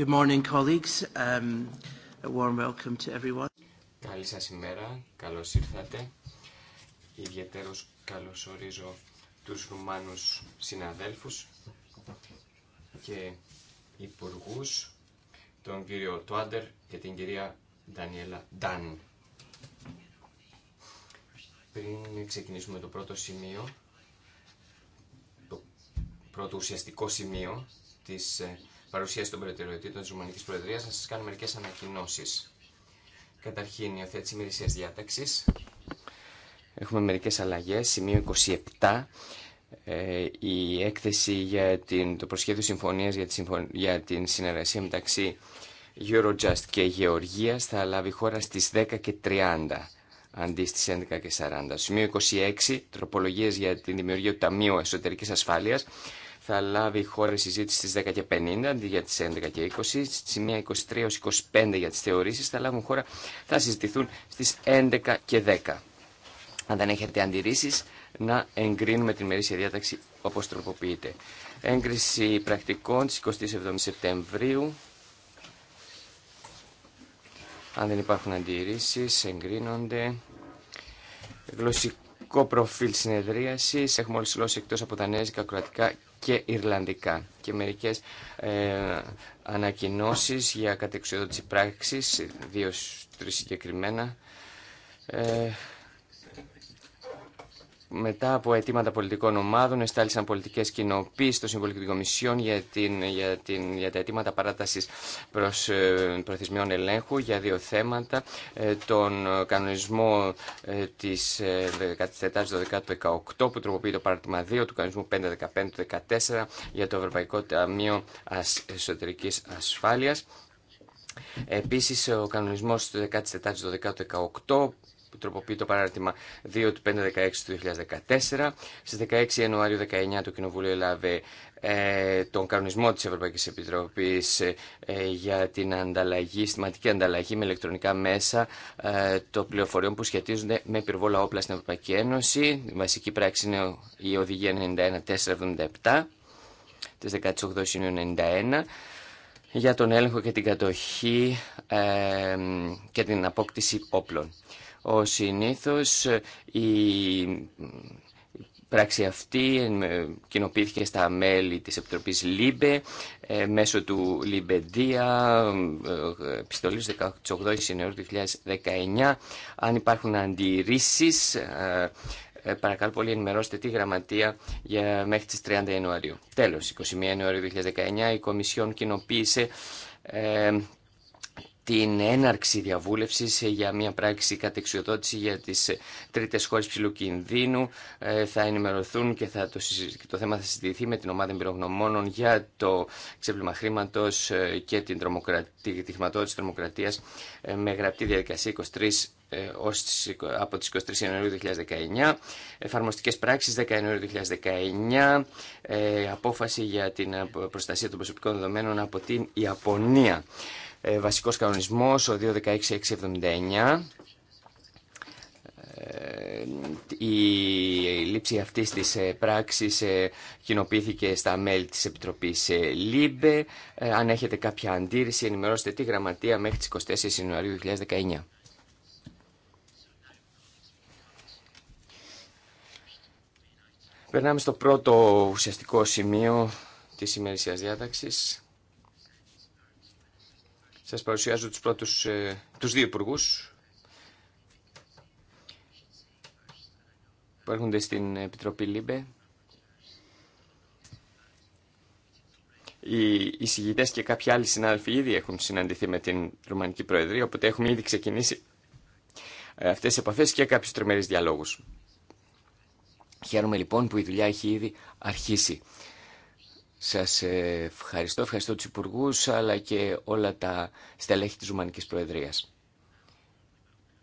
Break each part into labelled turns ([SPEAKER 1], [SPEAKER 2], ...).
[SPEAKER 1] Good morning, colleagues.
[SPEAKER 2] Um, a warm welcome to everyone.
[SPEAKER 1] σας καλώς ήρθατε. Ιδιαίτερος καλώς ορίζω τους Ρουμάνους συναδέλφους και υπουργού τον κύριο Τουάντερ και την κυρία Ντανιέλα Ντάν. Πριν ξεκινήσουμε το πρώτο σημείο, το πρώτο ουσιαστικό σημείο της ε, παρουσίαση των προτεραιοτήτων τη Ρουμανική Προεδρία, να σα κάνω μερικέ ανακοινώσει. Καταρχήν, η οθέτηση ημερησία διάταξη. Έχουμε μερικέ αλλαγές. Σημείο 27. Ε, η έκθεση για την, το προσχέδιο συμφωνίας για, τη για την συνεργασία μεταξύ Eurojust και Γεωργία θα λάβει χώρα στι 10 και 30 αντί στις 11 και 40. Σημείο 26. Τροπολογίες για την δημιουργία του Ταμείου Εσωτερικής Ασφάλειας θα λάβει η χώρα συζήτηση στις 10 και 50 αντί για τις 11 και 20. Στις 1, 23 25 για τις θεωρήσεις θα λάβουν χώρα, θα συζητηθούν στις 11 και 10. Αν δεν έχετε αντιρρήσεις, να εγκρίνουμε την μερίσια διάταξη όπως τροποποιείται. Έγκριση πρακτικών της 27 Σεπτεμβρίου. Αν δεν υπάρχουν αντιρρήσεις, εγκρίνονται. Γλωσσικό προφίλ συνεδρίαση. Έχουμε όλε τι γλώσσε εκτό από τα νέζικα, κροατικά και Ιρλανδικά και μερικές ε, ανακοινώσεις για κατεξοδότηση πράξης, δύο-τρεις συγκεκριμένα. Ε, μετά από αιτήματα πολιτικών ομάδων, εστάλησαν πολιτικέ κοινοποίησει στο Συμβούλιο των για, την, για, την, για τα αιτήματα παράταση προ ε, προθεσμιών ελέγχου για δύο θέματα. Ε, τον κανονισμό ε, τη 14-12-18 ε, που τροποποιεί το παράρτημα 2 του κανονισμού 5-15-14 για το Ευρωπαϊκό Ταμείο Εσωτερική Ασφάλεια. Επίσης, ο κανονισμός του 14-12-18 που τροποποιεί το παράρτημα 2 του 516 του 2014. Στις 16 Ιανουαρίου 19 το Κοινοβούλιο έλαβε ε, τον κανονισμό της Ευρωπαϊκής Επιτροπής ε, ε, για την ανταλλαγή, συστηματική ανταλλαγή με ηλεκτρονικά μέσα ε, των πληροφοριών που σχετίζονται με πυρβόλα όπλα στην Ευρωπαϊκή Ένωση. Η βασική πράξη είναι η Οδηγία 91-477 της 18 Ιουνίου 91 για τον έλεγχο και την κατοχή ε, και την απόκτηση όπλων. Ο συνήθως η πράξη αυτή κοινοποιήθηκε στα μέλη της Επιτροπής ΛΥΜΠΕ ε, μέσω του ΛΥΜΠΕΔΙΑ, ε, επιστολής 18 Ιανουαρίου 2019. Αν υπάρχουν αντιρρήσεις, ε, παρακαλώ πολύ ενημερώστε τη γραμματεία για, μέχρι τις 30 Ιανουαρίου. Τέλος, 21 Ιανουαρίου 2019 η Κομισιόν κοινοποίησε την έναρξη διαβούλευση για μια πράξη κατεξιοδότηση για τι τρίτε χώρε ψηλού κινδύνου. Ε, θα ενημερωθούν και θα το, το θέμα θα συζητηθεί με την ομάδα εμπειρογνωμόνων για το ξέπλυμα χρήματο ε, και την τρομοκρατή, τη χρηματοδότηση ε, με γραπτή διαδικασία 23 από τις 23 Ιανουαρίου 2019, εφαρμοστικές πράξεις 10 Ιανουαρίου 2019, ε, απόφαση για την προστασία των προσωπικών δεδομένων από την Ιαπωνία. Ε, βασικός κανονισμός, ο 216 ε, η λήψη αυτής της ε, πράξης κοινοποιήθηκε στα μέλη της Επιτροπής ΛΥΜΠΕ. Αν έχετε κάποια αντίρρηση, ενημερώστε τη γραμματεία μέχρι τις 24 Ιανουαρίου 2019. Περνάμε στο πρώτο ουσιαστικό σημείο της ημερησίας διάταξης. Σας παρουσιάζω τους, ε, τους δύο υπουργού που έρχονται στην Επιτροπή ΛΥΜΠΕ. Οι εισηγητέ και κάποιοι άλλοι συνάδελφοι ήδη έχουν συναντηθεί με την Ρουμανική Προεδρία, οπότε έχουμε ήδη ξεκινήσει ε, αυτέ τι επαφέ και κάποιου τριμερεί διαλόγου. Χαίρομαι λοιπόν που η δουλειά έχει ήδη αρχίσει. Σας ευχαριστώ, ευχαριστώ τους Υπουργούς αλλά και όλα τα στελέχη της Ρουμανικής Προεδρίας.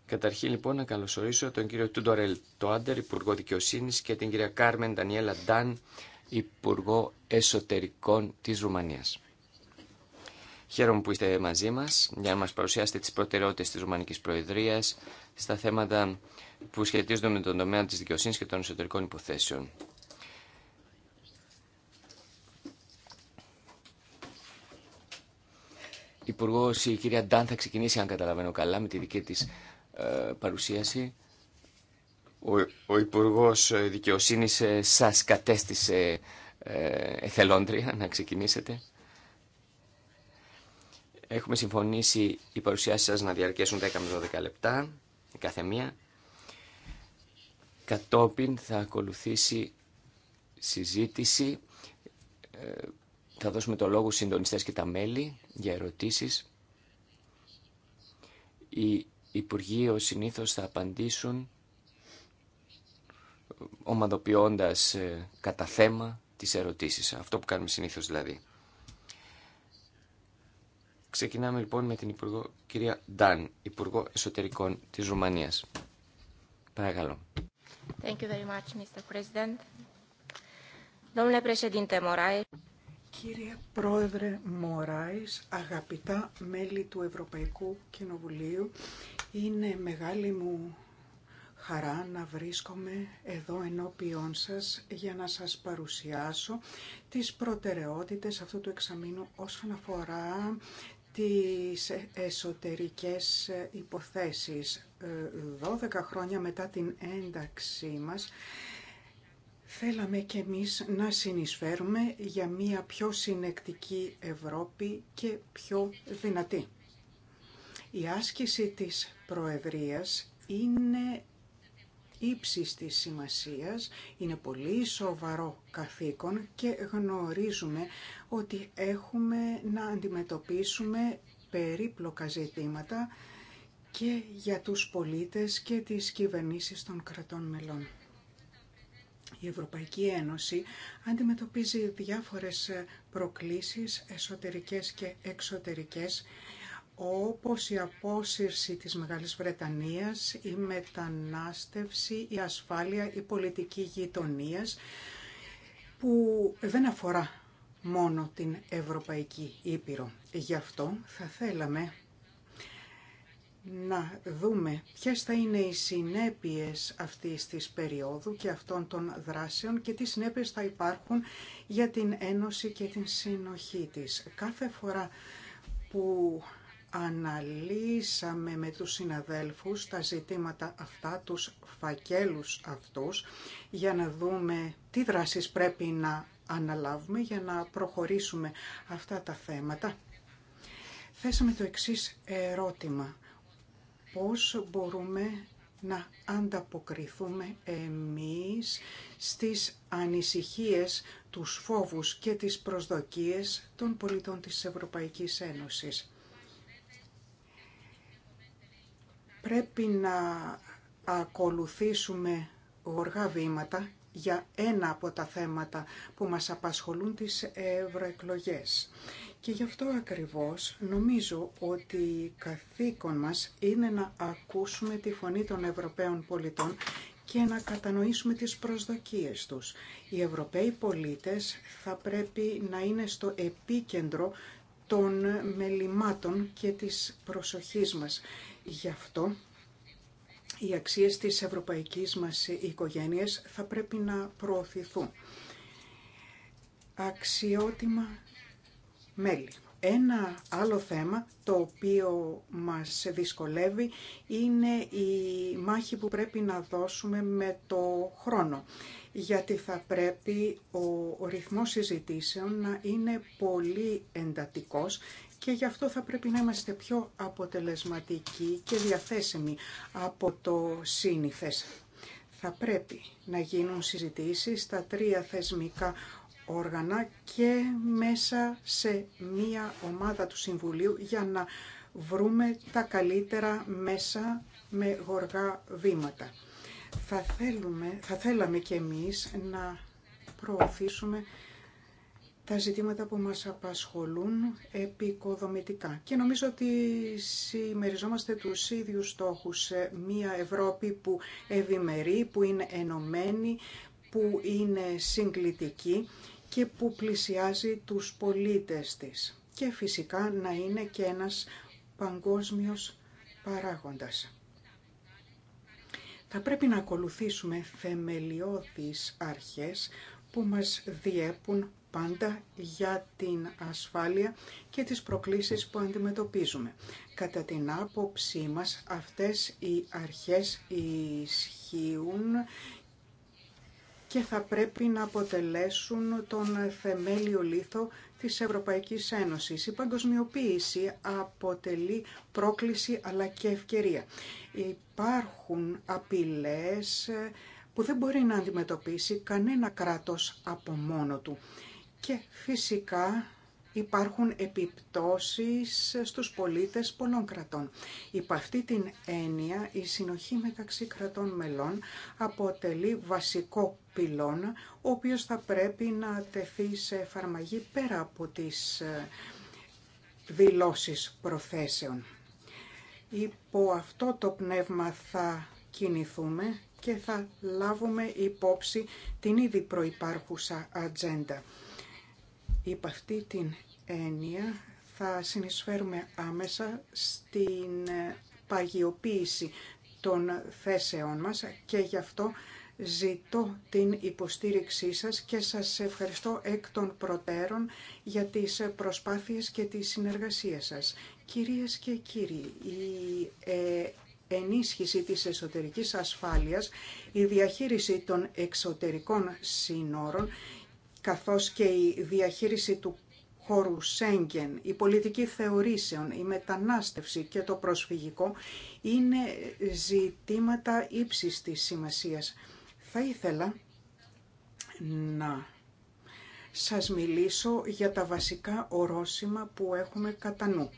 [SPEAKER 1] Καταρχήν λοιπόν να καλωσορίσω τον κύριο Τούντορελ Τοάντερ, Υπουργό Δικαιοσύνη και την κυρία Κάρμεν Ντανιέλα Ντάν, Υπουργό Εσωτερικών τη Ρουμανία. Χαίρομαι που είστε μαζί μα για να μα παρουσιάσετε τις προτεραιότητε τη Ρουμανική Προεδρία στα θέματα που σχετίζονται με τον τομέα της δικαιοσύνη και των εσωτερικών υποθέσεων. Υπουργό, η κυρία Ντάν θα ξεκινήσει, αν καταλαβαίνω καλά, με τη δική τη ε, παρουσίαση. Ο, ο Υπουργό ε, Δικαιοσύνη ε, σα κατέστησε ε, εθελόντρια να ξεκινήσετε. Έχουμε συμφωνήσει οι παρουσιάσει σα να διαρκέσουν 10 με 12 λεπτά, κάθε μία. Κατόπιν θα ακολουθήσει συζήτηση θα δώσουμε το λόγο στους συντονιστές και τα μέλη για ερωτήσεις. Οι Υπουργοί ως συνήθως θα απαντήσουν ομαδοποιώντας ε, κατά θέμα τις ερωτήσεις. Αυτό που κάνουμε συνήθως δηλαδή. Ξεκινάμε λοιπόν με την Υπουργό, κυρία Ντάν, Υπουργό Εσωτερικών της Ρουμανίας. Παρακαλώ.
[SPEAKER 3] Thank you very much, Mr. President. Κύριε Πρόεδρε Μωράης, αγαπητά μέλη του Ευρωπαϊκού Κοινοβουλίου, είναι μεγάλη μου χαρά να βρίσκομαι εδώ ενώπιόν σας για να σας παρουσιάσω τις προτεραιότητες αυτού του εξαμήνου όσον αφορά τις εσωτερικές υποθέσεις. 12 ε, χρόνια μετά την ένταξή μας, Θέλαμε και εμείς να συνεισφέρουμε για μια πιο συνεκτική Ευρώπη και πιο δυνατή. Η άσκηση της Προεδρίας είναι ύψης της σημασίας, είναι πολύ σοβαρό καθήκον και γνωρίζουμε ότι έχουμε να αντιμετωπίσουμε περίπλοκα ζητήματα και για τους πολίτες και τις κυβερνήσεις των κρατών μελών. Η Ευρωπαϊκή Ένωση αντιμετωπίζει διάφορες προκλήσεις εσωτερικές και εξωτερικές όπως η απόσυρση της Μεγάλης Βρετανίας, η μετανάστευση, η ασφάλεια, η πολιτική γειτονία που δεν αφορά μόνο την Ευρωπαϊκή Ήπειρο. Γι' αυτό θα θέλαμε να δούμε ποιες θα είναι οι συνέπειες αυτής της περίοδου και αυτών των δράσεων και τι συνέπειες θα υπάρχουν για την Ένωση και την συνοχή της. Κάθε φορά που αναλύσαμε με τους συναδέλφους τα ζητήματα αυτά, τους φακέλους αυτούς, για να δούμε τι δράσεις πρέπει να αναλάβουμε για να προχωρήσουμε αυτά τα θέματα. Θέσαμε το εξής ερώτημα πώς μπορούμε να ανταποκριθούμε εμείς στις ανησυχίες, τους φόβους και τις προσδοκίες των πολιτών της Ευρωπαϊκής Ένωσης. Πρέπει να ακολουθήσουμε γοργά βήματα για ένα από τα θέματα που μας απασχολούν τις ευρωεκλογές. Και γι' αυτό ακριβώς νομίζω ότι καθήκον μας είναι να ακούσουμε τη φωνή των Ευρωπαίων πολιτών και να κατανοήσουμε τις προσδοκίες τους. Οι Ευρωπαίοι πολίτες θα πρέπει να είναι στο επίκεντρο των μελημάτων και της προσοχής μας. Γι' αυτό οι αξίες της ευρωπαϊκής μας οικογένειας θα πρέπει να προωθηθούν. Αξιότιμα μέλη. Ένα άλλο θέμα το οποίο μας δυσκολεύει είναι η μάχη που πρέπει να δώσουμε με το χρόνο. Γιατί θα πρέπει ο ρυθμός συζητήσεων να είναι πολύ εντατικός και γι' αυτό θα πρέπει να είμαστε πιο αποτελεσματικοί και διαθέσιμοι από το σύνηθες. Θα πρέπει να γίνουν συζητήσεις στα τρία θεσμικά όργανα και μέσα σε μία ομάδα του Συμβουλίου για να βρούμε τα καλύτερα μέσα με γοργά βήματα. Θα, θέλουμε, θα θέλαμε και εμείς να προωθήσουμε τα ζητήματα που μας απασχολούν επικοδομητικά. Και νομίζω ότι συμμεριζόμαστε τους ίδιους στόχους. Μία Ευρώπη που ευημερεί, που είναι ενωμένη, που είναι συγκλητική και που πλησιάζει τους πολίτες της και φυσικά να είναι και ένας παγκόσμιος παράγοντας. Θα πρέπει να ακολουθήσουμε θεμελιώδεις αρχές που μας διέπουν πάντα για την ασφάλεια και τις προκλήσεις που αντιμετωπίζουμε. Κατά την άποψή μας αυτές οι αρχές ισχύουν και θα πρέπει να αποτελέσουν τον θεμέλιο λίθο της Ευρωπαϊκής Ένωσης. Η παγκοσμιοποίηση αποτελεί πρόκληση αλλά και ευκαιρία. Υπάρχουν απειλές που δεν μπορεί να αντιμετωπίσει κανένα κράτος από μόνο του. Και φυσικά υπάρχουν επιπτώσεις στους πολίτες πολλών κρατών. Υπ' αυτή την έννοια η συνοχή μεταξύ κρατών μελών αποτελεί βασικό πυλώνα ο οποίος θα πρέπει να τεθεί σε εφαρμογή πέρα από τις ε, δηλώσεις προθέσεων. Υπό αυτό το πνεύμα θα κινηθούμε και θα λάβουμε υπόψη την ήδη προϋπάρχουσα ατζέντα. Υπ' αυτή την έννοια θα συνεισφέρουμε άμεσα στην ε, παγιοποίηση των θέσεών μας και γι' αυτό ζητώ την υποστήριξή σας και σας ευχαριστώ εκ των προτέρων για τις προσπάθειες και τη συνεργασία σας. Κυρίες και κύριοι, η ε, ενίσχυση της εσωτερικής ασφάλειας, η διαχείριση των εξωτερικών σύνορων καθώς και η διαχείριση του χώρου Σέγγεν, η πολιτική θεωρήσεων, η μετανάστευση και το προσφυγικό είναι ζητήματα ύψης της σημασίας. Θα ήθελα να σας μιλήσω για τα βασικά ορόσημα που έχουμε κατά νου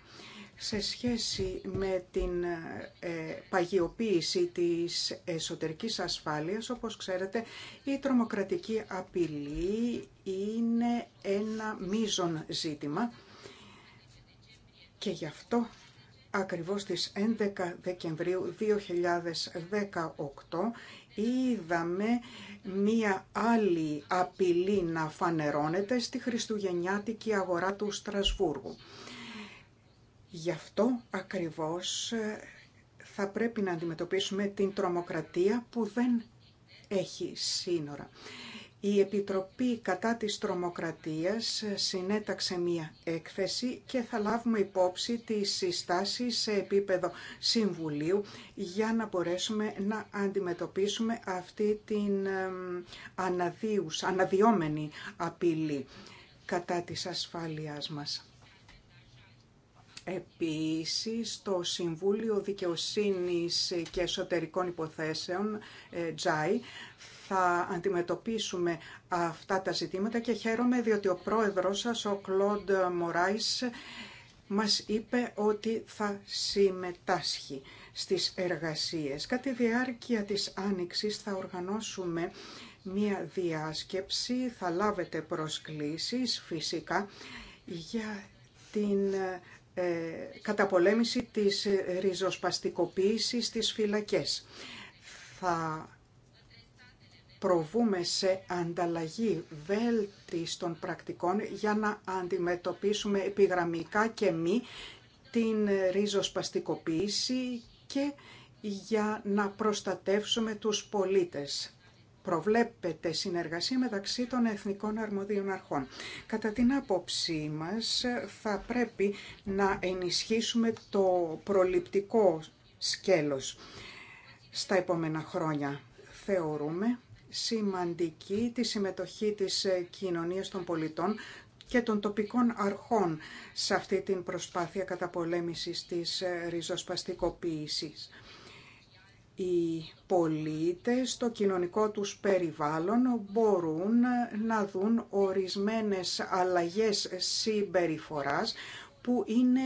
[SPEAKER 3] σε σχέση με την ε, παγιοποίηση της εσωτερικής ασφάλειας, όπως ξέρετε, η τρομοκρατική απειλή είναι ένα μείζον ζήτημα και γι' αυτό ακριβώς στις 11 Δεκεμβρίου 2018 είδαμε μία άλλη απειλή να φανερώνεται στη χριστουγεννιάτικη αγορά του Στρασβούργου. Γι' αυτό ακριβώς ε, θα πρέπει να αντιμετωπίσουμε την τρομοκρατία που δεν έχει σύνορα. Η Επιτροπή κατά της τρομοκρατίας ε, συνέταξε μία έκθεση και θα λάβουμε υπόψη τις συστάσεις σε επίπεδο Συμβουλίου για να μπορέσουμε να αντιμετωπίσουμε αυτή την ε, αναδίους, αναδιόμενη απειλή κατά της ασφάλειάς μας. Επίσης, στο Συμβούλιο Δικαιοσύνης και Εσωτερικών Υποθέσεων, Τζάι, ε, θα αντιμετωπίσουμε αυτά τα ζητήματα και χαίρομαι διότι ο πρόεδρος σας, ο Κλοντ Μοράις, μας είπε ότι θα συμμετάσχει στις εργασίες. Κατά τη διάρκεια της Άνοιξης θα οργανώσουμε μία διάσκεψη, θα λάβετε προσκλήσεις φυσικά για την ε, καταπολέμηση της ριζοσπαστικοποίησης στις φυλακές. Θα προβούμε σε ανταλλαγή βέλτιστων πρακτικών για να αντιμετωπίσουμε επιγραμμικά και μη την ριζοσπαστικοποίηση και για να προστατεύσουμε τους πολίτες προβλέπεται συνεργασία μεταξύ των εθνικών αρμοδίων αρχών. Κατά την άποψή μας θα πρέπει να ενισχύσουμε το προληπτικό σκέλος στα επόμενα χρόνια. Θεωρούμε σημαντική τη συμμετοχή της κοινωνίας των πολιτών και των τοπικών αρχών σε αυτή την προσπάθεια καταπολέμησης της ριζοσπαστικοποίησης οι πολίτες στο κοινωνικό τους περιβάλλον μπορούν να δουν ορισμένες αλλαγές συμπεριφοράς που είναι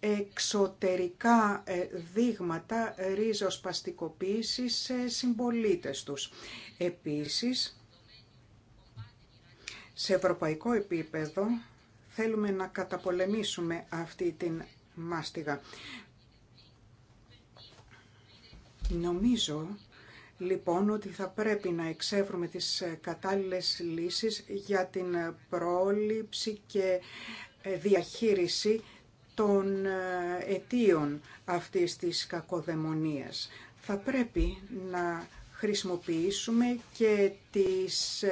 [SPEAKER 3] εξωτερικά ε, δείγματα ρίζοσπαστικοποίησης σε συμπολίτες τους. Επίσης, σε ευρωπαϊκό επίπεδο θέλουμε να καταπολεμήσουμε αυτή την μάστιγα. Νομίζω λοιπόν ότι θα πρέπει να εξεύρουμε τις ε, κατάλληλες λύσεις για την ε, πρόληψη και ε, διαχείριση των αιτίων αυτής της κακοδαιμονίας. Θα πρέπει να χρησιμοποιήσουμε και τις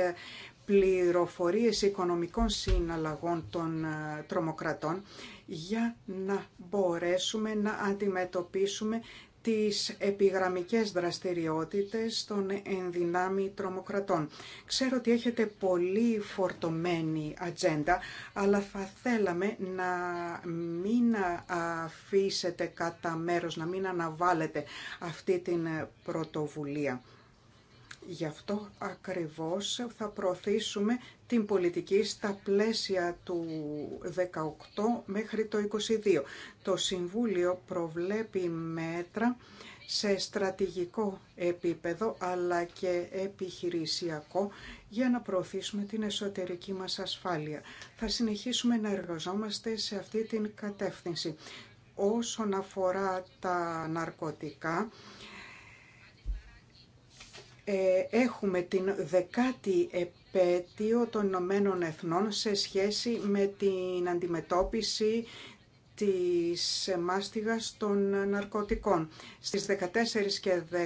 [SPEAKER 3] πληροφορίες οικονομικών συναλλαγών των τρομοκρατών για να μπορέσουμε να αντιμετωπίσουμε τις επιγραμμικές δραστηριότητες των ενδυνάμει τρομοκρατών. Ξέρω ότι έχετε πολύ φορτωμένη ατζέντα, αλλά θα θέλαμε να μην αφήσετε κατά μέρος, να μην αναβάλλετε αυτή την πρωτοβουλία. Γι' αυτό ακριβώς θα προωθήσουμε την πολιτική στα πλαίσια του 18 μέχρι το 22. Το Συμβούλιο προβλέπει μέτρα σε στρατηγικό επίπεδο αλλά και επιχειρησιακό για να προωθήσουμε την εσωτερική μας ασφάλεια. Θα συνεχίσουμε να εργαζόμαστε σε αυτή την κατεύθυνση. Όσον αφορά τα ναρκωτικά, ε, έχουμε την δεκάτη επέτειο των Ηνωμένων Εθνών σε σχέση με την αντιμετώπιση της μάστιγας των ναρκωτικών. Στις 14 και 15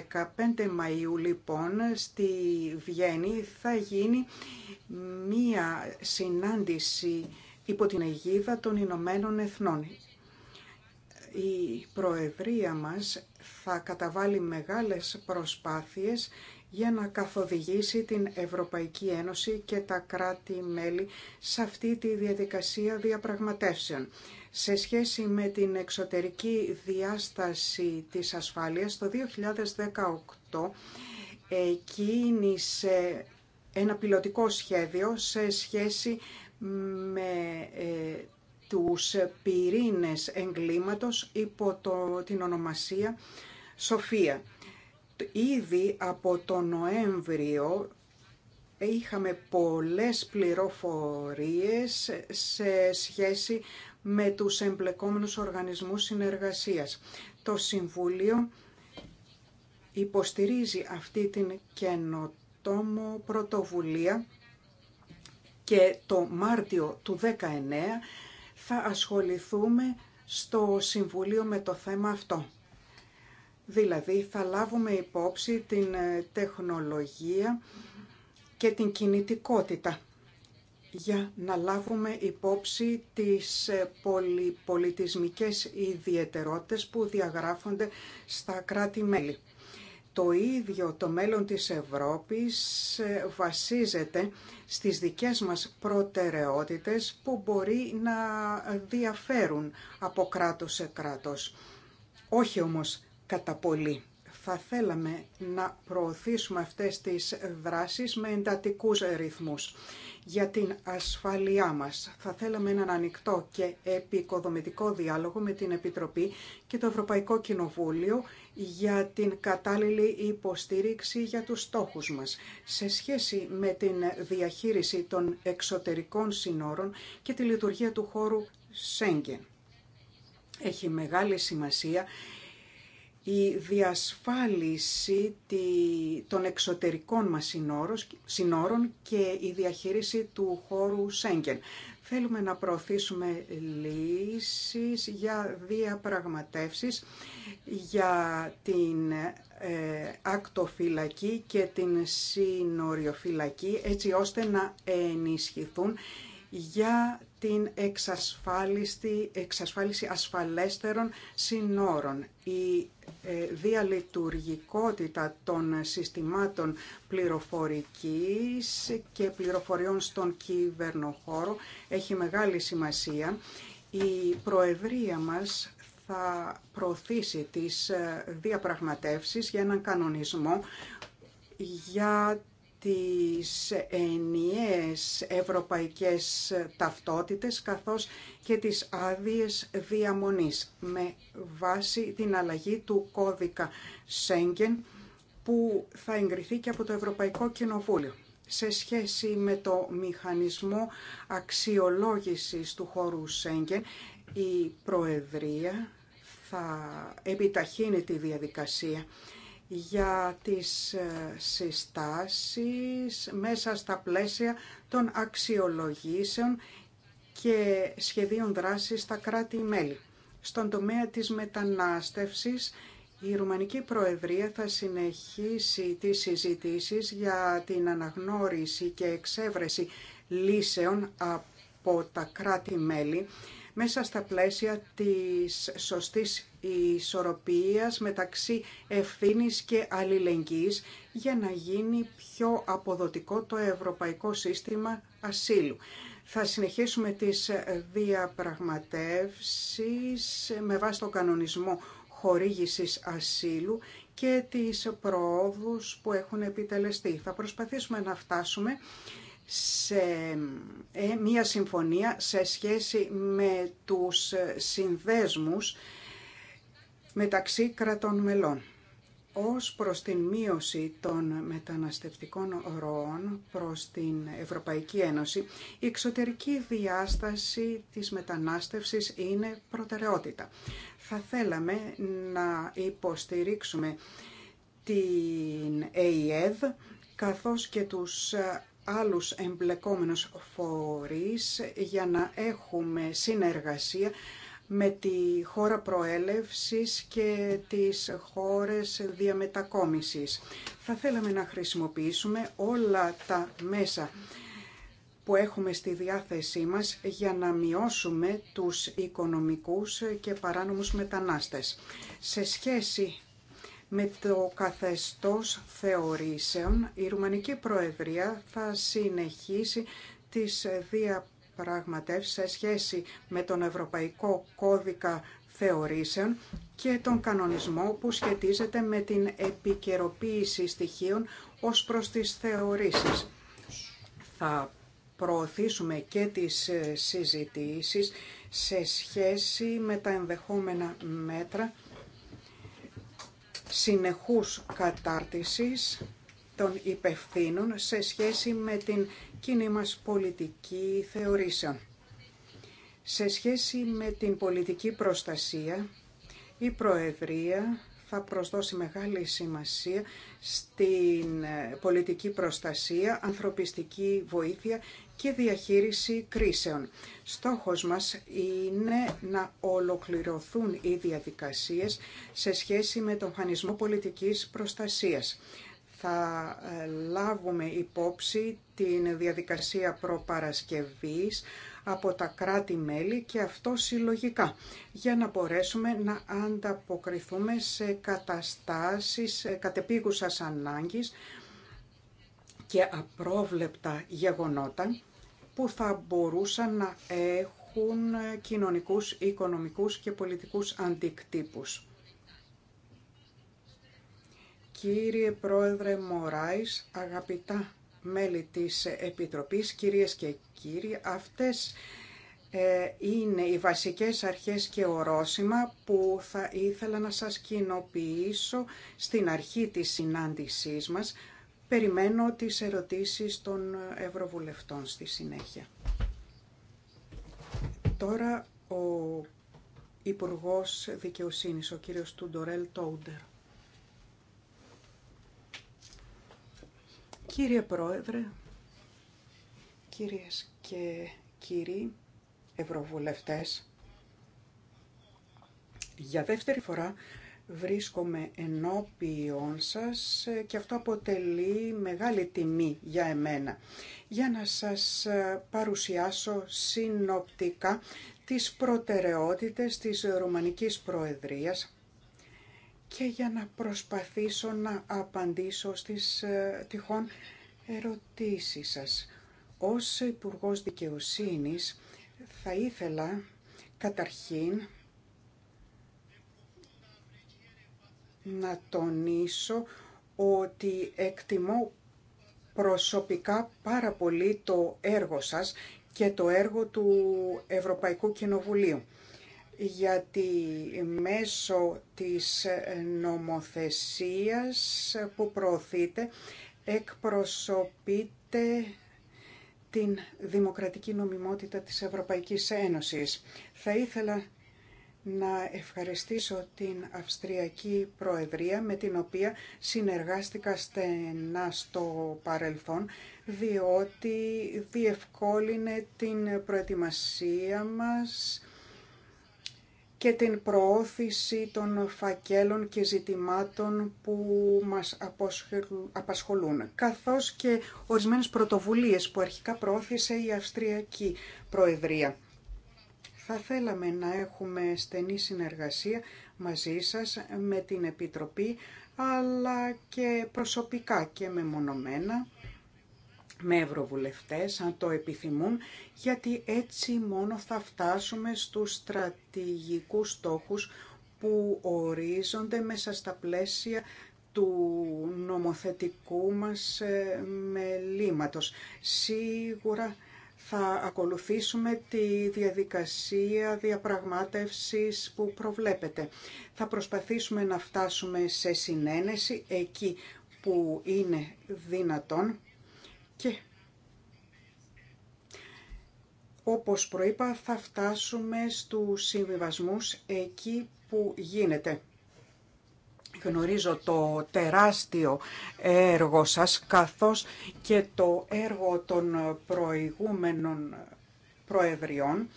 [SPEAKER 3] Μαΐου λοιπόν στη Βιέννη θα γίνει μία συνάντηση υπό την αιγίδα των Ηνωμένων Εθνών. Η Προεδρία μας θα καταβάλει μεγάλες προσπάθειες για να καθοδηγήσει την Ευρωπαϊκή Ένωση και τα κράτη-μέλη σε αυτή τη διαδικασία διαπραγματεύσεων. Σε σχέση με την εξωτερική διάσταση της ασφάλειας, το 2018 κίνησε ένα πιλωτικό σχέδιο σε σχέση με ε, τους πυρήνες εγκλήματος υπό το, την ονομασία Σοφία. Ήδη από τον Νοέμβριο είχαμε πολλές πληροφορίες σε σχέση με τους εμπλεκόμενους οργανισμούς συνεργασίας. Το Συμβούλιο υποστηρίζει αυτή την καινοτόμο πρωτοβουλία και το Μάρτιο του 19 θα ασχοληθούμε στο Συμβουλίο με το θέμα αυτό. Δηλαδή θα λάβουμε υπόψη την ε, τεχνολογία και την κινητικότητα για να λάβουμε υπόψη τις ε, πολυπολιτισμικές ιδιαιτερότητες που διαγράφονται στα κράτη-μέλη. Το ίδιο το μέλλον της Ευρώπης ε, βασίζεται στις δικές μας προτεραιότητες που μπορεί να διαφέρουν από κράτος σε κράτος. Όχι όμως κατά Θα θέλαμε να προωθήσουμε αυτές τις δράσεις με εντατικούς ρυθμούς για την ασφαλειά μας. Θα θέλαμε έναν ανοιχτό και επικοδομητικό διάλογο με την Επιτροπή και το Ευρωπαϊκό Κοινοβούλιο για την κατάλληλη υποστήριξη για τους στόχους μας σε σχέση με την διαχείριση των εξωτερικών συνόρων και τη λειτουργία του χώρου Σέγγεν. Έχει μεγάλη σημασία η διασφάλιση των εξωτερικών μας συνόρων και η διαχείριση του χώρου Σέγγεν. Θέλουμε να προωθήσουμε λύσεις για διαπραγματεύσεις, για την ε, ακτοφυλακή και την συνοριοφυλακή, έτσι ώστε να ενισχυθούν για την εξασφάλιση ασφαλέστερων συνόρων. Η ε, διαλειτουργικότητα των συστημάτων πληροφορικής και πληροφοριών στον κυβερνοχώρο έχει μεγάλη σημασία. Η Προεδρία μας θα προωθήσει τις ε, διαπραγματεύσεις για έναν κανονισμό για τις ενιαίες ευρωπαϊκές ταυτότητες καθώς και τις άδειες διαμονής με βάση την αλλαγή του κώδικα Σέγγεν που θα εγκριθεί και από το Ευρωπαϊκό Κοινοβούλιο σε σχέση με το μηχανισμό αξιολόγησης του χώρου Σέγγεν η Προεδρία θα επιταχύνει τη διαδικασία για τις ε, συστάσεις μέσα στα πλαίσια των αξιολογήσεων και σχεδίων δράσης στα κράτη-μέλη. Στον τομέα της μετανάστευσης, η Ρουμανική Προεδρία θα συνεχίσει τις συζητήσεις για την αναγνώριση και εξέβρεση λύσεων από τα κράτη-μέλη μέσα στα πλαίσια της σωστής ισορροπίας μεταξύ ευθύνης και αλληλεγγύης για να γίνει πιο αποδοτικό το ευρωπαϊκό σύστημα ασύλου. Θα συνεχίσουμε τις διαπραγματεύσεις με βάση τον κανονισμό χορήγησης ασύλου και τις προόδους που έχουν επιτελεστεί. Θα προσπαθήσουμε να φτάσουμε σε ε, μία συμφωνία σε σχέση με τους συνδέσμους μεταξύ κρατών μελών. Ως προς την μείωση των μεταναστευτικών ροών προς την Ευρωπαϊκή Ένωση, η εξωτερική διάσταση της μετανάστευσης είναι προτεραιότητα. Θα θέλαμε να υποστηρίξουμε την ΕΙΕΔ καθώς και τους άλλους εμπλεκόμενους φορείς για να έχουμε συνεργασία με τη χώρα προέλευσης και τις χώρες διαμετακόμισης. Θα θέλαμε να χρησιμοποιήσουμε όλα τα μέσα που έχουμε στη διάθεσή μας για να μειώσουμε τους οικονομικούς και παράνομους μετανάστες. Σε σχέση με το καθεστώς θεωρήσεων, η Ρουμανική Προεδρία θα συνεχίσει τις διαπραγματεύσεις σε σχέση με τον Ευρωπαϊκό Κώδικα Θεωρήσεων και τον κανονισμό που σχετίζεται με την επικαιροποίηση στοιχείων ως προς τις θεωρήσεις. Θα προωθήσουμε και τις συζητήσεις σε σχέση με τα ενδεχόμενα μέτρα συνεχούς κατάρτισης των υπευθύνων σε σχέση με την κοινή πολιτική θεωρήσεων. Σε σχέση με την πολιτική προστασία, η Προεδρία θα προσδώσει μεγάλη σημασία στην πολιτική προστασία, ανθρωπιστική βοήθεια και διαχείριση κρίσεων. Στόχος μας είναι να ολοκληρωθούν οι διαδικασίες σε σχέση με τον φανισμό πολιτικής προστασίας. Θα ε, λάβουμε υπόψη την διαδικασία προπαρασκευής από τα κράτη-μέλη και αυτό συλλογικά, για να μπορέσουμε να ανταποκριθούμε σε καταστάσεις ε, κατεπίγουσας ανάγκης και απρόβλεπτα γεγονότα που θα μπορούσαν να έχουν κοινωνικούς, οικονομικούς και πολιτικούς αντικτύπους. Κύριε Πρόεδρε Μωράης, αγαπητά μέλη της Επιτροπής, κυρίες και κύριοι, αυτές ε, είναι οι βασικές αρχές και ορόσημα που θα ήθελα να σας κοινοποιήσω στην αρχή της συνάντησής μας Περιμένω τις ερωτήσεις των Ευρωβουλευτών στη συνέχεια. Τώρα ο Υπουργός Δικαιοσύνης, ο κύριος Τουντορέλ Τόουντερ. Κύριε Πρόεδρε, κυρίες και κύριοι Ευρωβουλευτές, για δεύτερη φορά βρίσκομαι ενώπιον σας και αυτό αποτελεί μεγάλη τιμή για εμένα. Για να σας παρουσιάσω συνοπτικά τις προτεραιότητες της Ρουμανικής Προεδρίας και για να προσπαθήσω να απαντήσω στις ε, τυχόν ερωτήσεις σας. Ως Υπουργός Δικαιοσύνης θα ήθελα καταρχήν να τονίσω ότι εκτιμώ προσωπικά πάρα πολύ το έργο σας και το έργο του Ευρωπαϊκού Κοινοβουλίου γιατί μέσω της νομοθεσίας που προωθείτε εκπροσωπείτε την δημοκρατική νομιμότητα της Ευρωπαϊκής Ένωσης. Θα ήθελα να ευχαριστήσω την Αυστριακή Προεδρία με την οποία συνεργάστηκα στενά στο παρελθόν διότι διευκόλυνε την προετοιμασία μας και την προώθηση των φακέλων και ζητημάτων που μας απασχολούν, καθώς και ορισμένες πρωτοβουλίες που αρχικά προώθησε η Αυστριακή Προεδρία. Θα θέλαμε να έχουμε στενή συνεργασία μαζί σας με την Επιτροπή, αλλά και προσωπικά και μεμονωμένα με ευρωβουλευτές, αν το επιθυμούν, γιατί έτσι μόνο θα φτάσουμε στους στρατηγικούς στόχους που ορίζονται μέσα στα πλαίσια του νομοθετικού μας ε, μελήματος. Σίγουρα θα ακολουθήσουμε τη διαδικασία διαπραγμάτευσης που προβλέπετε. Θα προσπαθήσουμε να φτάσουμε σε συνένεση εκεί που είναι δυνατόν και όπως προείπα θα φτάσουμε στους συμβιβασμούς εκεί που γίνεται γνωρίζω το τεράστιο έργο σας καθώς και το έργο των προηγούμενων προεδριών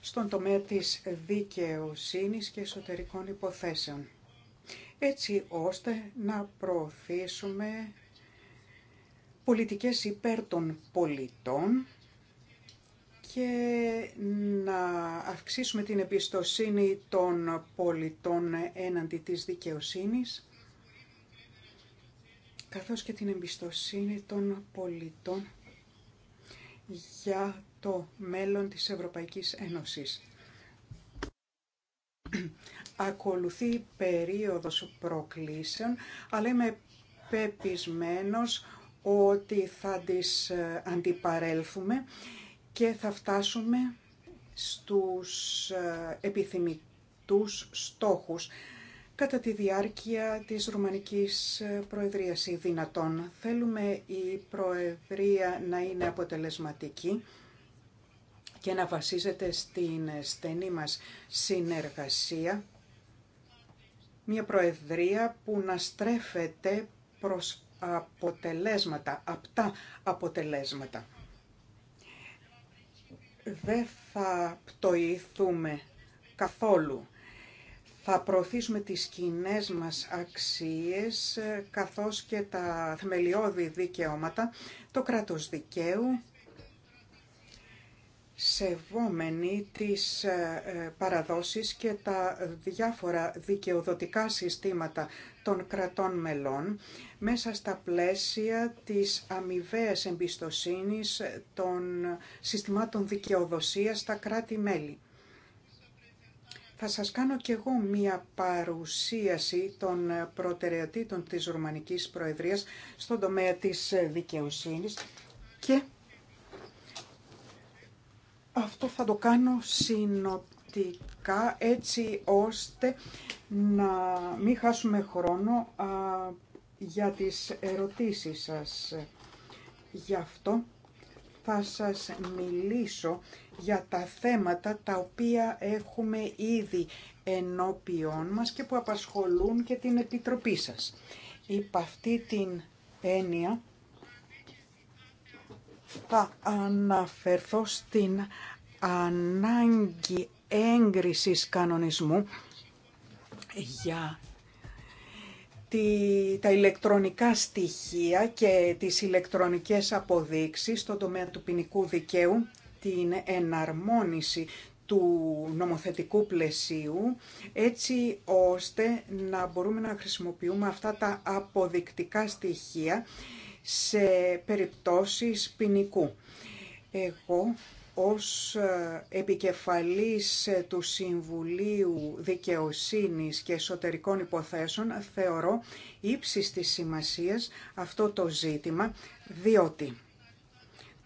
[SPEAKER 3] στον τομέα της δικαιοσύνης και εσωτερικών υποθέσεων έτσι ώστε να προωθήσουμε πολιτικές υπέρ των πολιτών και να αυξήσουμε την εμπιστοσύνη των πολιτών έναντι της δικαιοσύνης, καθώς και την εμπιστοσύνη των πολιτών για το μέλλον της Ευρωπαϊκής Ένωσης. Ακολουθεί περίοδος προκλήσεων, αλλά είμαι πεπισμένος ότι θα τις ε, αντιπαρέλθουμε και θα φτάσουμε στους ε, επιθυμητούς στόχους κατά τη διάρκεια της Ρουμανικής ε, Προεδρίας ή δυνατόν. Θέλουμε η Προεδρία να είναι αποτελεσματική και να βασίζεται στην ε, στενή μας συνεργασία. Μια Προεδρία που να στρέφεται προς αποτελέσματα, απτά αποτελέσματα δεν θα πτωηθούμε καθόλου. Θα προωθήσουμε τις κοινέ μας αξίες καθώς και τα θεμελιώδη δικαιώματα, το κράτος δικαίου, σεβόμενοι τις ε, ε, παραδόσεις και τα διάφορα δικαιοδοτικά συστήματα των κρατών μελών μέσα στα πλαίσια της αμοιβαίας εμπιστοσύνης των συστημάτων δικαιοδοσίας στα κράτη-μέλη. Θα σας κάνω κι εγώ μία παρουσίαση των προτεραιοτήτων της Ρουμανικής Προεδρίας στον τομέα της δικαιοσύνης και αυτό θα το κάνω συνοπτικά έτσι ώστε να μην χάσουμε χρόνο α, για τις ερωτήσεις σας. Γι' αυτό θα σας μιλήσω για τα θέματα τα οποία έχουμε ήδη ενώπιόν μας και που απασχολούν και την Επιτροπή σας. Υπ' αυτή την έννοια θα αναφερθώ στην ανάγκη έγκρισης κανονισμού για τα ηλεκτρονικά στοιχεία και τις ηλεκτρονικές αποδείξεις στον τομέα του ποινικού δικαίου, την εναρμόνιση του νομοθετικού πλαισίου, έτσι ώστε να μπορούμε να χρησιμοποιούμε αυτά τα αποδεικτικά στοιχεία σε περιπτώσεις ποινικού. Εγώ ως ε, επικεφαλής ε, του Συμβουλίου Δικαιοσύνης και Εσωτερικών Υποθέσεων θεωρώ ύψης της σημασίας αυτό το ζήτημα, διότι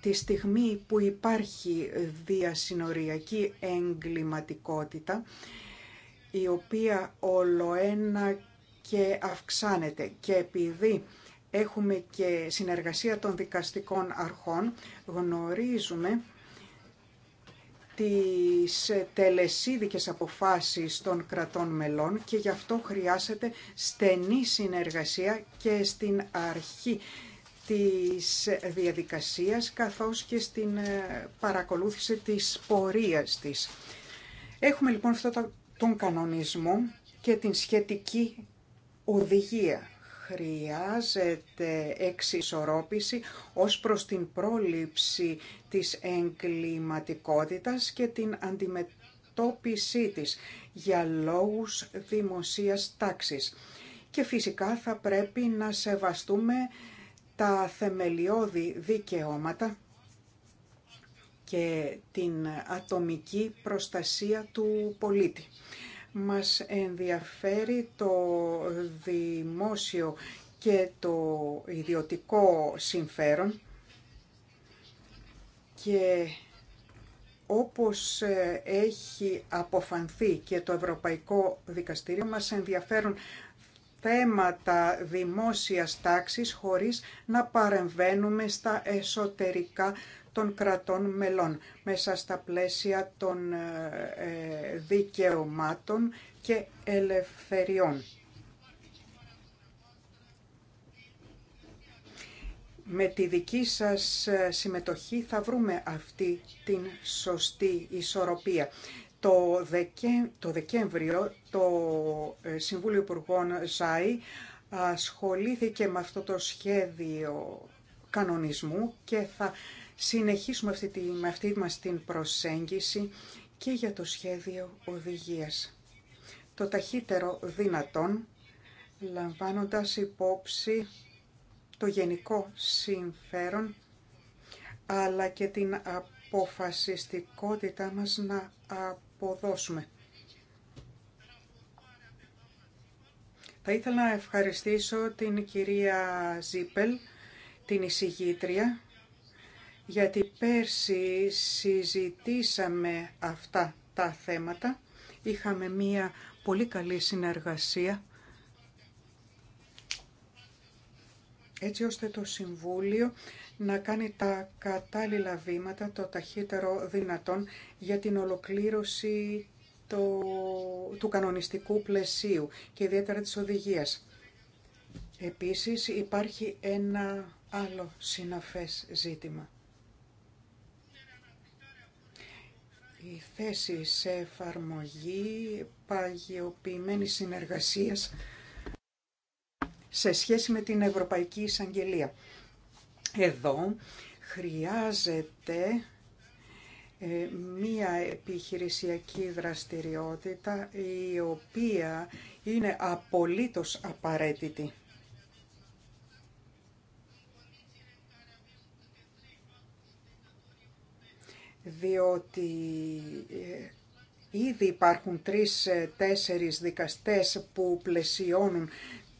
[SPEAKER 3] τη στιγμή που υπάρχει διασυνοριακή εγκληματικότητα, η οποία ολοένα και αυξάνεται και επειδή Έχουμε και συνεργασία των δικαστικών αρχών. Γνωρίζουμε τις τελεσίδικες αποφάσεις των κρατών μελών και γι' αυτό χρειάζεται στενή συνεργασία και στην αρχή της διαδικασίας καθώς και στην ε, παρακολούθηση της πορείας της. Έχουμε λοιπόν αυτό τον κανονισμό και την σχετική οδηγία χρειάζεται εξισορρόπηση ως προς την πρόληψη της εγκληματικότητας και την αντιμετώπιση της για λόγους δημοσίας τάξης. Και φυσικά θα πρέπει να σεβαστούμε τα θεμελιώδη δικαιώματα και την ατομική προστασία του πολίτη. Μας ενδιαφέρει το δημόσιο και το ιδιωτικό συμφέρον και όπως ε, έχει αποφανθεί και το Ευρωπαϊκό Δικαστήριο μας ενδιαφέρουν θέματα δημόσιας τάξης χωρίς να παρεμβαίνουμε στα εσωτερικά των κρατών μελών μέσα στα πλαίσια των ε, ε, δικαιωμάτων και ελευθεριών. Με τη δική σας ε, συμμετοχή θα βρούμε αυτή την σωστή ισορροπία. Το, το Δεκέμβριο το ε, Συμβούλιο Υπουργών ΖΑΗ ασχολήθηκε με αυτό το σχέδιο κανονισμού και θα συνεχίσουμε αυτή τη, με αυτή μας την προσέγγιση και για το σχέδιο οδηγίας. Το ταχύτερο δυνατόν, λαμβάνοντας υπόψη το γενικό συμφέρον, αλλά και την αποφασιστικότητά μας να αποδώσουμε. Θα ήθελα να ευχαριστήσω την κυρία Ζίπελ, την εισηγήτρια, γιατί πέρσι συζητήσαμε αυτά τα θέματα. Είχαμε μία πολύ καλή συνεργασία έτσι ώστε το Συμβούλιο να κάνει τα κατάλληλα βήματα το ταχύτερο δυνατόν για την ολοκλήρωση του κανονιστικού πλαισίου και ιδιαίτερα της οδηγίας. Επίσης υπάρχει ένα άλλο συναφές ζήτημα. Η θέση σε εφαρμογή παγιοποιημένης συνεργασίας σε σχέση με την Ευρωπαϊκή Εισαγγελία. Εδώ χρειάζεται ε, μία επιχειρησιακή δραστηριότητα η οποία είναι απολύτως απαραίτητη. διότι ε, ήδη υπάρχουν τρεις-τέσσερις ε, δικαστές που πλαισιώνουν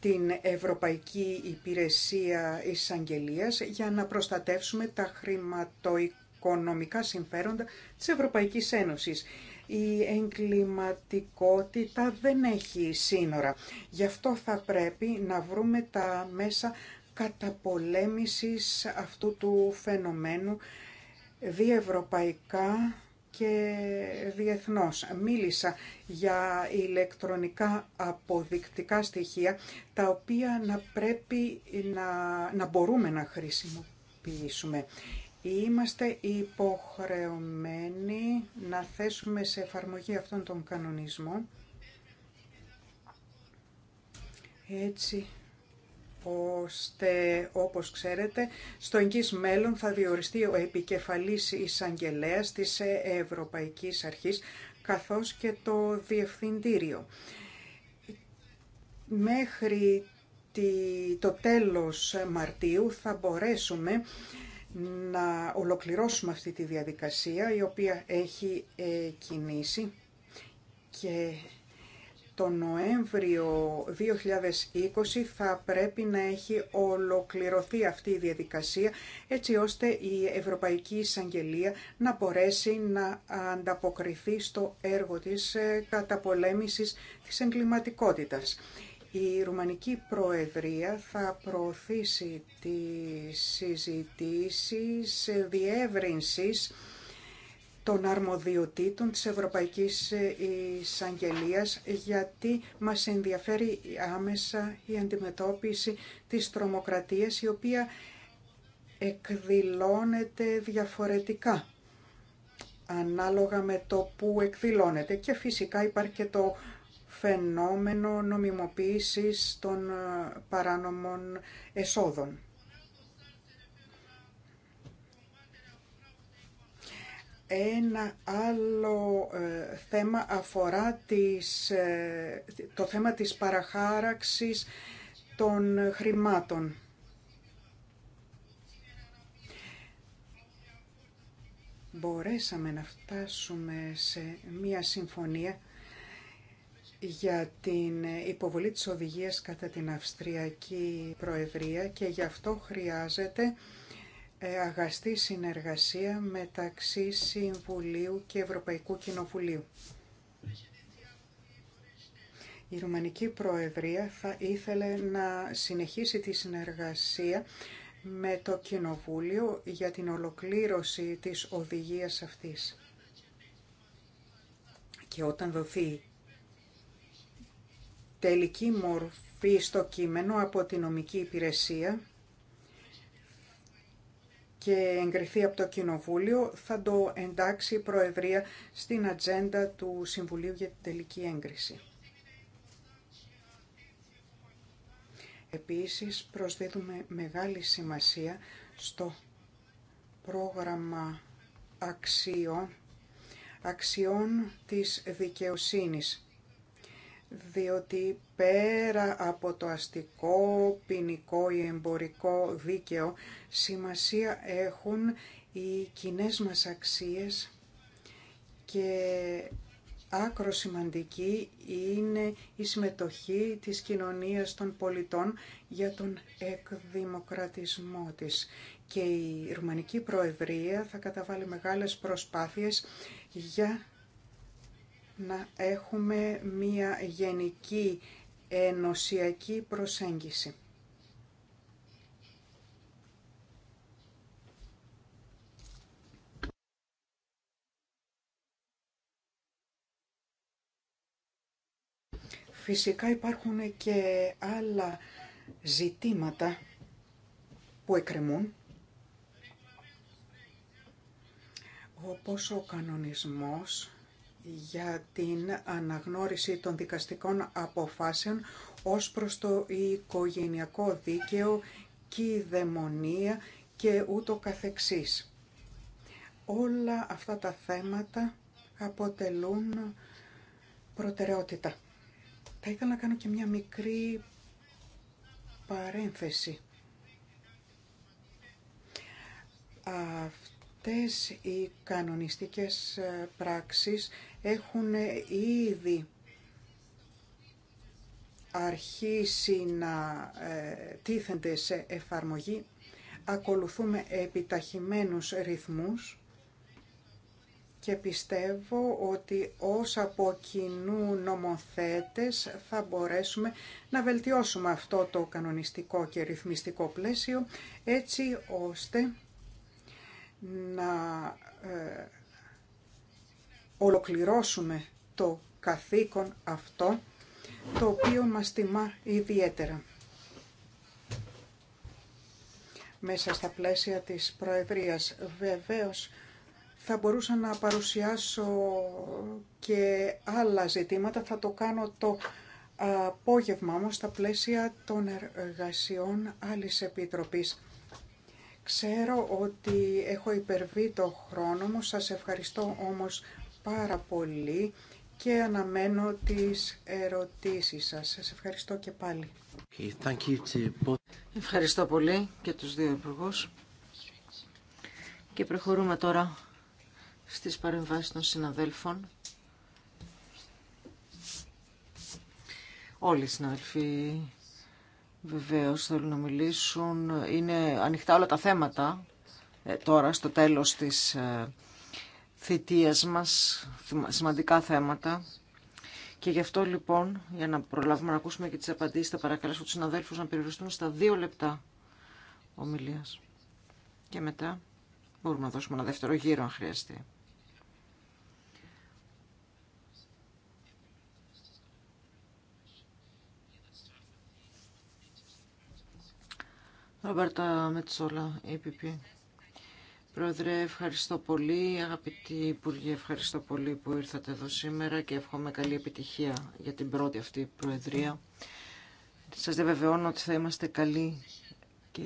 [SPEAKER 3] την Ευρωπαϊκή Υπηρεσία Εισαγγελίας για να προστατεύσουμε τα χρηματοοικονομικά συμφέροντα της Ευρωπαϊκής Ένωσης. Η εγκληματικότητα δεν έχει σύνορα. Γι' αυτό θα πρέπει να βρούμε τα μέσα καταπολέμησης αυτού του φαινομένου διευρωπαϊκά και διεθνώς. Μίλησα για ηλεκτρονικά αποδεικτικά στοιχεία, τα οποία να πρέπει να, να μπορούμε να χρησιμοποιήσουμε. Είμαστε υποχρεωμένοι να θέσουμε σε εφαρμογή αυτόν τον κανονισμό, έτσι ώστε όπως ξέρετε στο εγγύς μέλλον θα διοριστεί ο επικεφαλής εισαγγελέας της Ευρωπαϊκής Αρχής καθώς και το Διευθυντήριο. Μέχρι το τέλος Μαρτίου θα μπορέσουμε να ολοκληρώσουμε αυτή τη διαδικασία η οποία έχει κινήσει και το Νοέμβριο 2020 θα πρέπει να έχει ολοκληρωθεί αυτή η διαδικασία έτσι ώστε η Ευρωπαϊκή Εισαγγελία να μπορέσει να ανταποκριθεί στο έργο της ε, καταπολέμησης της εγκληματικότητας. Η Ρουμανική Προεδρία θα προωθήσει τις συζητήσεις διεύρυνσης των αρμοδιοτήτων της Ευρωπαϊκής Εισαγγελίας γιατί μας ενδιαφέρει άμεσα η αντιμετώπιση της τρομοκρατίας η οποία εκδηλώνεται διαφορετικά ανάλογα με το που εκδηλώνεται και φυσικά υπάρχει και το φαινόμενο νομιμοποίησης των παράνομων εσόδων. Ένα άλλο ε, θέμα αφορά τις, ε, το θέμα της παραχάραξης των χρημάτων. Μπορέσαμε να φτάσουμε σε μία συμφωνία για την υποβολή της οδηγίας κατά την Αυστριακή Προεδρία και γι' αυτό χρειάζεται ε, αγαστή συνεργασία μεταξύ Συμβουλίου και Ευρωπαϊκού Κοινοβουλίου. Η Ρουμανική Προεδρία θα ήθελε να συνεχίσει τη συνεργασία με το Κοινοβούλιο για την ολοκλήρωση της οδηγίας αυτής. Και όταν δοθεί τελική μορφή στο κείμενο από την νομική υπηρεσία, και εγκριθεί από το Κοινοβούλιο, θα το εντάξει η Προεδρία στην ατζέντα του Συμβουλίου για την τελική έγκριση. Επίσης, προσδίδουμε μεγάλη σημασία στο πρόγραμμα αξιών, αξιών της δικαιοσύνης διότι πέρα από το αστικό, ποινικό ή εμπορικό δίκαιο, σημασία έχουν οι κοινέ μας αξίες και άκρο σημαντική είναι η συμμετοχή της κοινωνίας των πολιτών για τον εκδημοκρατισμό της. Και η Ρουμανική Προεδρία θα καταβάλει μεγάλες προσπάθειες για να έχουμε μία γενική ενωσιακή προσέγγιση. Φυσικά υπάρχουν και άλλα ζητήματα που εκκρεμούν, όπως ο κανονισμός για την αναγνώριση των δικαστικών αποφάσεων ως προς το οικογενειακό δίκαιο, δαιμονία και ούτω καθεξής. Όλα αυτά τα θέματα αποτελούν προτεραιότητα. Θα ήθελα να κάνω και μια μικρή παρένθεση. Αυτές οι κανονιστικές πράξεις έχουν ήδη αρχίσει να ε, τίθενται σε εφαρμογή. Ακολουθούμε επιταχυμένους ρυθμούς και πιστεύω ότι ως από κοινού νομοθέτες θα μπορέσουμε να βελτιώσουμε αυτό το κανονιστικό και ρυθμιστικό πλαίσιο έτσι ώστε να ε, ολοκληρώσουμε το καθήκον αυτό, το οποίο μας τιμά ιδιαίτερα. Μέσα στα πλαίσια της Προεδρίας βεβαίως θα μπορούσα να παρουσιάσω και άλλα ζητήματα, θα το κάνω το απόγευμα όμως στα πλαίσια των εργασιών άλλης επιτροπής. Ξέρω ότι έχω υπερβεί το χρόνο μου, σας ευχαριστώ όμως πάρα πολύ και αναμένω τις ερωτήσεις σας. Σας ευχαριστώ και πάλι.
[SPEAKER 2] thank Ευχαριστώ πολύ και τους δύο υπουργούς Και προχωρούμε τώρα στις παρεμβάσεις των συναδέλφων. Όλοι οι συναδελφοί βεβαίως θέλουν να μιλήσουν. Είναι ανοιχτά όλα τα θέματα ε, τώρα στο τέλος της ε, θητείας μας, σημαντικά θέματα. Και γι' αυτό λοιπόν, για να προλάβουμε να ακούσουμε και τις απαντήσεις, θα παρακαλέσω τους συναδέλφους να περιοριστούν στα δύο λεπτά ομιλίας. Και μετά μπορούμε να δώσουμε ένα δεύτερο γύρο αν χρειαστεί. Ρομπέρτα Μετσόλα, Πρόεδρε, ευχαριστώ πολύ. Αγαπητοί Υπουργοί, ευχαριστώ πολύ που ήρθατε εδώ σήμερα και εύχομαι καλή επιτυχία για την πρώτη αυτή Προεδρία. Σας διαβεβαιώνω ότι θα είμαστε καλοί και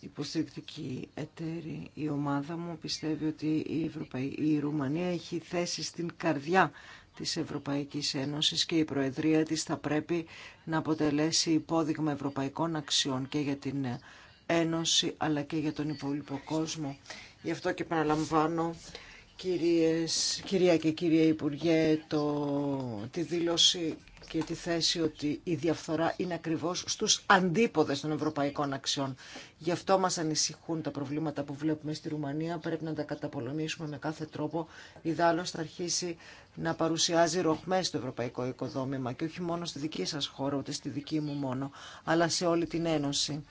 [SPEAKER 2] υποστηρικτικοί εταίροι. η ομάδα μου. Πιστεύει ότι η, η Ρουμανία έχει θέση στην καρδιά της Ευρωπαϊκής Ένωσης και η Προεδρία της θα πρέπει να αποτελέσει υπόδειγμα ευρωπαϊκών αξιών και για την Ένωση αλλά και για τον υπόλοιπο κόσμο. Γι' αυτό και παραλαμβάνω, κυρίες, κυρία και κύριε Υπουργέ το, τη δήλωση και τη θέση ότι η διαφθορά είναι ακριβώς στους αντίποδες των ευρωπαϊκών αξιών. Γι' αυτό μας ανησυχούν τα προβλήματα που βλέπουμε στη Ρουμανία. Πρέπει να τα καταπολεμήσουμε με κάθε τρόπο. Ιδάλλως θα αρχίσει να παρουσιάζει ροχμές στο ευρωπαϊκό οικοδόμημα και όχι μόνο στη δική σας χώρα, ούτε στη δική μου μόνο, αλλά σε όλη την Ένωση.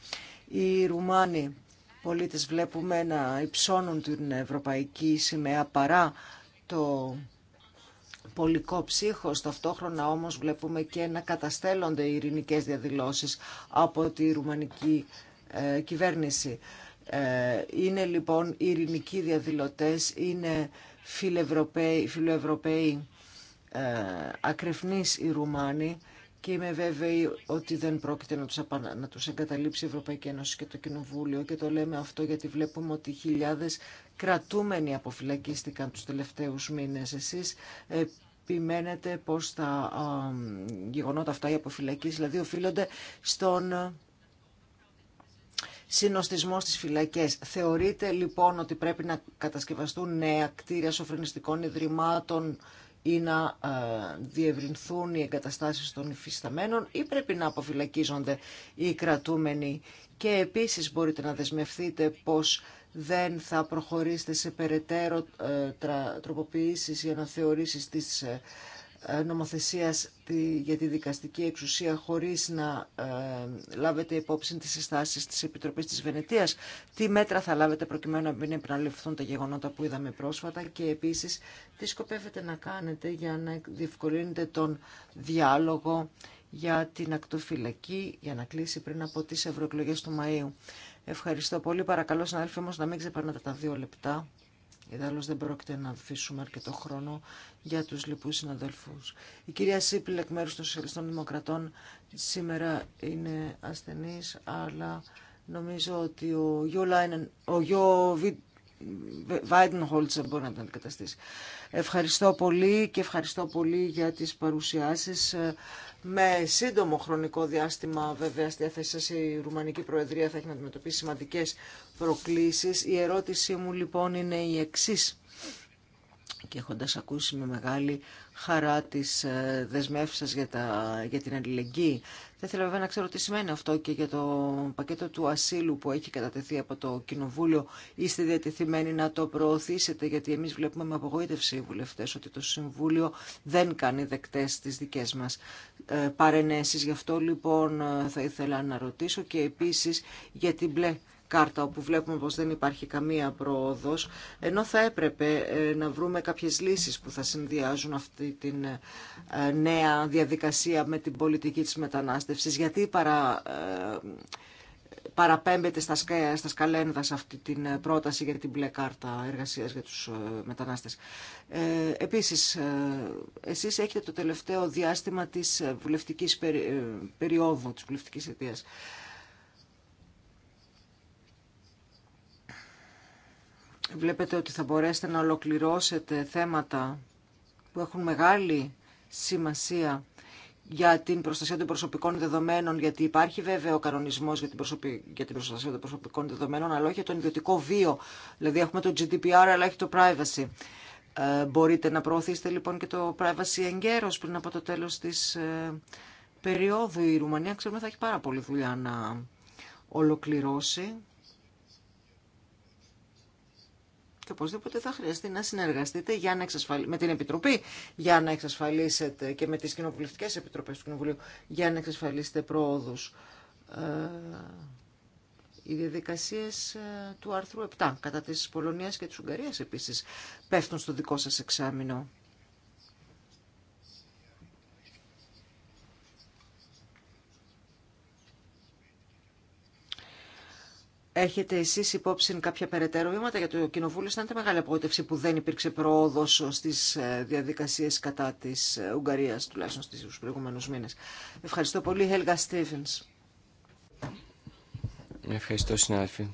[SPEAKER 2] Οι Ρουμάνοι πολίτες βλέπουμε να υψώνουν την ευρωπαϊκή σημαία παρά το πολικό ψύχος. Ταυτόχρονα όμως βλέπουμε και να καταστέλλονται οι ειρηνικές διαδηλώσεις από τη ρουμανική ε, κυβέρνηση. Ε, είναι λοιπόν οι ειρηνικοί διαδηλωτές, είναι φιλοευρωπαίοι, φιλοευρωπαίοι ε, ακρεφνείς οι Ρουμάνοι και είμαι βέβαιη ότι δεν πρόκειται να τους, να τους εγκαταλείψει η Ευρωπαϊκή Ένωση και το Κοινοβούλιο και το λέμε αυτό γιατί βλέπουμε ότι χιλιάδες κρατούμενοι αποφυλακίστηκαν τους τελευταίους μήνες. Εσείς επιμένετε πως τα α, γεγονότα αυτά, οι αποφυλακίες δηλαδή οφείλονται στον συνοστισμό στις φυλακές. Θεωρείτε λοιπόν ότι πρέπει να κατασκευαστούν νέα κτίρια σοφρενιστικών ιδρυμάτων, ή να ε, διευρυνθούν οι εγκαταστάσεις των υφισταμένων ή πρέπει να αποφυλακίζονται οι κρατούμενοι. Και επίσης μπορείτε να δεσμευτείτε πως δεν θα προχωρήσετε σε περαιτέρω ε, τροποποιήσεις ή να θεωρήσεις τις ε, ε, νομοθεσίας για τη δικαστική εξουσία χωρίς να ε, λάβετε υπόψη τις συστάσεις της Επιτροπής της Βενετίας. Τι μέτρα θα λάβετε προκειμένου να μην επαναληφθούν τα γεγονότα που είδαμε πρόσφατα και επίσης τι σκοπεύετε να κάνετε για να διευκολύνετε τον διάλογο για την ακτοφυλακή για να κλείσει πριν από τις ευρωεκλογέ του Μαΐου. Ευχαριστώ πολύ. Παρακαλώ, συνάδελφοι, όμως να μην ξεπερνάτε τα δύο λεπτά γιατί δεν πρόκειται να αφήσουμε αρκετό χρόνο για τους λοιπούς συναδελφούς. Η κυρία Σίπλη, εκ μέρους των Σοσιαλιστών Δημοκρατών, σήμερα είναι ασθενής, αλλά νομίζω ότι ο Γιώ, Λάινεν, ο Γιώ να Ευχαριστώ πολύ και ευχαριστώ πολύ για τις παρουσιάσεις. Με σύντομο χρονικό διάστημα, βέβαια, στη διάθεσή η Ρουμανική Προεδρία θα έχει να αντιμετωπίσει σημαντικές προκλήσεις. Η ερώτησή μου λοιπόν είναι η εξής και έχοντας ακούσει με μεγάλη χαρά τις ε, δεσμεύσεις για, τα, για την αλληλεγγύη. Θα ήθελα βέβαια να ξέρω τι σημαίνει αυτό και για το πακέτο του ασύλου που έχει κατατεθεί από το Κοινοβούλιο. Είστε διατεθειμένοι να το προωθήσετε γιατί εμείς βλέπουμε με απογοήτευση οι βουλευτές ότι το Συμβούλιο δεν κάνει δεκτές τις δικές μας ε, παρενέσεις. Γι' αυτό λοιπόν ε, θα ήθελα να ρωτήσω και επίσης για την μπλε κάρτα όπου βλέπουμε πως δεν υπάρχει καμία πρόοδος ενώ θα έπρεπε ε, να βρούμε κάποιες λύσεις που θα συνδυάζουν αυτή την ε, νέα διαδικασία με την πολιτική της μετανάστευσης γιατί παρα, ε, παραπέμπεται στα, σκα, στα σκαλένδα αυτή την πρόταση για την μπλε κάρτα εργασίας για τους μετανάστες. Ε, επίσης, εσείς έχετε το τελευταίο διάστημα της βουλευτικής περίοδου, της βουλευτικής αιτίας. βλέπετε ότι θα μπορέσετε να ολοκληρώσετε θέματα που έχουν μεγάλη σημασία για την προστασία των προσωπικών δεδομένων, γιατί υπάρχει βέβαια ο κανονισμός για την, για την προστασία των προσωπικών δεδομένων, αλλά όχι για τον ιδιωτικό βίο. Δηλαδή έχουμε το GDPR, αλλά έχει το privacy. Ε, μπορείτε να προωθήσετε λοιπόν και το privacy εγκαίρως πριν από το τέλος της ε, περίοδου. Η Ρουμανία, ξέρουμε, θα έχει πάρα πολλή δουλειά να ολοκληρώσει. και οπωσδήποτε θα χρειαστεί να συνεργαστείτε για να με την Επιτροπή για να εξασφαλίσετε και με τις κοινοβουλευτικέ επιτροπές του Κοινοβουλίου για να εξασφαλίσετε πρόοδους. Ε, οι διαδικασίε ε, του άρθρου 7 κατά της Πολωνίας και της Ουγγαρίας επίσης πέφτουν στο δικό σας εξάμεινο. Έχετε εσεί υπόψη κάποια περαιτέρω βήματα για το Κοινοβούλιο. Ήταν μεγάλη απογοήτευση που δεν υπήρξε πρόοδο στι ε, διαδικασίε κατά τη ε, Ουγγαρία, τουλάχιστον στου προηγούμενου μήνε. Ευχαριστώ πολύ, Χέλγα Στίβεν.
[SPEAKER 1] Ευχαριστώ, συνάδελφοι.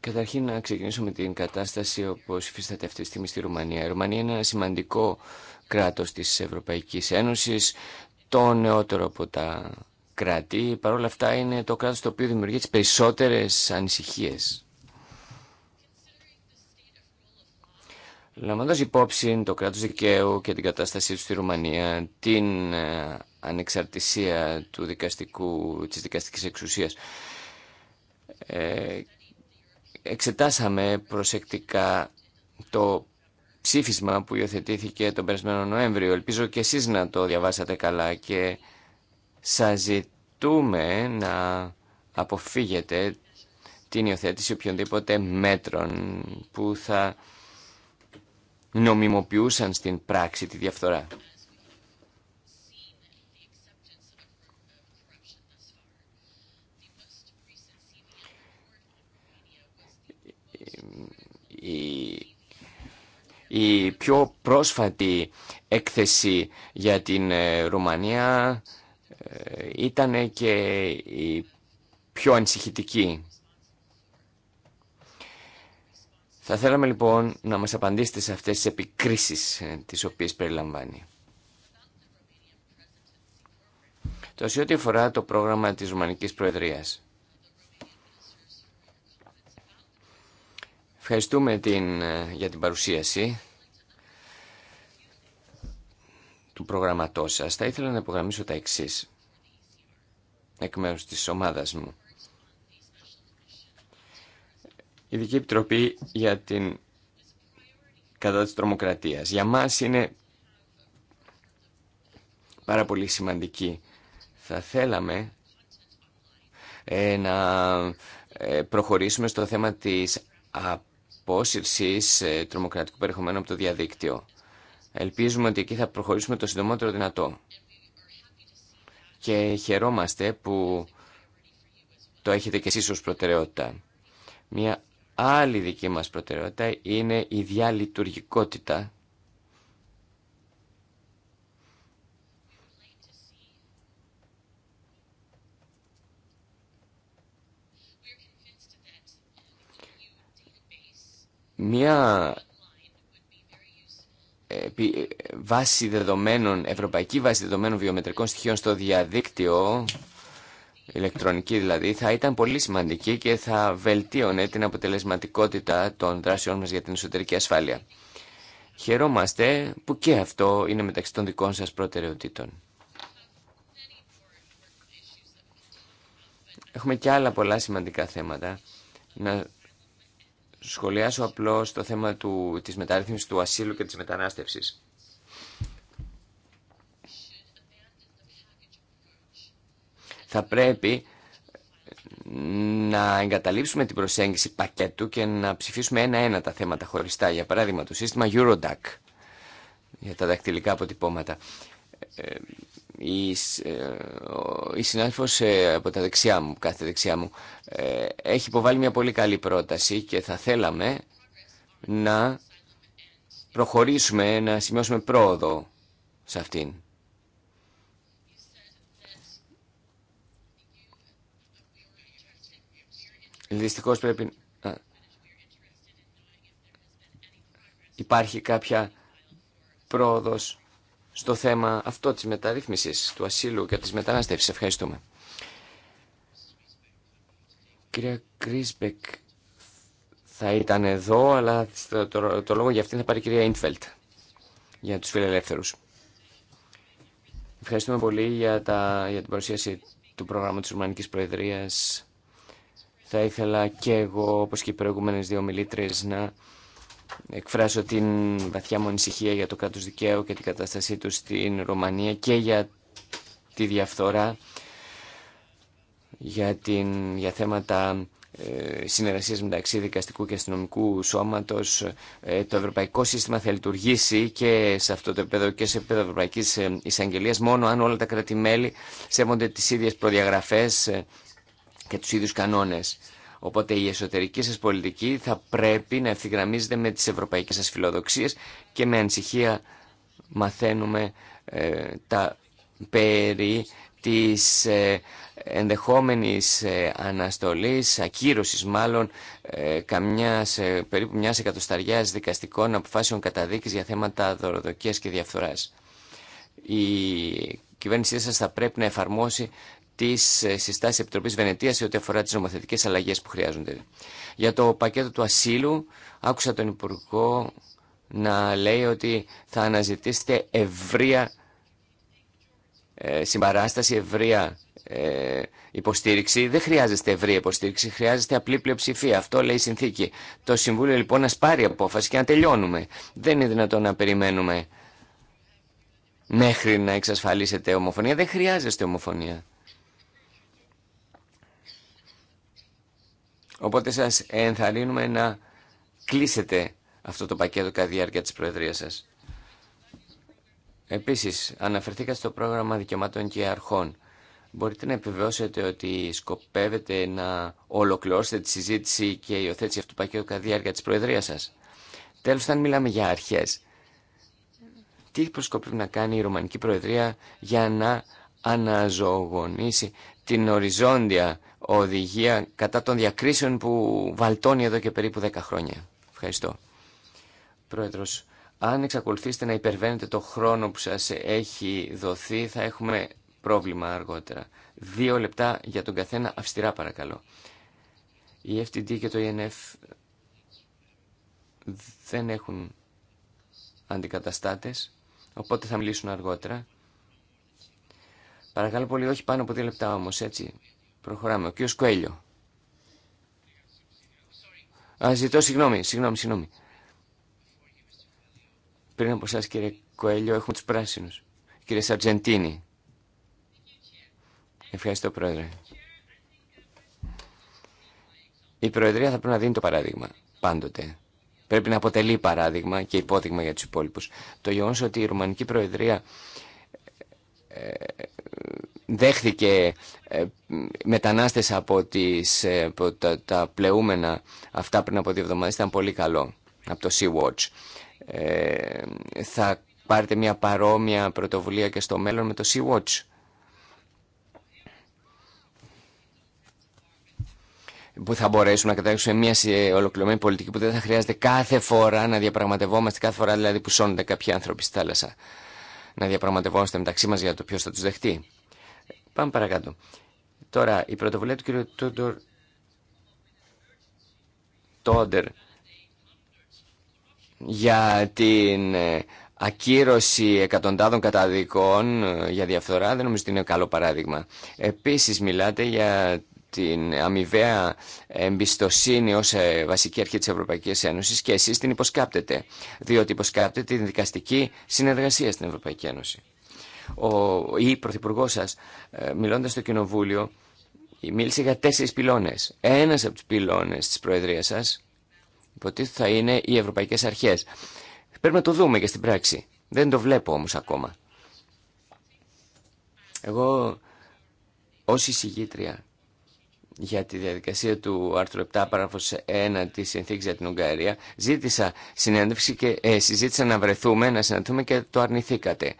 [SPEAKER 1] Καταρχήν να ξεκινήσω με την κατάσταση όπως υφίσταται αυτή τη στιγμή στη Ρουμανία. Η Ρουμανία είναι ένα σημαντικό κράτος της Ευρωπαϊκής Ένωσης, το νεότερο από τα Παρ' παρόλα αυτά είναι το κράτος το οποίο δημιουργεί τις περισσότερες ανησυχίες. Λαμβάνοντα υπόψη το κράτος δικαίου και την κατάστασή του στη Ρουμανία, την ε, ανεξαρτησία του δικαστικού, της δικαστικής εξουσίας, ε, εξετάσαμε προσεκτικά το ψήφισμα που υιοθετήθηκε τον περασμένο Νοέμβριο. Ελπίζω και εσείς να το διαβάσατε καλά και σας ζητούμε να αποφύγετε την υιοθέτηση οποιονδήποτε μέτρων που θα νομιμοποιούσαν στην πράξη τη διαφθορά. Η, η πιο πρόσφατη έκθεση για την ε, Ρουμανία ήταν και η πιο ανησυχητική. Θα θέλαμε λοιπόν να μας απαντήσετε σε αυτές τις επικρίσεις ε, τις οποίες περιλαμβάνει. Το σε ό,τι αφορά το πρόγραμμα της Ρουμανικής Προεδρίας. Ευχαριστούμε την, ε, για την παρουσίαση του προγραμματός σας. Θα ήθελα να υπογραμμίσω τα εξής εκ μέρους της ομάδας μου. Η Ειδική Επιτροπή για την κατά της τρομοκρατίας. Για μας είναι πάρα πολύ σημαντική. Θα θέλαμε ε, να ε, προχωρήσουμε στο θέμα της απόσυρσης ε, τρομοκρατικού περιεχομένου από το διαδίκτυο. Ελπίζουμε ότι εκεί θα προχωρήσουμε το συντομότερο δυνατό και χαιρόμαστε που το έχετε και εσείς ως προτεραιότητα. Μια άλλη δική μας προτεραιότητα είναι η διαλειτουργικότητα Μια βάση δεδομένων, ευρωπαϊκή βάση δεδομένων βιομετρικών στοιχείων στο διαδίκτυο, ηλεκτρονική δηλαδή, θα ήταν πολύ σημαντική και θα βελτίωνε την αποτελεσματικότητα των δράσεών μας για την εσωτερική ασφάλεια. Χαιρόμαστε που και αυτό είναι μεταξύ των δικών σας προτεραιοτήτων. Έχουμε και άλλα πολλά σημαντικά θέματα να σχολιάσω απλώς το θέμα του, της μεταρρύθμισης του ασύλου και της μετανάστευσης. Θα πρέπει να εγκαταλείψουμε την προσέγγιση πακέτου και να ψηφίσουμε ένα-ένα τα θέματα χωριστά. Για παράδειγμα, το σύστημα Eurodac για τα δακτυλικά αποτυπώματα. Ε, η, ε, η συνάδελφος ε, από τα δεξιά μου, κάθε δεξιά μου, ε, έχει υποβάλει μια πολύ καλή πρόταση και θα θέλαμε να προχωρήσουμε, να σημειώσουμε πρόοδο σε αυτήν. Δυστυχώ πρέπει να... Υπάρχει κάποια πρόοδος στο θέμα αυτό της μεταρρύθμισης του ασύλου και της μετανάστευσης. Ευχαριστούμε. Κυρία Κρίσμπεκ θα ήταν εδώ, αλλά το, λόγο για αυτήν θα πάρει η κυρία Ιντφελτ για τους φιλελεύθερους. Ευχαριστούμε πολύ για, τα, για την παρουσίαση του προγράμματος της Ρουμανικής Προεδρίας. Θα ήθελα και εγώ, όπως και οι προηγούμενες δύο μιλήτρες, να εκφράσω την βαθιά μου ανησυχία για το κράτος δικαίου και την κατάστασή του στην Ρωμανία και για τη διαφθορά, για, την, για θέματα ε, συνεργασίας μεταξύ δικαστικού και αστυνομικού σώματος. Ε, το ευρωπαϊκό σύστημα θα λειτουργήσει και σε αυτό το επίπεδο και σε επίπεδο ευρωπαϊκής ε, εισαγγελίας μόνο αν όλα τα κράτη-μέλη σέβονται τις ίδιες προδιαγραφές ε, και τους ίδιους κανόνες. Οπότε η εσωτερική σας πολιτική θα πρέπει να ευθυγραμμίζεται με τις ευρωπαϊκές σας φιλοδοξίες και με ανησυχία μαθαίνουμε ε, τα περί της ε, ενδεχόμενης ε, αναστολής, ακύρωσης μάλλον, ε, καμιάς, ε, περίπου μιας εκατοσταριάς δικαστικών αποφάσεων καταδίκης για θέματα δωροδοκίας και διαφθοράς. Η κυβέρνησή σας θα πρέπει να εφαρμόσει τι ε, συστάσει Επιτροπή Βενετία σε ό,τι αφορά τι νομοθετικέ αλλαγέ που χρειάζονται. Για το πακέτο του ασύλου, άκουσα τον Υπουργό να λέει ότι θα αναζητήσετε ευρεία ε, συμπαράσταση, ευρεία ε, υποστήριξη. Δεν χρειάζεστε ευρεία υποστήριξη, χρειάζεστε απλή πλειοψηφία. Αυτό λέει η συνθήκη. Το Συμβούλιο λοιπόν να πάρει απόφαση και να τελειώνουμε. Δεν είναι δυνατόν να περιμένουμε μέχρι να εξασφαλίσετε ομοφωνία. Δεν χρειάζεστε ομοφωνία. Οπότε σας ενθαρρύνουμε να κλείσετε αυτό το πακέτο κατά διάρκεια της Προεδρίας σας. Επίσης, αναφερθήκα στο πρόγραμμα δικαιωμάτων και αρχών. Μπορείτε να επιβεβαιώσετε ότι σκοπεύετε να ολοκληρώσετε τη συζήτηση και υιοθέτηση αυτού του πακέτου κατά διάρκεια της Προεδρίας σας. Τέλος, αν μιλάμε για αρχές, τι προσκοπεί να κάνει η Ρουμανική Προεδρία για να αναζωογονήσει την οριζόντια οδηγία κατά των διακρίσεων που βαλτώνει εδώ και περίπου 10 χρόνια. Ευχαριστώ. Πρόεδρος, αν εξακολουθήσετε να υπερβαίνετε το χρόνο που σας έχει δοθεί, θα έχουμε πρόβλημα αργότερα. Δύο λεπτά για τον καθένα, αυστηρά παρακαλώ. Η FTD και το ENF δεν έχουν αντικαταστάτες, οπότε θα μιλήσουν αργότερα. Παρακαλώ πολύ, όχι πάνω από δύο λεπτά όμω έτσι. Προχωράμε. Ο κ. Κουέλιο. Α, ζητώ συγγνώμη, συγγνώμη, συγγνώμη. Πριν από εσά, κύριε Κοέλιο, έχουμε του πράσινου. Κύριε Σαρτζεντίνη. Ευχαριστώ, Πρόεδρε. Η Προεδρία θα πρέπει να δίνει το παράδειγμα. Πάντοτε. Πρέπει να αποτελεί παράδειγμα και υπόδειγμα για του υπόλοιπου. Το γεγονό ότι η Ρουμανική Προεδρία ε, δέχθηκε ε, μετανάστες από, τις, ε, από τα, τα, πλεούμενα αυτά πριν από δύο εβδομάδες ήταν πολύ καλό από το Sea-Watch. Ε, θα πάρετε μια παρόμοια πρωτοβουλία και στο μέλλον με το Sea-Watch. που θα μπορέσουμε να καταλήξουμε μια ολοκληρωμένη πολιτική που δεν θα χρειάζεται κάθε φορά να διαπραγματευόμαστε, κάθε φορά δηλαδή που σώνονται κάποιοι άνθρωποι στη θάλασσα να διαπραγματευόμαστε μεταξύ μα για το ποιο θα του δεχτεί. Πάμε παρακάτω. Τώρα, η πρωτοβουλία του κ. Τόντερ για την ε, ακύρωση εκατοντάδων καταδικών ε, για διαφθορά δεν νομίζω ότι είναι καλό παράδειγμα. Επίσης μιλάτε για την αμοιβαία εμπιστοσύνη ως ε, βασική αρχή της Ευρωπαϊκής Ένωσης και εσείς την υποσκάπτετε, διότι υποσκάπτετε την δικαστική συνεργασία στην Ευρωπαϊκή Ένωση. Ο, ή πρωθυπουργό σα, ε, μιλώντας στο Κοινοβούλιο, μίλησε για τέσσερις πυλώνες. Ένας από τους πυλώνες της Προεδρίας σας, υποτίθεται θα είναι οι Ευρωπαϊκές Αρχές. Πρέπει να το δούμε και στην πράξη. Δεν το βλέπω όμως ακόμα. Εγώ ως εισηγήτρια για τη διαδικασία του άρθρου 7 παράγραφος 1 της συνθήκης για την Ουγγαρία ζήτησα συνέντευξη και ε, συζήτησα να βρεθούμε, να συναντηθούμε και το αρνηθήκατε.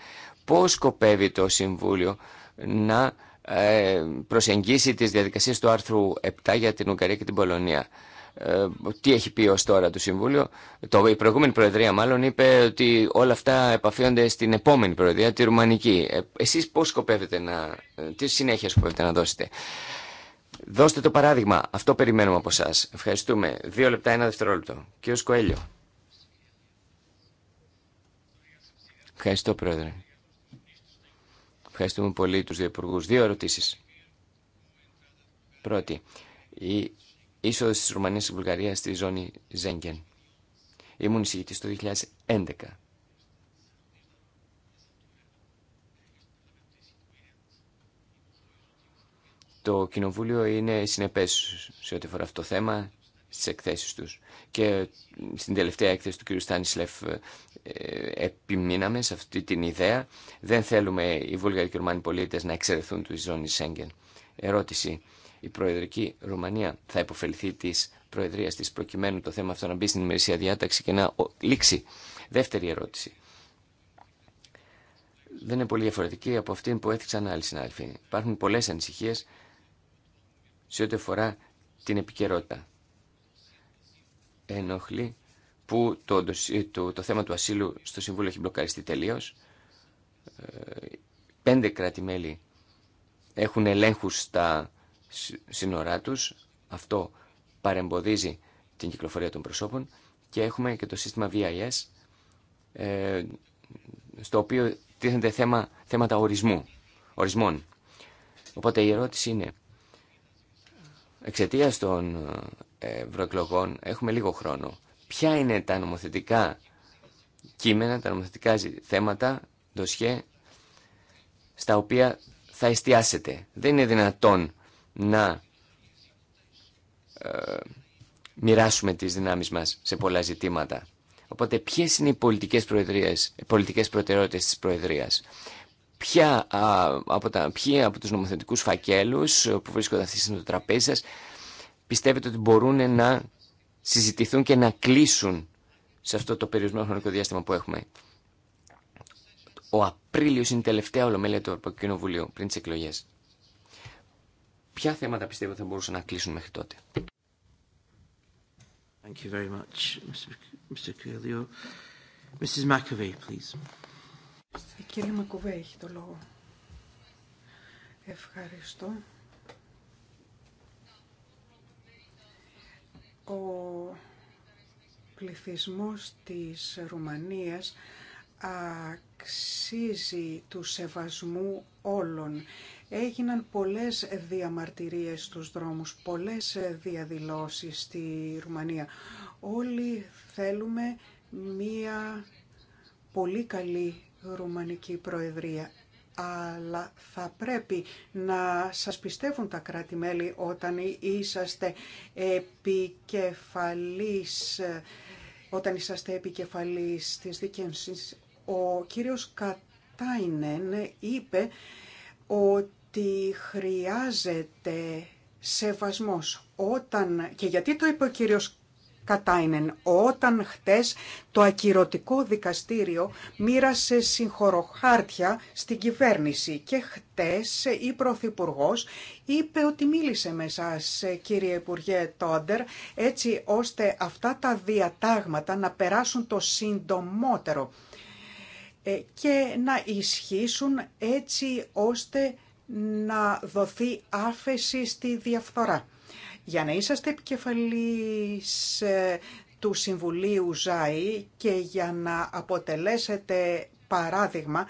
[SPEAKER 1] Πώς σκοπεύει το Συμβούλιο να ε, προσεγγίσει τις διαδικασίες του άρθρου 7 για την Ουγγαρία και την Πολωνία. Ε, τι έχει πει ως τώρα το Συμβούλιο. Το, η προηγούμενη Προεδρία μάλλον είπε ότι όλα αυτά επαφίονται στην επόμενη Προεδρία, τη Ρουμανική. Ε, εσείς πώς σκοπεύετε να, τι συνέχεια σκοπεύετε να δώσετε. Δώστε το παράδειγμα. Αυτό περιμένουμε από εσά. Ευχαριστούμε. Δύο λεπτά, ένα δευτερόλεπτο. Κύριο Κοέλιο. Ευχαριστώ, Πρόεδρε. Ευχαριστούμε πολύ του δύο υπουργού. Δύο ερωτήσει. Πρώτη, η είσοδο τη Ρουμανίας και Βουλγαρία στη ζώνη Ζέγγεν. Ήμουν εισηγητή το 2011. Το Κοινοβούλιο είναι συνεπές σε ό,τι αφορά αυτό το θέμα στις εκθέσεις τους. Και στην τελευταία έκθεση του κ. Στάνισλεφ ε, επιμείναμε σε αυτή την ιδέα. Δεν θέλουμε οι Βούλγαροι και οι Ρουμάνοι πολίτες να εξαιρεθούν του ζώνη Σέγγεν. Ερώτηση. Η Προεδρική Ρουμανία θα υποφεληθεί τη προεδρία τη προκειμένου το θέμα αυτό να μπει στην ημερησία διάταξη και να λήξει. Δεύτερη ερώτηση. Δεν είναι πολύ διαφορετική από αυτή που έθιξαν άλλοι συνάδελφοι. Υπάρχουν πολλέ ανησυχίε σε ό,τι αφορά την επικαιρότητα. Ενοχλεί που το, το, θέμα του ασύλου στο Συμβούλιο έχει μπλοκαριστεί τελείω. Ε, πέντε κράτη-μέλη έχουν ελέγχους στα σύνορά τους. Αυτό παρεμποδίζει την κυκλοφορία των προσώπων. Και έχουμε και το σύστημα VIS, ε, στο οποίο τίθενται θέμα, θέματα ορισμού, ορισμών. Οπότε η ερώτηση είναι, εξαιτία των ε, ευρωεκλογών έχουμε λίγο χρόνο. Ποια είναι τα νομοθετικά κείμενα, τα νομοθετικά θέματα, ντοσιέ, στα οποία θα εστιάσετε. Δεν είναι δυνατόν να ε, μοιράσουμε τις δυνάμεις μας σε πολλά ζητήματα. Οπότε ποιες είναι οι πολιτικές, προεδρίες, οι πολιτικές προτεραιότητες της Προεδρίας ποια από, τα, ποιοι από τους νομοθετικούς φακέλους ε, που βρίσκονται αυτή στην τραπέζι σας πιστεύετε ότι μπορούν να συζητηθούν και να κλείσουν σε αυτό το περιορισμένο χρονικό διάστημα που έχουμε. Ο Απρίλιος είναι η τελευταία ολομέλεια του Ευρωπαϊκού Κοινοβουλίου πριν τις εκλογές. Ποια θέματα πιστεύω θα μπορούσαν να κλείσουν μέχρι τότε. Thank you very much,
[SPEAKER 2] Mr. Mrs. please.
[SPEAKER 3] Η κυρία Μακουβέ έχει το λόγο. Ευχαριστώ. Ο πληθυσμός της Ρουμανίας αξίζει του σεβασμού όλων. Έγιναν πολλές διαμαρτυρίες στους δρόμους, πολλές διαδηλώσεις στη Ρουμανία. Όλοι θέλουμε μία πολύ καλή Ρουμανική Προεδρία. Αλλά θα πρέπει να σας πιστεύουν τα κράτη-μέλη όταν είσαστε επικεφαλής, όταν είσαστε επικεφαλής της Ο κύριος Κατάινεν είπε ότι χρειάζεται σεβασμός όταν, και γιατί το είπε ο κύριος Κατάινεν, όταν χτες το ακυρωτικό δικαστήριο μοίρασε συγχωροχάρτια στην κυβέρνηση και χτες η Πρωθυπουργό είπε ότι μίλησε με σας κύριε Υπουργέ Τόντερ έτσι ώστε αυτά τα διατάγματα να περάσουν το συντομότερο ε, και να ισχύσουν έτσι ώστε να δοθεί άφεση στη διαφθορά. Για να είσαστε επικεφαλής ε, του Συμβουλίου ΖΑΗ και για να αποτελέσετε παράδειγμα,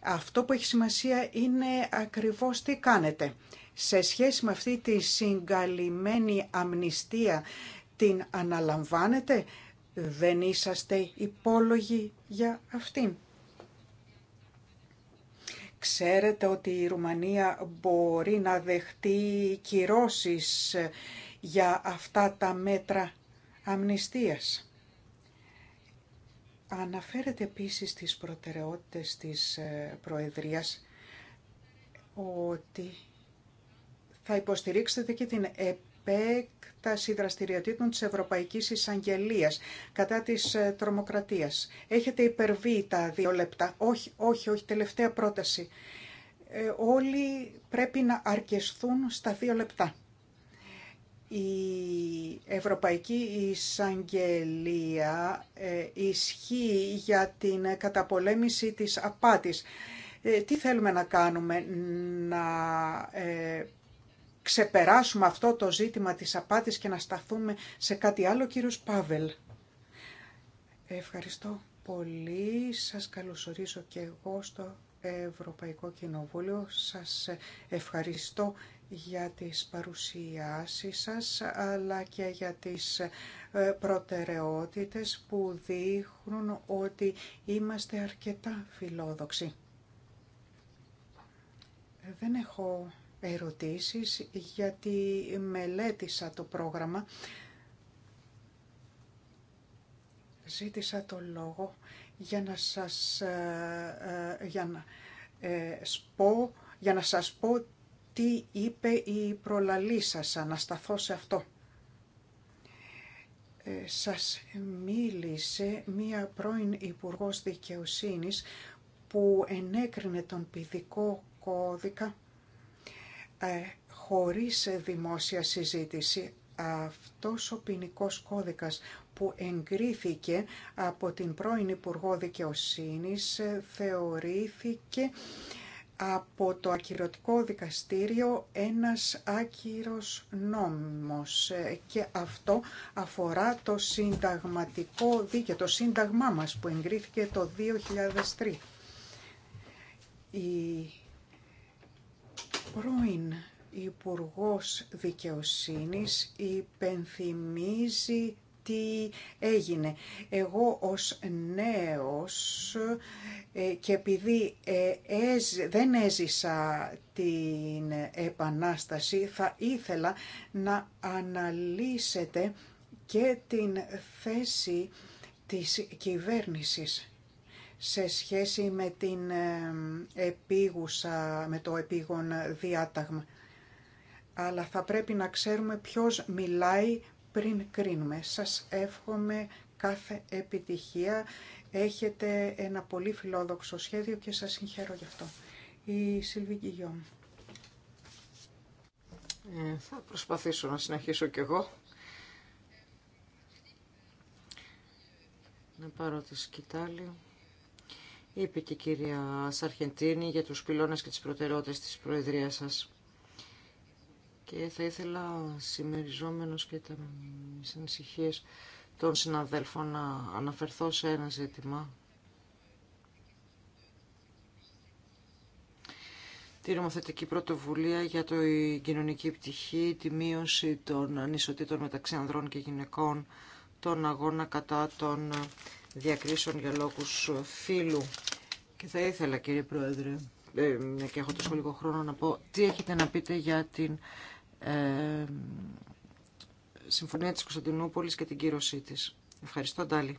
[SPEAKER 3] αυτό που έχει σημασία είναι ακριβώς τι κάνετε. Σε σχέση με αυτή τη συγκαλυμμένη αμνηστία την αναλαμβάνετε, δεν είσαστε υπόλογοι για αυτήν. Ξέρετε ότι η Ρουμανία μπορεί να δεχτεί κυρώσεις για αυτά τα μέτρα αμνηστίας. Αναφέρεται επίσης στις προτεραιότητες της ε, Προεδρίας ότι θα υποστηρίξετε και την επέκταση τα δραστηριοτήτων της Ευρωπαϊκής Εισαγγελίας κατά της ε, τρομοκρατίας. Έχετε υπερβεί τα δύο λεπτά. Όχι, όχι, όχι, τελευταία πρόταση. Ε, όλοι πρέπει να αρκεστούν στα δύο λεπτά. Η Ευρωπαϊκή Εισαγγελία ε, ισχύει για την καταπολέμηση της απάτης. τι θέλουμε να κάνουμε, να ξεπεράσουμε αυτό το ζήτημα της απάτης και να σταθούμε σε κάτι άλλο, κύριος Πάβελ. Ευχαριστώ πολύ. Σας καλωσορίζω και εγώ στο Ευρωπαϊκό Κοινοβούλιο. Σας ευχαριστώ για τις παρουσιάσεις σας, αλλά και για τις ε, προτεραιότητες που δείχνουν ότι είμαστε αρκετά φιλόδοξοι. Δεν έχω ερωτήσεις γιατί μελέτησα το πρόγραμμα. Ζήτησα το λόγο για να σας, ε, ε, για να, ε, για να σας πω τι είπε η προλαλή να σταθώ σε αυτό. Ε, σας μίλησε μία πρώην Υπουργός Δικαιοσύνης που ενέκρινε τον ποιητικό κώδικα ε, χωρίς δημόσια συζήτηση. Αυτός ο ποινικό κώδικας που εγκρίθηκε από την πρώην Υπουργό Δικαιοσύνης ε, θεωρήθηκε από το ακυρωτικό δικαστήριο ένας άκυρος νόμος ε, και αυτό αφορά το συνταγματικό δίκαιο, το σύνταγμά μας που εγκρίθηκε το 2003 πρώην Υπουργός Δικαιοσύνης υπενθυμίζει τι έγινε. Εγώ ως νέος ε, και επειδή ε, δεν έζησα την επανάσταση θα ήθελα να αναλύσετε και την θέση της κυβέρνησης σε σχέση με, την ε, επίγουσα, με το επίγον διάταγμα. Αλλά θα πρέπει να ξέρουμε ποιος μιλάει πριν κρίνουμε. Σας εύχομαι κάθε επιτυχία. Έχετε ένα πολύ φιλόδοξο σχέδιο και σας συγχαίρω γι' αυτό. Η Σιλβίκη Γιώμ. Ε, θα
[SPEAKER 2] προσπαθήσω να συνεχίσω κι εγώ. Να πάρω τη σκητάλη είπε και η κυρία Σαρχεντίνη για τους πυλώνες και τις προτεραιότητες της Προεδρίας σας. Και θα ήθελα συμμεριζόμενος και τα ανησυχίες των συναδέλφων να αναφερθώ σε ένα ζήτημα. Τη νομοθετική πρωτοβουλία για το η κοινωνική πτυχή, τη μείωση των ανισοτήτων μεταξύ ανδρών και γυναικών, τον αγώνα κατά των διακρίσεων για λόγους φύλου. Και θα ήθελα κύριε Πρόεδρε, ε, και έχω τόσο λίγο χρόνο να πω, τι έχετε να πείτε για την ε, Συμφωνία της Κωνσταντινούπολης και την κύρωσή της. Ευχαριστώ, Ντάλη.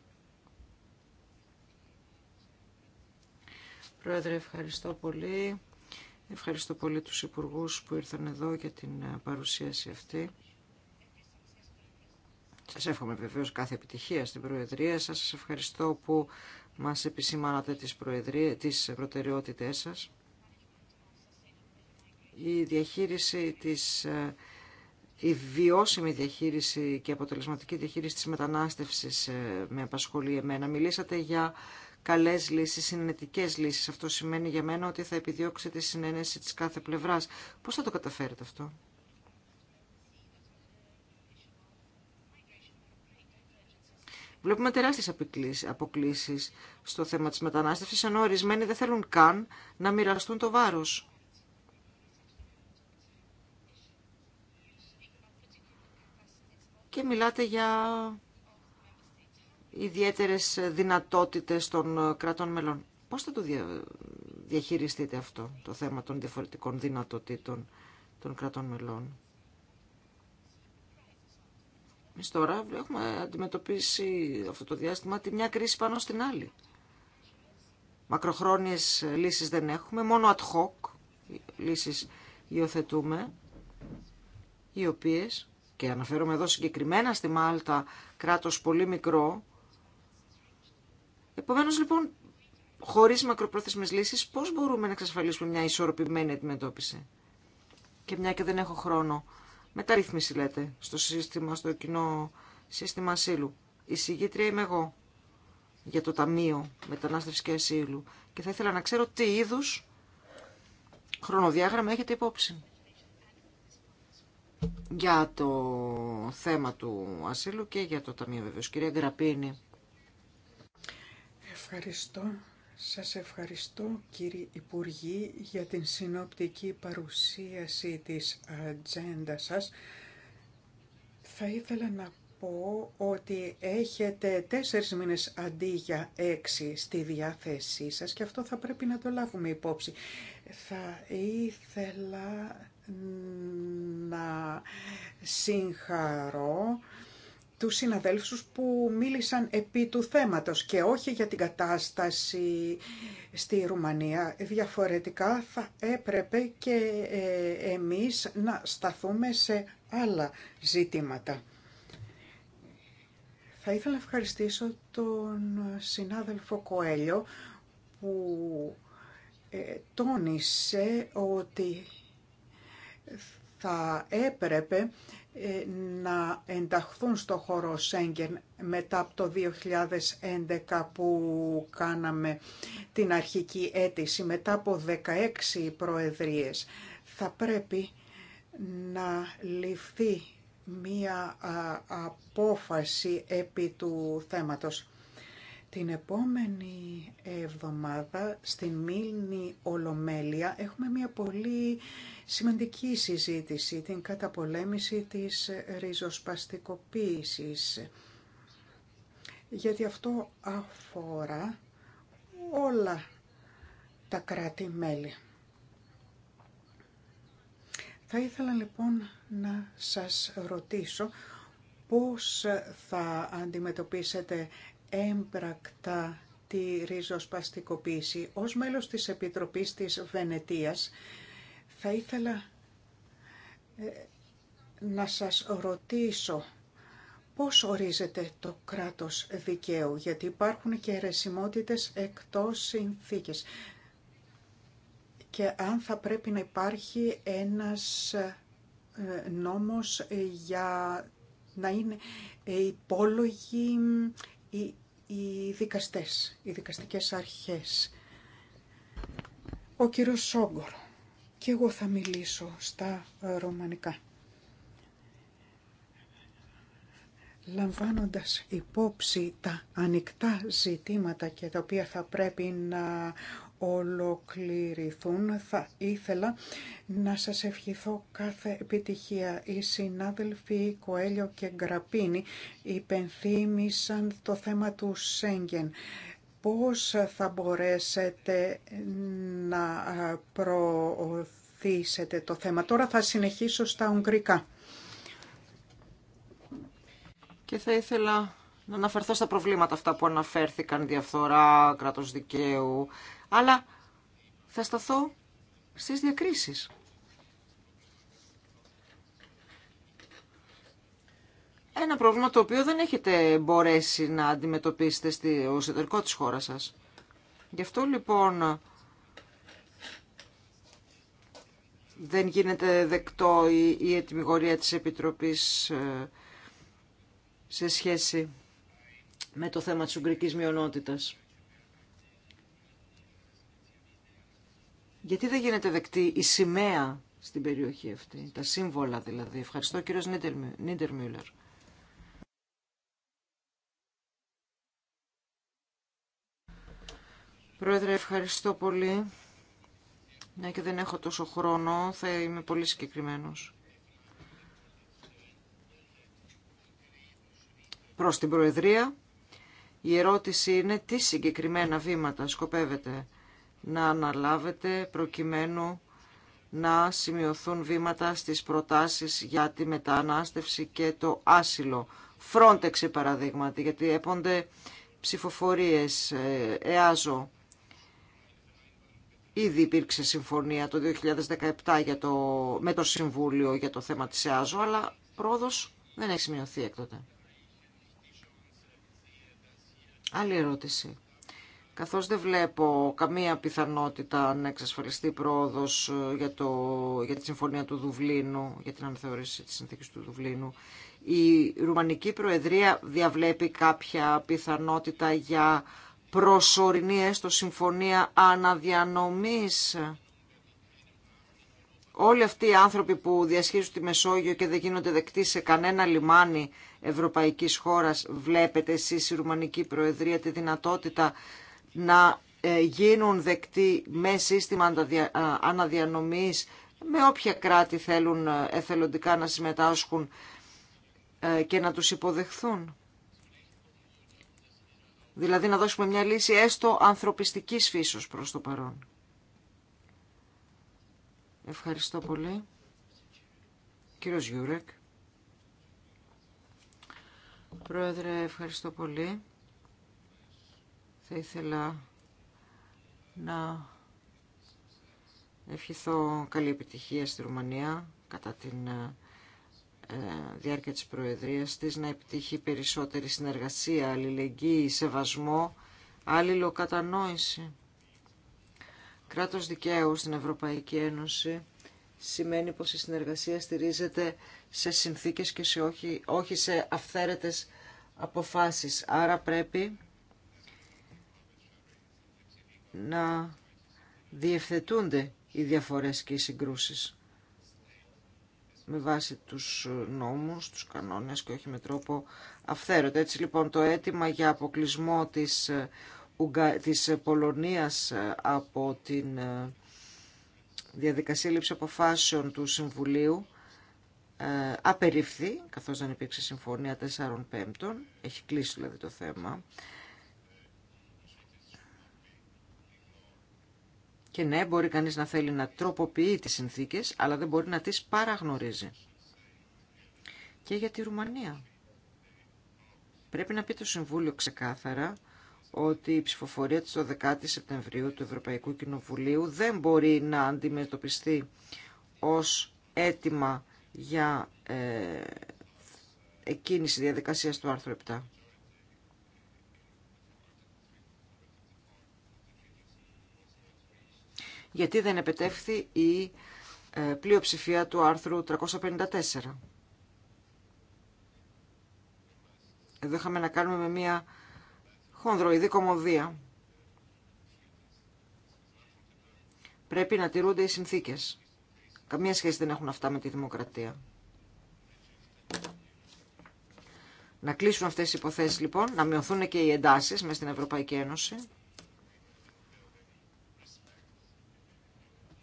[SPEAKER 2] Πρόεδρε, ευχαριστώ πολύ. Ευχαριστώ πολύ τους υπουργούς που ήρθαν εδώ για την ε, παρουσίαση αυτή. Σας εύχομαι βεβαίως κάθε επιτυχία στην Προεδρία σας. Σας ευχαριστώ που μας επισημάνατε τις, τις προτεραιότητές σας. Η διαχείριση της ε, η βιώσιμη διαχείριση και αποτελεσματική διαχείριση της μετανάστευσης ε, με απασχολεί εμένα. Μιλήσατε για καλές λύσεις, συνενετικές λύσεις. Αυτό σημαίνει για μένα ότι θα επιδιώξετε συνένεση της κάθε πλευράς. Πώς θα το καταφέρετε αυτό. Βλέπουμε τεράστιες αποκλήσεις στο θέμα της μετανάστευσης, ενώ ορισμένοι δεν θέλουν καν να μοιραστούν το βάρος. Και μιλάτε για ιδιαίτερες δυνατότητες των κρατών μελών. Πώς θα το διαχειριστείτε αυτό, το θέμα των διαφορετικών δυνατοτήτων των κρατών μελών. Εμεί τώρα έχουμε αντιμετωπίσει αυτό το διάστημα τη μια κρίση πάνω στην άλλη. Μακροχρόνιες λύσεις δεν έχουμε, μόνο ad hoc λύσεις υιοθετούμε, οι οποίες, και αναφέρομαι εδώ συγκεκριμένα στη Μάλτα, κράτος πολύ μικρό, επομένως λοιπόν χωρίς μακροπρόθεσμες λύσεις πώς μπορούμε να εξασφαλίσουμε μια ισορροπημένη αντιμετώπιση. Και μια και δεν έχω χρόνο μεταρρύθμιση λέτε στο σύστημα, στο κοινό σύστημα ασύλου. Η συγγήτρια είμαι εγώ για το Ταμείο Μετανάστευσης και Ασύλου και θα ήθελα να ξέρω τι είδους χρονοδιάγραμμα έχετε υπόψη για το θέμα του ασύλου και για το Ταμείο βεβαίως. Κυρία Γκραπίνη.
[SPEAKER 3] Ευχαριστώ. Σας ευχαριστώ κύριε Υπουργή για την συνοπτική παρουσίαση της ατζέντα σας. Θα ήθελα να πω ότι έχετε τέσσερις μήνες αντί για έξι στη διάθεσή σας και αυτό θα πρέπει να το λάβουμε υπόψη. Θα ήθελα να συγχαρώ τους συναδέλφους που μίλησαν επί του θέματος και όχι για την κατάσταση στη Ρουμανία. Διαφορετικά θα έπρεπε και ε, εμείς να σταθούμε σε άλλα ζητήματα. Θα ήθελα να ευχαριστήσω τον συνάδελφο Κοέλιο που ε, τόνισε ότι θα έπρεπε ε, να ενταχθούν στο χώρο Σέγγεν μετά από το 2011 που κάναμε την αρχική αίτηση, μετά από 16 προεδρίες. Θα πρέπει να ληφθεί μία απόφαση επί του θέματος. Την επόμενη εβδομάδα στην Μίλνη Ολομέλεια έχουμε μια πολύ σημαντική συζήτηση, την καταπολέμηση της ριζοσπαστικοποίησης. Γιατί αυτό αφορά όλα τα κράτη-μέλη. Θα ήθελα λοιπόν να σας ρωτήσω πώς θα αντιμετωπίσετε έμπρακτα τη ριζοσπαστικοποίηση. Ως μέλος της Επιτροπής της Βενετίας θα ήθελα ε, να σας ρωτήσω πώς ορίζεται το κράτος δικαίου, γιατί υπάρχουν και αιρεσιμότητες εκτός συνθήκες και αν θα πρέπει να υπάρχει ένας ε, νόμος για να είναι υπόλογη οι δικαστές, οι δικαστικές αρχές. Ο κύριος Σόγκορ και εγώ θα μιλήσω στα ρωμανικά. Λαμβάνοντας υπόψη τα ανοιχτά ζητήματα και τα οποία θα πρέπει να ολοκληρηθούν. Θα ήθελα να σας ευχηθώ κάθε επιτυχία. Οι συνάδελφοι Κοέλιο και Γκραπίνη υπενθύμησαν το θέμα του Σέγγεν. Πώς θα μπορέσετε να προωθήσετε το θέμα. Τώρα θα συνεχίσω στα Ουγγρικά.
[SPEAKER 2] Και θα ήθελα να αναφερθώ στα προβλήματα αυτά που αναφέρθηκαν, διαφθορά, κράτος δικαίου, αλλά θα σταθώ στις διακρίσεις. Ένα πρόβλημα το οποίο δεν έχετε μπορέσει να αντιμετωπίσετε στο εσωτερικό της χώρας σας. Γι' αυτό λοιπόν δεν γίνεται δεκτό η, η της Επιτροπής ε, σε σχέση με το θέμα της ουγγρικής μειονότητας. Γιατί δεν γίνεται δεκτή η σημαία στην περιοχή αυτή, τα σύμβολα δηλαδή. Ευχαριστώ κύριος Νίτερ Μιούλερ. Πρόεδρε, ευχαριστώ πολύ. Ναι και δεν έχω τόσο χρόνο, θα είμαι πολύ συγκεκριμένος. Προς την Προεδρία η ερώτηση είναι τι συγκεκριμένα βήματα σκοπεύετε να αναλάβετε προκειμένου να σημειωθούν βήματα στις προτάσεις για τη μετανάστευση και το άσυλο. Φρόντεξε παραδείγματι, γιατί έπονται ψηφοφορίες, ε, ΕΑΖΟ. Ήδη υπήρξε συμφωνία το 2017 για το, με το Συμβούλιο για το θέμα της ΕΑΖΟ, αλλά πρόοδος δεν έχει σημειωθεί έκτοτε. Άλλη ερώτηση. Καθώς δεν βλέπω καμία πιθανότητα να εξασφαλιστεί πρόοδος ε, για, το, για τη συμφωνία του Δουβλίνου, για την αναθεώρηση της συνθήκης του Δουβλίνου, η Ρουμανική Προεδρία διαβλέπει κάποια πιθανότητα για προσωρινή έστω συμφωνία αναδιανομής όλοι αυτοί οι άνθρωποι που διασχίζουν τη Μεσόγειο και δεν γίνονται δεκτοί σε κανένα λιμάνι ευρωπαϊκής χώρας, βλέπετε εσείς η Ρουμανική Προεδρία τη δυνατότητα να ε, γίνουν δεκτοί με σύστημα αναδιανομής με όποια κράτη θέλουν ε, εθελοντικά να συμμετάσχουν ε, και να τους υποδεχθούν. Δηλαδή να δώσουμε μια λύση έστω ανθρωπιστικής φύσεως προς το παρόν. Ευχαριστώ πολύ. Κύριος Γιούρεκ. Πρόεδρε, ευχαριστώ πολύ. Θα ήθελα να ευχηθώ καλή επιτυχία στη Ρουμανία κατά τη ε, ε, διάρκεια της Προεδρίας της, να επιτύχει περισσότερη συνεργασία, αλληλεγγύη, σεβασμό, αλληλοκατανόηση κράτος δικαίου στην Ευρωπαϊκή Ένωση σημαίνει πως η συνεργασία στηρίζεται σε συνθήκες και σε όχι, όχι σε αυθαίρετες αποφάσεις. Άρα πρέπει να διευθετούνται οι διαφορές και οι συγκρούσεις με βάση τους νόμους, τους κανόνες και όχι με τρόπο αυθαίρετο. Έτσι λοιπόν το αίτημα για αποκλεισμό της της Πολωνίας ε, από την ε, διαδικασία λήψη αποφάσεων του Συμβουλίου ε, απερίφθη, καθώς δεν υπήρξε συμφωνία 4 πέμπτων, έχει κλείσει δηλαδή το θέμα. Και ναι, μπορεί κανείς να θέλει να τροποποιεί τις συνθήκες, αλλά δεν μπορεί να τις παραγνωρίζει. Και για τη Ρουμανία. Πρέπει να πει το Συμβούλιο ξεκάθαρα ότι η ψηφοφορία της 12 η Σεπτεμβρίου του Ευρωπαϊκού Κοινοβουλίου δεν μπορεί να αντιμετωπιστεί ως έτοιμα για ε, εκκίνηση διαδικασίας του άρθρου 7. Γιατί δεν επετεύχθη η ε, πλειοψηφία του άρθρου 354. Εδώ είχαμε να κάνουμε με μια χονδροειδή κομμωδία. Πρέπει να τηρούνται οι συνθήκες. Καμία σχέση δεν έχουν αυτά με τη δημοκρατία. Να κλείσουν αυτές οι υποθέσεις λοιπόν, να μειωθούν και οι εντάσεις μέσα στην Ευρωπαϊκή Ένωση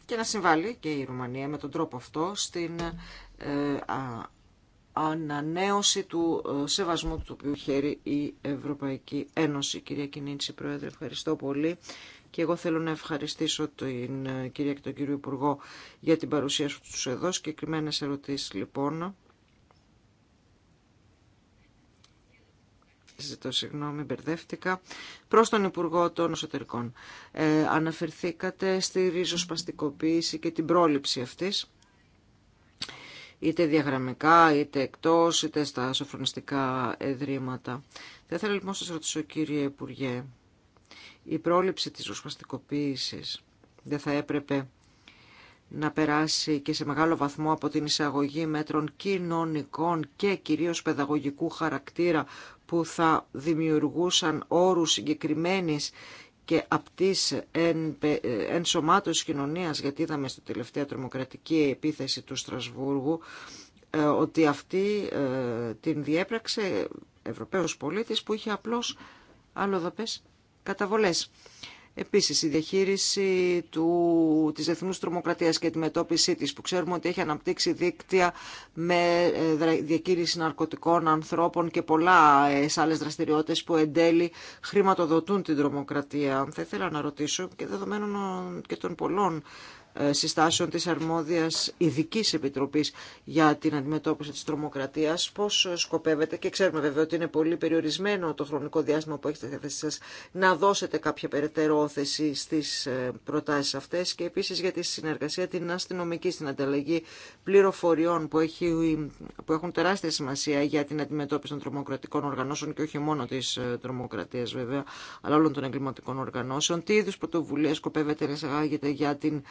[SPEAKER 2] και να συμβάλλει και η Ρουμανία με τον τρόπο αυτό στην ε, ανανέωση του ε, σεβασμού του οποίου χαίρει η Ευρωπαϊκή Ένωση. Κυρία Κινίτση, Πρόεδρε, ευχαριστώ πολύ. Και εγώ θέλω να ευχαριστήσω την ε, κυρία και τον κύριο Υπουργό για την παρουσία σου τους εδώ. Συγκεκριμένε ερωτήσεις λοιπόν. Ζητώ συγγνώμη, μπερδεύτηκα. Προς τον Υπουργό των Εσωτερικών. Ε, αναφερθήκατε στη ριζοσπαστικοποίηση και την πρόληψη αυτής είτε διαγραμμικά, είτε εκτός, είτε στα σοφρονιστικά εδρήματα. Θα ήθελα λοιπόν να σας ρωτήσω κύριε Υπουργέ, η πρόληψη της ρουσπαστικοποίησης δεν θα έπρεπε να περάσει και σε μεγάλο βαθμό από την εισαγωγή μέτρων κοινωνικών και κυρίως παιδαγωγικού χαρακτήρα που θα δημιουργούσαν όρους συγκεκριμένης και απτής ε, ενσωμάτωσης κοινωνίας, γιατί είδαμε στη τελευταία τρομοκρατική επίθεση του Στρασβούργου, ε, ότι αυτή ε, την διέπραξε Ευρωπαίος πολίτης που είχε απλώς άλλο καταβολές. Επίσης, η διαχείριση του, της Τρομοκρατία τρομοκρατίας και τη μετώπιση της, που ξέρουμε ότι έχει αναπτύξει δίκτυα με ε, διακήρυξη ναρκωτικών ανθρώπων και πολλά ε, άλλες δραστηριότητες που εν τέλει χρηματοδοτούν την τρομοκρατία. Θα ήθελα να ρωτήσω και δεδομένων ε, και των πολλών συστάσεων της αρμόδιας ειδική επιτροπής για την αντιμετώπιση της τρομοκρατίας. Πώς σκοπεύετε και ξέρουμε βέβαια ότι είναι πολύ περιορισμένο το χρονικό διάστημα που έχετε θέσει σας να δώσετε κάποια περαιτέρω όθεση στις ε, προτάσεις αυτές και επίσης για τη συνεργασία την αστυνομική στην ανταλλαγή πληροφοριών που, έχει, που έχουν τεράστια σημασία για την αντιμετώπιση των τρομοκρατικών οργανώσεων και όχι μόνο της ε, τρομοκρατίας βέβαια αλλά όλων των εγκληματικών οργανώσεων. Τι είδους πρωτοβουλία σκοπεύετε να εισαγάγετε για την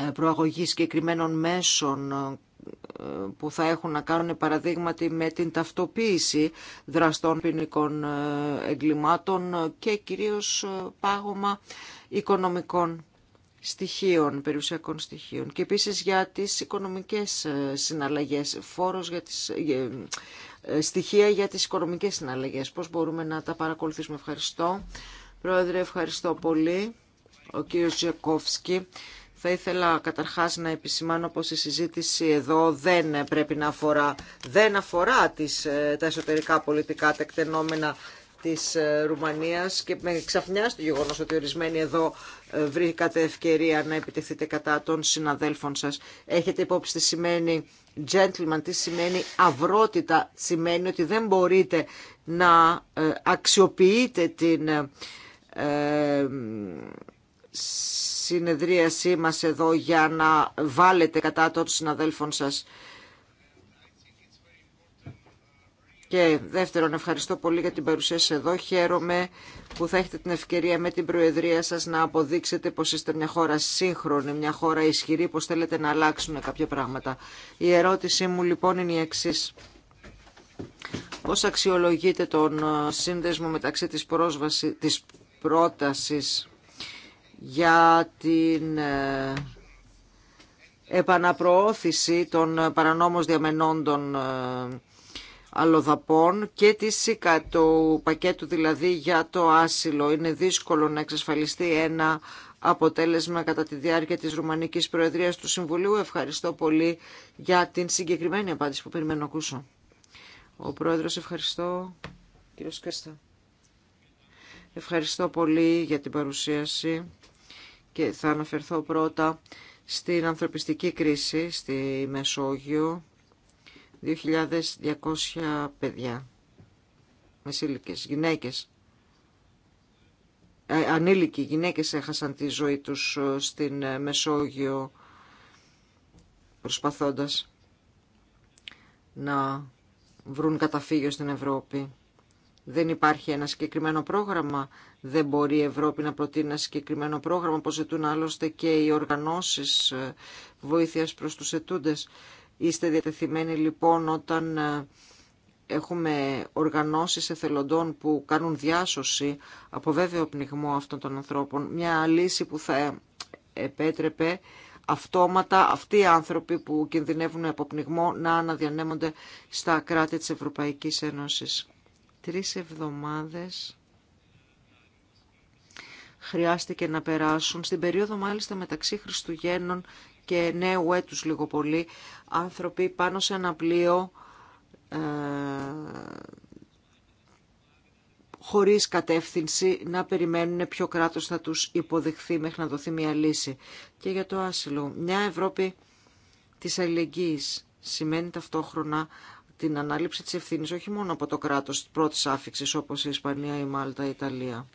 [SPEAKER 2] ε, προαγωγή συγκεκριμένων μέσων ε, που θα έχουν να κάνουν παραδείγματι με την ταυτοποίηση δραστών ποινικών ε, εγκλημάτων και κυρίως πάγωμα οικονομικών στοιχείων, περιουσιακών στοιχείων και επίσης για τις οικονομικές συναλλαγές, φόρος για τις, στοιχεία για τις οικονομικές συναλλαγές. Πώς μπορούμε να τα παρακολουθήσουμε. Ευχαριστώ. Πρόεδρε, ευχαριστώ πολύ. Ο κύριος Τζεκόφσκι. Θα ήθελα καταρχάς να επισημάνω πως η συζήτηση εδώ δεν πρέπει να αφορά, δεν αφορά τις, ε, τα εσωτερικά πολιτικά τεκτενόμενα της ε, Ρουμανίας και με ξαφνιά στο γεγονός ότι ορισμένοι εδώ ε, βρήκατε ευκαιρία να επιτεθείτε κατά των συναδέλφων σας. Έχετε υπόψη τι σημαίνει gentleman, τι σημαίνει αυρότητα, σημαίνει ότι δεν μπορείτε να αξιοποιείτε την συνεδρίασή μας εδώ για να βάλετε κατά των συναδέλφων σας. Και δεύτερον, ευχαριστώ πολύ για την παρουσία σας εδώ. Χαίρομαι που θα έχετε την ευκαιρία με την Προεδρία σας να αποδείξετε πως είστε μια χώρα σύγχρονη, μια χώρα ισχυρή, πως θέλετε να αλλάξουν κάποια πράγματα. Η ερώτησή μου λοιπόν είναι η εξής. Πώς αξιολογείτε τον ε, σύνδεσμο μεταξύ της, πρόσβαση, της πρότασης για την ε, επαναπροώθηση των παρανόμως διαμενόντων ε, αλλοδαπών και τη ΣΥΚΑ, το πακέτο δηλαδή για το άσυλο. Είναι δύσκολο να εξασφαλιστεί ένα αποτέλεσμα κατά τη διάρκεια της Ρουμανικής Προεδρίας του Συμβουλίου. Ευχαριστώ πολύ για την συγκεκριμένη απάντηση που περιμένω να ακούσω. Ο Πρόεδρος, ευχαριστώ. Κύριο Σκέστα. Ευχαριστώ πολύ για την παρουσίαση και θα αναφερθώ πρώτα στην ανθρωπιστική κρίση στη Μεσόγειο 2.200 παιδιά μεσήλικες, γυναίκες ε, ανήλικοι γυναίκες έχασαν τη ζωή τους ε, στην ε, Μεσόγειο προσπαθώντας να βρουν καταφύγιο στην Ευρώπη δεν υπάρχει ένα συγκεκριμένο πρόγραμμα, δεν μπορεί η Ευρώπη να προτείνει ένα συγκεκριμένο πρόγραμμα, όπως ζητούν άλλωστε και οι οργανώσεις ε, βοήθειας προς τους ετούντες. Είστε διατεθειμένοι λοιπόν όταν ε, έχουμε οργανώσεις εθελοντών που κάνουν διάσωση από βέβαιο πνιγμό αυτών των ανθρώπων, μια λύση που θα επέτρεπε αυτόματα αυτοί οι άνθρωποι που κινδυνεύουν από πνιγμό να αναδιανέμονται στα κράτη της Ευρωπαϊκής Ένωσης τρεις εβδομάδες χρειάστηκε να περάσουν, στην περίοδο μάλιστα μεταξύ Χριστουγέννων και νέου έτους λίγο πολύ, άνθρωποι πάνω σε ένα πλοίο ε, χωρίς κατεύθυνση να περιμένουν ποιο κράτος θα τους υποδεχθεί μέχρι να δοθεί μια λύση. Και για το άσυλο, μια Ευρώπη της αλληλεγγύης σημαίνει ταυτόχρονα την ανάληψη της ευθύνης όχι μόνο από το κράτος της πρώτης άφηξης όπως η Ισπανία, η Μάλτα, η Ιταλία.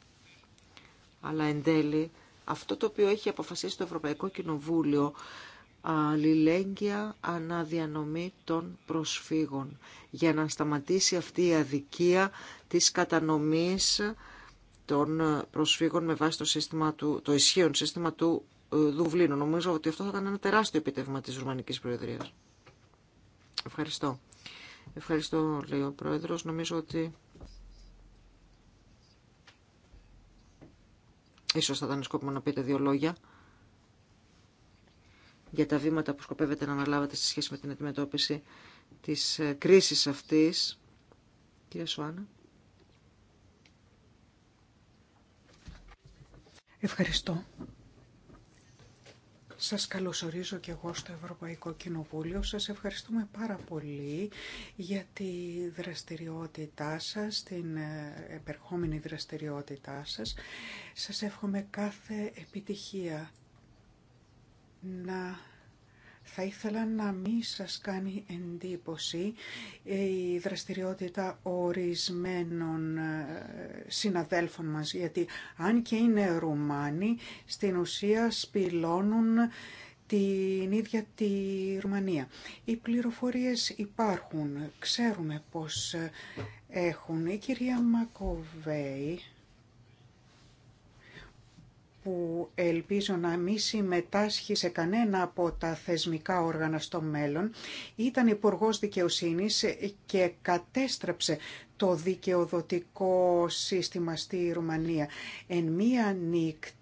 [SPEAKER 2] Αλλά εν τέλει αυτό το οποίο έχει αποφασίσει το Ευρωπαϊκό Κοινοβούλιο αλληλέγγυα αναδιανομή των προσφύγων για να σταματήσει αυτή η αδικία της κατανομής των προσφύγων με βάση το, σύστημα του, το ισχύον σύστημα του ε, Δουβλίνου. Νομίζω ότι αυτό θα ήταν ένα τεράστιο επιτεύγμα της Ρουμανικής Προεδρίας. Ευχαριστώ. Ευχαριστώ, λέει ο Πρόεδρος. Νομίζω ότι ίσως θα ήταν σκόπιμο να πείτε δύο λόγια για τα βήματα που σκοπεύετε να αναλάβετε σε σχέση με την αντιμετώπιση της ε, κρίσης αυτής. Κυρία Σουάνα.
[SPEAKER 3] Ευχαριστώ. Σας καλωσορίζω και εγώ στο Ευρωπαϊκό Κοινοβούλιο. Σας ευχαριστούμε πάρα πολύ για τη δραστηριότητά σας, την ε, επερχόμενη δραστηριότητά σας. Σας εύχομαι κάθε επιτυχία να θα ήθελα να μην σας κάνει εντύπωση ε, η δραστηριότητα ορισμένων ε, συναδέλφων μας, γιατί αν και είναι Ρουμάνοι, στην ουσία σπηλώνουν την ίδια τη Ρουμανία. Οι πληροφορίες υπάρχουν, ξέρουμε πως ε, έχουν. Η κυρία Μακοβέη που ελπίζω να μη συμμετάσχει σε κανένα από τα θεσμικά όργανα στο μέλλον, ήταν υπουργό Δικαιοσύνης και κατέστρεψε το δικαιοδοτικό σύστημα στη Ρουμανία. Εν μία νύχτη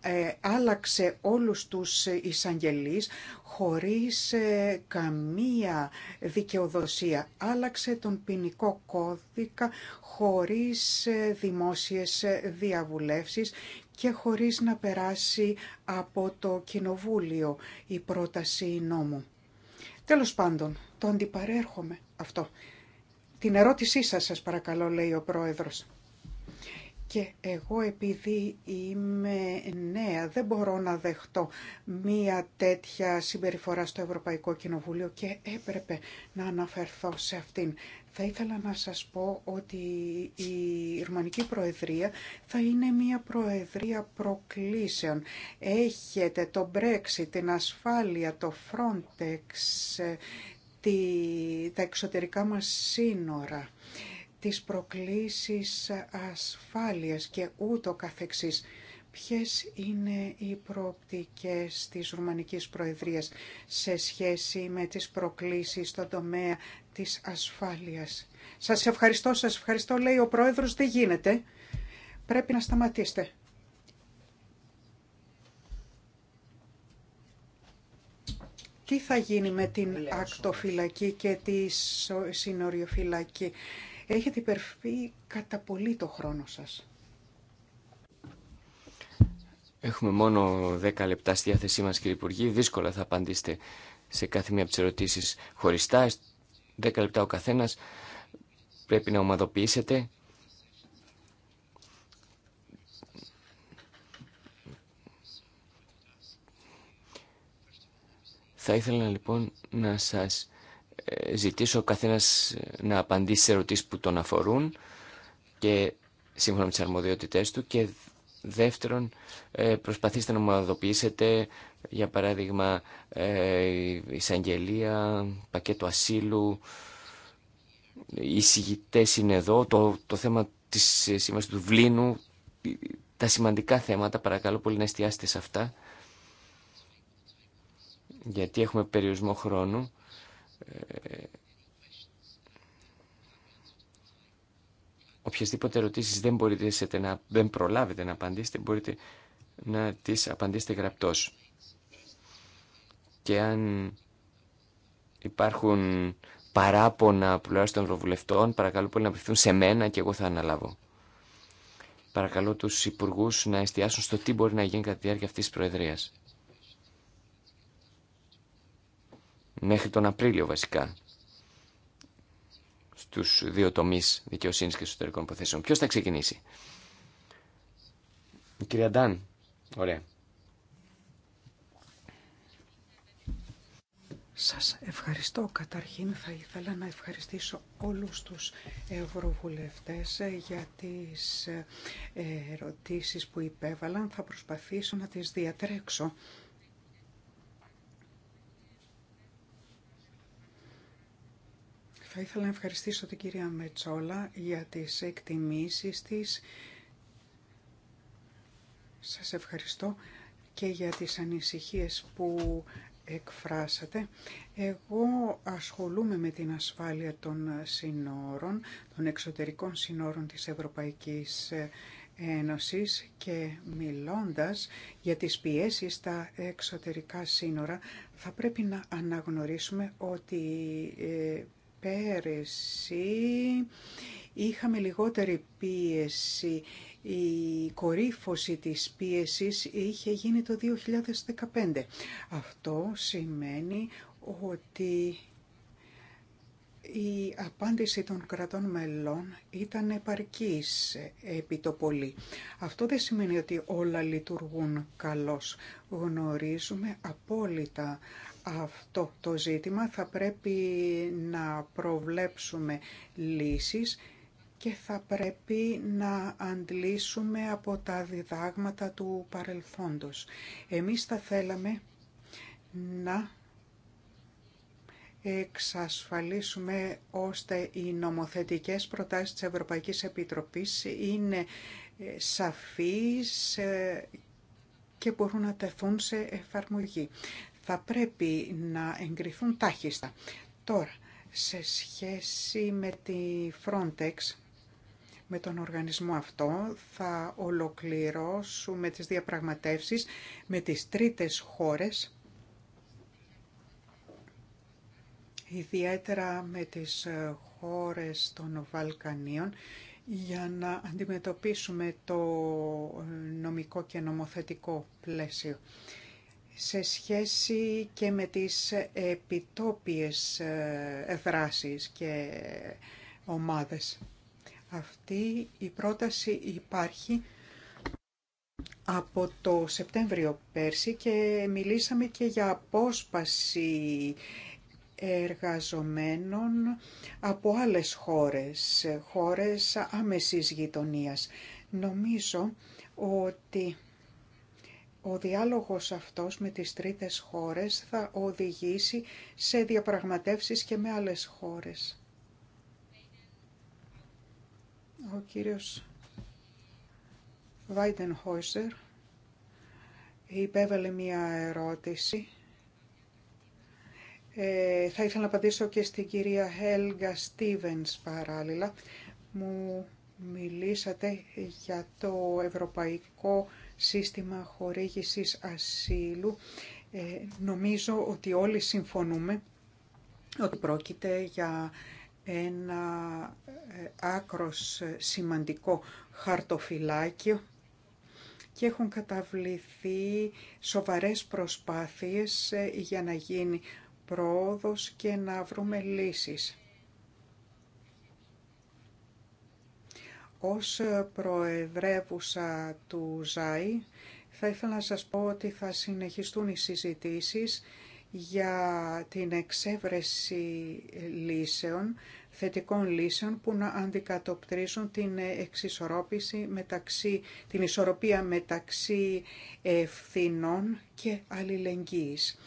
[SPEAKER 3] ε, άλλαξε όλους τους εισαγγελείς χωρίς ε, καμία δικαιοδοσία. Άλλαξε τον ποινικό κώδικα χωρίς ε, δημόσιες ε, διαβουλεύσεις και χωρίς να περάσει από το Κοινοβούλιο η πρόταση νόμου. Τέλος πάντων, το αντιπαρέρχομαι αυτό. Την ερώτησή σας σας παρακαλώ λέει ο Πρόεδρος. Και εγώ επειδή είμαι νέα δεν μπορώ να δεχτώ μία τέτοια συμπεριφορά στο Ευρωπαϊκό Κοινοβούλιο και έπρεπε να αναφερθώ σε αυτήν. Θα ήθελα να σας πω ότι η Ρουμανική Προεδρία θα είναι μία προεδρία προκλήσεων. Έχετε το Brexit, την ασφάλεια, το Frontex, ε, τη, τα εξωτερικά μας σύνορα τις προκλήσεις ασφάλειας και ούτω καθεξής. Ποιες είναι οι προοπτικές της Ρουμανικής Προεδρίας σε σχέση με τις προκλήσεις στον τομέα της ασφάλειας. Σας ευχαριστώ, σας ευχαριστώ, λέει ο Πρόεδρος, δεν γίνεται. Πρέπει να σταματήσετε. Τι θα γίνει με την ακτοφυλακή και τη συνοριοφυλακή. Έχετε υπερφεί κατά πολύ το χρόνο σας.
[SPEAKER 1] Έχουμε μόνο 10 λεπτά στη διάθεσή μας κύριε Υπουργή. Δύσκολα θα απαντήσετε σε κάθε μία από τις ερωτήσεις χωριστά. 10 λεπτά ο καθένας πρέπει να ομαδοποιήσετε. Θα ήθελα λοιπόν να σας ε, ζητήσω ο καθένας ε, να απαντήσει σε ερωτήσεις που τον αφορούν και σύμφωνα με τις αρμοδιότητές του και δεύτερον ε, προσπαθήστε να ομαδοποιήσετε για παράδειγμα εισαγγελία, πακέτο ασύλου, οι συγητές είναι εδώ, το, το θέμα της σήμανσης του Βλήνου, τα σημαντικά θέματα, παρακαλώ πολύ να εστιάσετε σε αυτά, γιατί έχουμε περιορισμό χρόνου. Ε, οποιασδήποτε ερωτήσεις δεν μπορείτε να, δεν προλάβετε να απαντήσετε, μπορείτε να τις απαντήσετε γραπτός. Και αν υπάρχουν παράπονα λέω των ευρωβουλευτών, παρακαλώ πολύ να απευθυνθούν σε μένα και εγώ θα αναλάβω. Παρακαλώ τους υπουργούς να εστιάσουν στο τι μπορεί να γίνει κατά τη διάρκεια αυτής της Προεδρίας. μέχρι τον Απρίλιο βασικά στους δύο τομείς δικαιοσύνης και εσωτερικών υποθέσεων. Ποιος θα ξεκινήσει? Η κυρία Ντάν. Ωραία.
[SPEAKER 3] Σας ευχαριστώ. Καταρχήν θα ήθελα να ευχαριστήσω όλους τους ευρωβουλευτές για τις ερωτήσεις που υπέβαλαν. Θα προσπαθήσω να τις διατρέξω. Θα ήθελα να ευχαριστήσω την κυρία Μετσόλα για τις εκτιμήσεις της. Σας ευχαριστώ και για τις ανησυχίες που εκφράσατε. Εγώ ασχολούμαι με την ασφάλεια των συνόρων, των εξωτερικών συνόρων της Ευρωπαϊκής Ένωσης και μιλώντας για τις πιέσεις στα εξωτερικά σύνορα θα πρέπει να αναγνωρίσουμε ότι ε, πέρυσι είχαμε λιγότερη πίεση. Η κορύφωση της πίεσης είχε γίνει το 2015. Αυτό σημαίνει ότι η απάντηση των κρατών μελών ήταν επαρκής επί το πολύ. Αυτό δεν σημαίνει ότι όλα λειτουργούν καλώς. Γνωρίζουμε απόλυτα αυτό το ζήτημα θα πρέπει να προβλέψουμε λύσεις και θα πρέπει να αντλήσουμε από τα διδάγματα του παρελθόντος. Εμείς θα θέλαμε να εξασφαλίσουμε ώστε οι νομοθετικές προτάσεις της Ευρωπαϊκής Επιτροπής είναι ε, σαφείς ε, και μπορούν να τεθούν σε εφαρμογή θα πρέπει να εγκριθούν τάχιστα. Τώρα, σε σχέση με τη Frontex, με τον οργανισμό αυτό, θα ολοκληρώσουμε τις διαπραγματεύσεις με τις τρίτες χώρες, ιδιαίτερα με τις χώρες των Βαλκανίων, για να αντιμετωπίσουμε το νομικό και νομοθετικό πλαίσιο σε σχέση και με τις επιτόπιες ε, δράσεις και ομάδες. Αυτή η πρόταση υπάρχει από το Σεπτέμβριο πέρσι και μιλήσαμε και για απόσπαση εργαζομένων από άλλες χώρες, χώρες άμεσης γειτονίας. Νομίζω ότι ο διάλογος αυτός με τις τρίτες χώρες θα οδηγήσει σε διαπραγματεύσεις και με άλλες χώρες. Ο κύριος Βάιντεν Χόισερ υπέβαλε μία ερώτηση. Ε, θα ήθελα να απαντήσω και στην κυρία Ελγα Στίβενς παράλληλα. Μου μιλήσατε για το Ευρωπαϊκό σύστημα χορήγησης ασύλου. Ε, νομίζω ότι όλοι συμφωνούμε ότι πρόκειται για ένα ε, άκρος σημαντικό χαρτοφυλάκιο και έχουν καταβληθεί σοβαρές προσπάθειες ε, για να γίνει πρόοδος και να βρούμε λύσεις. Ως προεδρεύουσα του ΖΑΙ θα ήθελα να σας πω ότι θα συνεχιστούν οι συζητήσεις για την εξέβρεση λύσεων, θετικών λύσεων που να αντικατοπτρίζουν την εξισορρόπηση μεταξύ, την ισορροπία μεταξύ ευθυνών και αλληλεγγύης.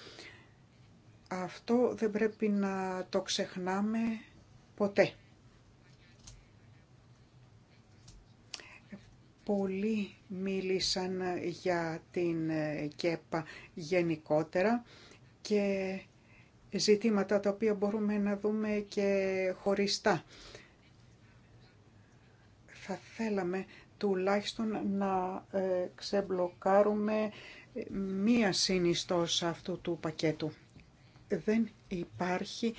[SPEAKER 3] Αυτό δεν πρέπει να το ξεχνάμε ποτέ. Πολλοί μίλησαν για την ε, ΚΕΠΑ γενικότερα και ζητήματα τα οποία μπορούμε να δούμε και χωριστά. Θα θέλαμε τουλάχιστον να ε, ξεμπλοκάρουμε ε, μία συνιστός αυτού του πακέτου. Δεν υπάρχει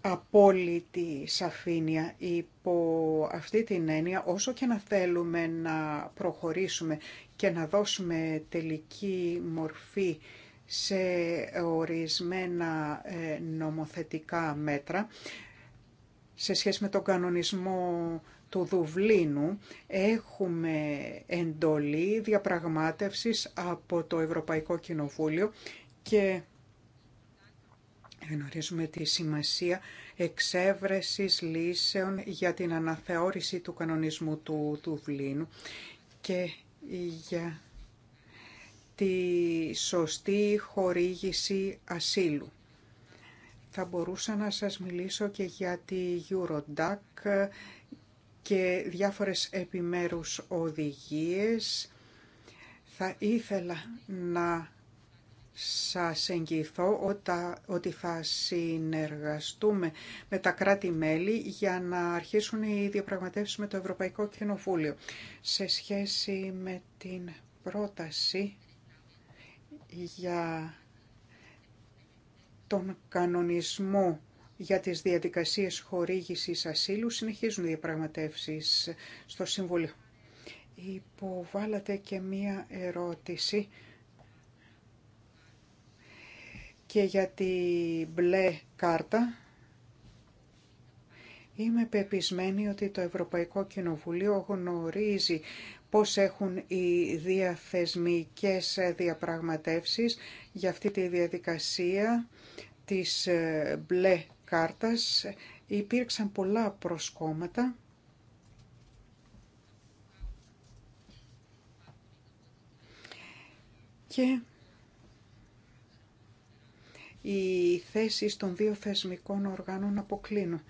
[SPEAKER 3] απόλυτη σαφήνεια υπό αυτή την έννοια όσο και να θέλουμε να προχωρήσουμε και να δώσουμε τελική μορφή σε ορισμένα ε, νομοθετικά μέτρα σε σχέση με τον κανονισμό του Δουβλίνου έχουμε εντολή διαπραγμάτευσης από το Ευρωπαϊκό Κοινοβούλιο και Γνωρίζουμε τη σημασία εξέβρεσης λύσεων για την αναθεώρηση του κανονισμού του Δουβλίνου και για τη σωστή χορήγηση ασύλου. Θα μπορούσα να σας μιλήσω και για τη Eurodac και διάφορες επιμέρους οδηγίες. Θα ήθελα να σα εγγυηθώ ότι θα συνεργαστούμε με τα κράτη-μέλη για να αρχίσουν οι διαπραγματεύσεις με το Ευρωπαϊκό Κοινοβούλιο. Σε σχέση με την πρόταση για τον κανονισμό για τις διαδικασίες χορήγησης ασύλου συνεχίζουν οι διαπραγματεύσεις στο Συμβούλιο. Υποβάλλατε και μία ερώτηση και για τη μπλε κάρτα. Είμαι πεπισμένη ότι το Ευρωπαϊκό Κοινοβουλίο γνωρίζει πώς έχουν οι διαθεσμικές διαπραγματεύσεις για αυτή τη διαδικασία της ε, μπλε κάρτας. Υπήρξαν πολλά προσκόμματα. Και οι θέσει των δύο θεσμικών οργάνων αποκλίνουν.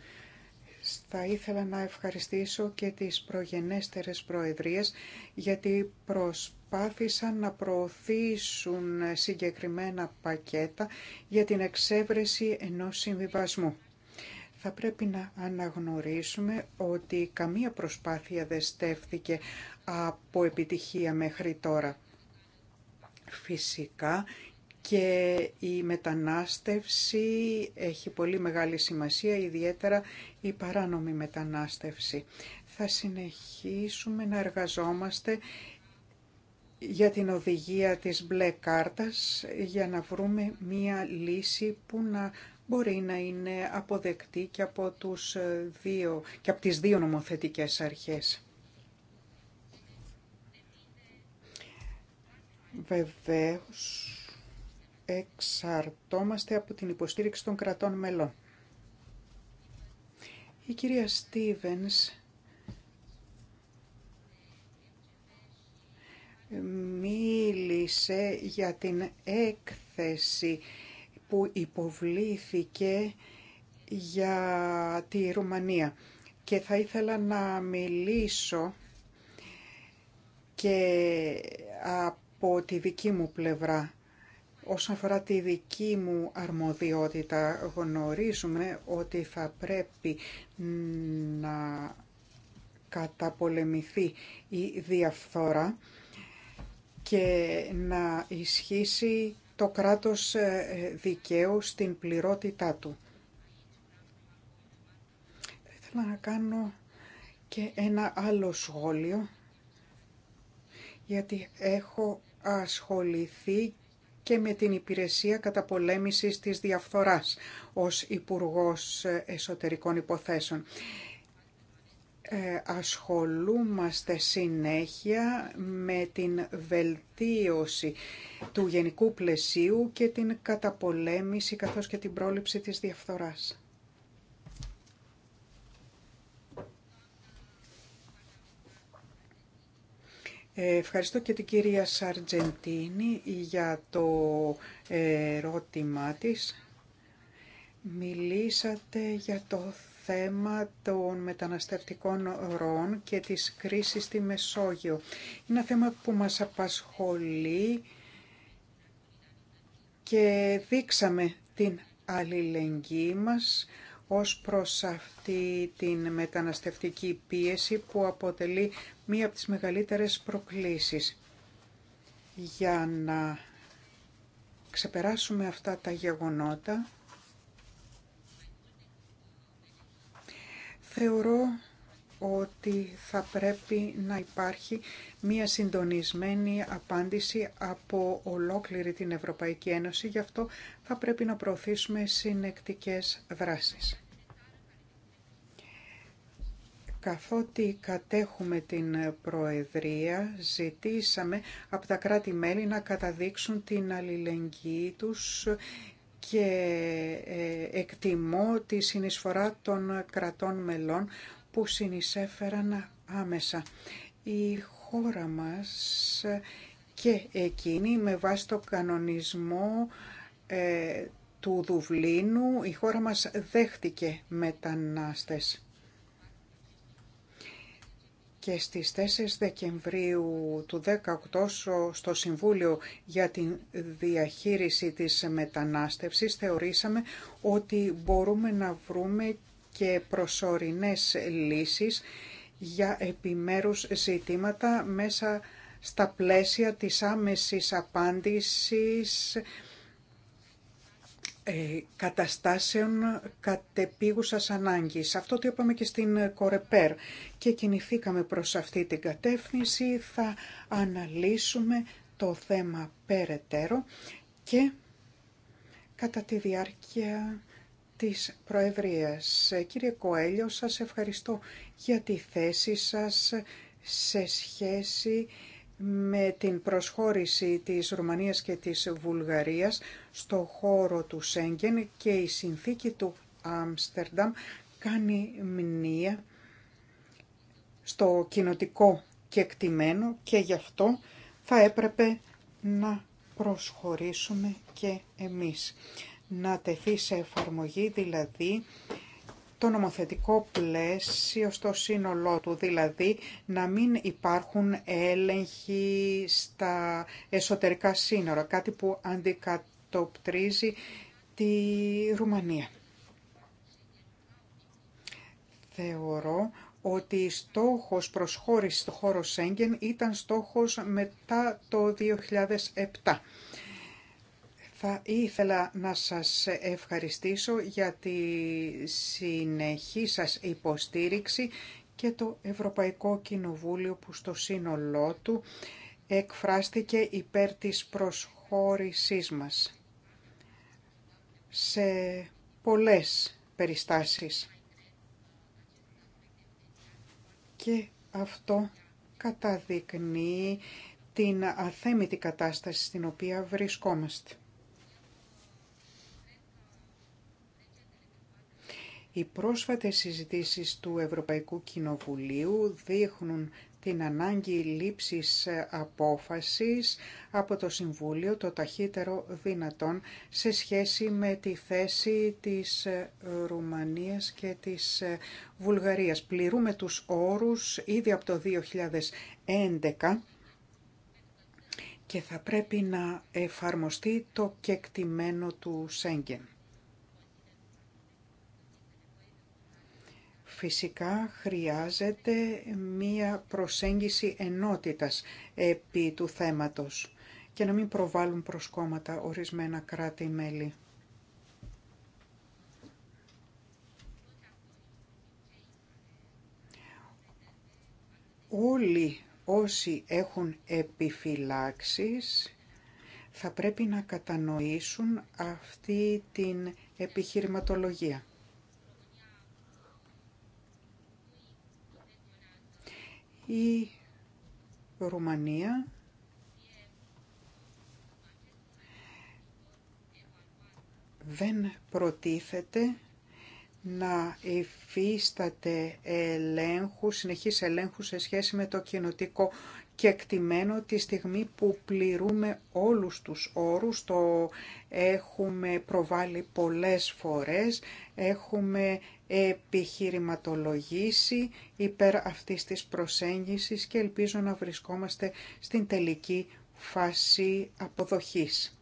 [SPEAKER 3] Θα ήθελα να ευχαριστήσω και τις προγενέστερες προεδρίες γιατί προσπάθησαν να προωθήσουν συγκεκριμένα πακέτα για την εξέβρεση ενός συμβιβασμού. Θα πρέπει να αναγνωρίσουμε ότι καμία προσπάθεια δεν στέφθηκε από επιτυχία μέχρι τώρα. Φυσικά και η μετανάστευση έχει πολύ μεγάλη σημασία, ιδιαίτερα η παράνομη μετανάστευση. Θα συνεχίσουμε να εργαζόμαστε για την οδηγία της μπλε κάρτας για να βρούμε μία λύση που να μπορεί να είναι αποδεκτή και από, τους δύο, και από τις δύο νομοθετικές αρχές. Βεβαίως, εξαρτόμαστε από την υποστήριξη των κρατών μελών. Η κυρία Στίβενς μίλησε για την έκθεση που υποβλήθηκε για τη Ρουμανία και θα ήθελα να μιλήσω και από τη δική μου πλευρά Όσον αφορά τη δική μου αρμοδιότητα, γνωρίζουμε ότι θα πρέπει να καταπολεμηθεί η διαφθόρα και να ισχύσει το κράτος ε, δικαίου στην πληρότητά του. Θα ήθελα να κάνω και ένα άλλο σχόλιο, γιατί έχω ασχοληθεί και με την Υπηρεσία Καταπολέμησης της Διαφθοράς ως Υπουργός Εσωτερικών Υποθέσεων. Ε, ασχολούμαστε συνέχεια με την βελτίωση του γενικού πλαισίου και την καταπολέμηση καθώς και την πρόληψη της διαφθοράς. Ευχαριστώ και την κυρία Σαρτζεντίνη για το ερώτημά της. Μιλήσατε για το θέμα των μεταναστευτικών ροών και της κρίσης στη Μεσόγειο. Είναι ένα θέμα που μας απασχολεί και δείξαμε την αλληλεγγύη μας ως προς αυτή την μεταναστευτική πίεση που αποτελεί μία από τις μεγαλύτερες προκλήσεις. Για να ξεπεράσουμε αυτά τα γεγονότα, θεωρώ ότι θα πρέπει να υπάρχει μία συντονισμένη απάντηση από ολόκληρη την Ευρωπαϊκή Ένωση. Γι' αυτό θα πρέπει να προωθήσουμε συνεκτικές δράσεις. Καθότι κατέχουμε την Προεδρία, ζητήσαμε από τα κράτη-μέλη να καταδείξουν την αλληλεγγύη τους και ε, εκτιμώ τη συνεισφορά των κρατών μελών που συνεισέφεραν άμεσα. Η χώρα μας και εκείνη με βάση το κανονισμό ε, του Δουβλίνου η χώρα μας δέχτηκε μετανάστες. Και στις 4 Δεκεμβρίου του 18 στο Συμβούλιο για την διαχείριση της μετανάστευσης θεωρήσαμε ότι μπορούμε να βρούμε και προσωρινές λύσεις για επιμέρους ζητήματα μέσα στα πλαίσια της άμεσης απάντησης ε, καταστάσεων κατεπίγουσας ανάγκης. Αυτό το είπαμε και στην Κορεπέρ και κινηθήκαμε προς αυτή την κατεύθυνση. Θα αναλύσουμε το θέμα περαιτέρω και κατά τη διάρκεια της Προεδρίας. Κύριε Κοέλιο, σας ευχαριστώ για τη θέση σας σε σχέση με την προσχώρηση της Ρουμανίας και της Βουλγαρίας στο χώρο του Σέγγεν και η συνθήκη του Άμστερνταμ κάνει μνήα στο κοινοτικό κεκτημένο και γι' αυτό θα έπρεπε να προσχωρήσουμε και εμείς να τεθεί σε εφαρμογή, δηλαδή το νομοθετικό πλαίσιο στο σύνολό του, δηλαδή να μην υπάρχουν έλεγχοι στα εσωτερικά σύνορα, κάτι που αντικατοπτρίζει τη Ρουμανία. Θεωρώ ότι στόχος προσχώρησης στο χώρο Σέγγεν ήταν στόχος μετά το 2007 θα ήθελα να σας ευχαριστήσω για τη συνεχή σας υποστήριξη και το Ευρωπαϊκό Κοινοβούλιο που στο σύνολό του εκφράστηκε υπέρ της προσχώρησής μας σε πολλές περιστάσεις. Και αυτό καταδεικνύει την αθέμητη κατάσταση στην οποία βρισκόμαστε. Οι πρόσφατες συζητήσεις του Ευρωπαϊκού Κοινοβουλίου δείχνουν την ανάγκη λήψης απόφασης από το Συμβούλιο το ταχύτερο δυνατόν σε σχέση με τη θέση της Ρουμανίας και της Βουλγαρίας. Πληρούμε τους όρους ήδη από το 2011 και θα πρέπει να εφαρμοστεί το κεκτημένο του Σέγγεν. Φυσικά χρειάζεται μία προσέγγιση ενότητας επί του θέματος και να μην προβάλλουν προσκόμματα ορισμένα κράτη-μέλη. Όλοι όσοι έχουν επιφυλάξεις θα πρέπει να κατανοήσουν αυτή την επιχειρηματολογία. Η Ρουμανία δεν προτίθεται να υφίσταται ελέγχου, συνεχείς ελέγχου σε σχέση με το κοινοτικό και εκτιμένο τη στιγμή που πληρούμε όλους τους όρους, το έχουμε προβάλει πολλές φορές, έχουμε επιχειρηματολογήσει υπέρ αυτής της προσέγγισης και ελπίζω να βρισκόμαστε στην τελική φάση αποδοχής.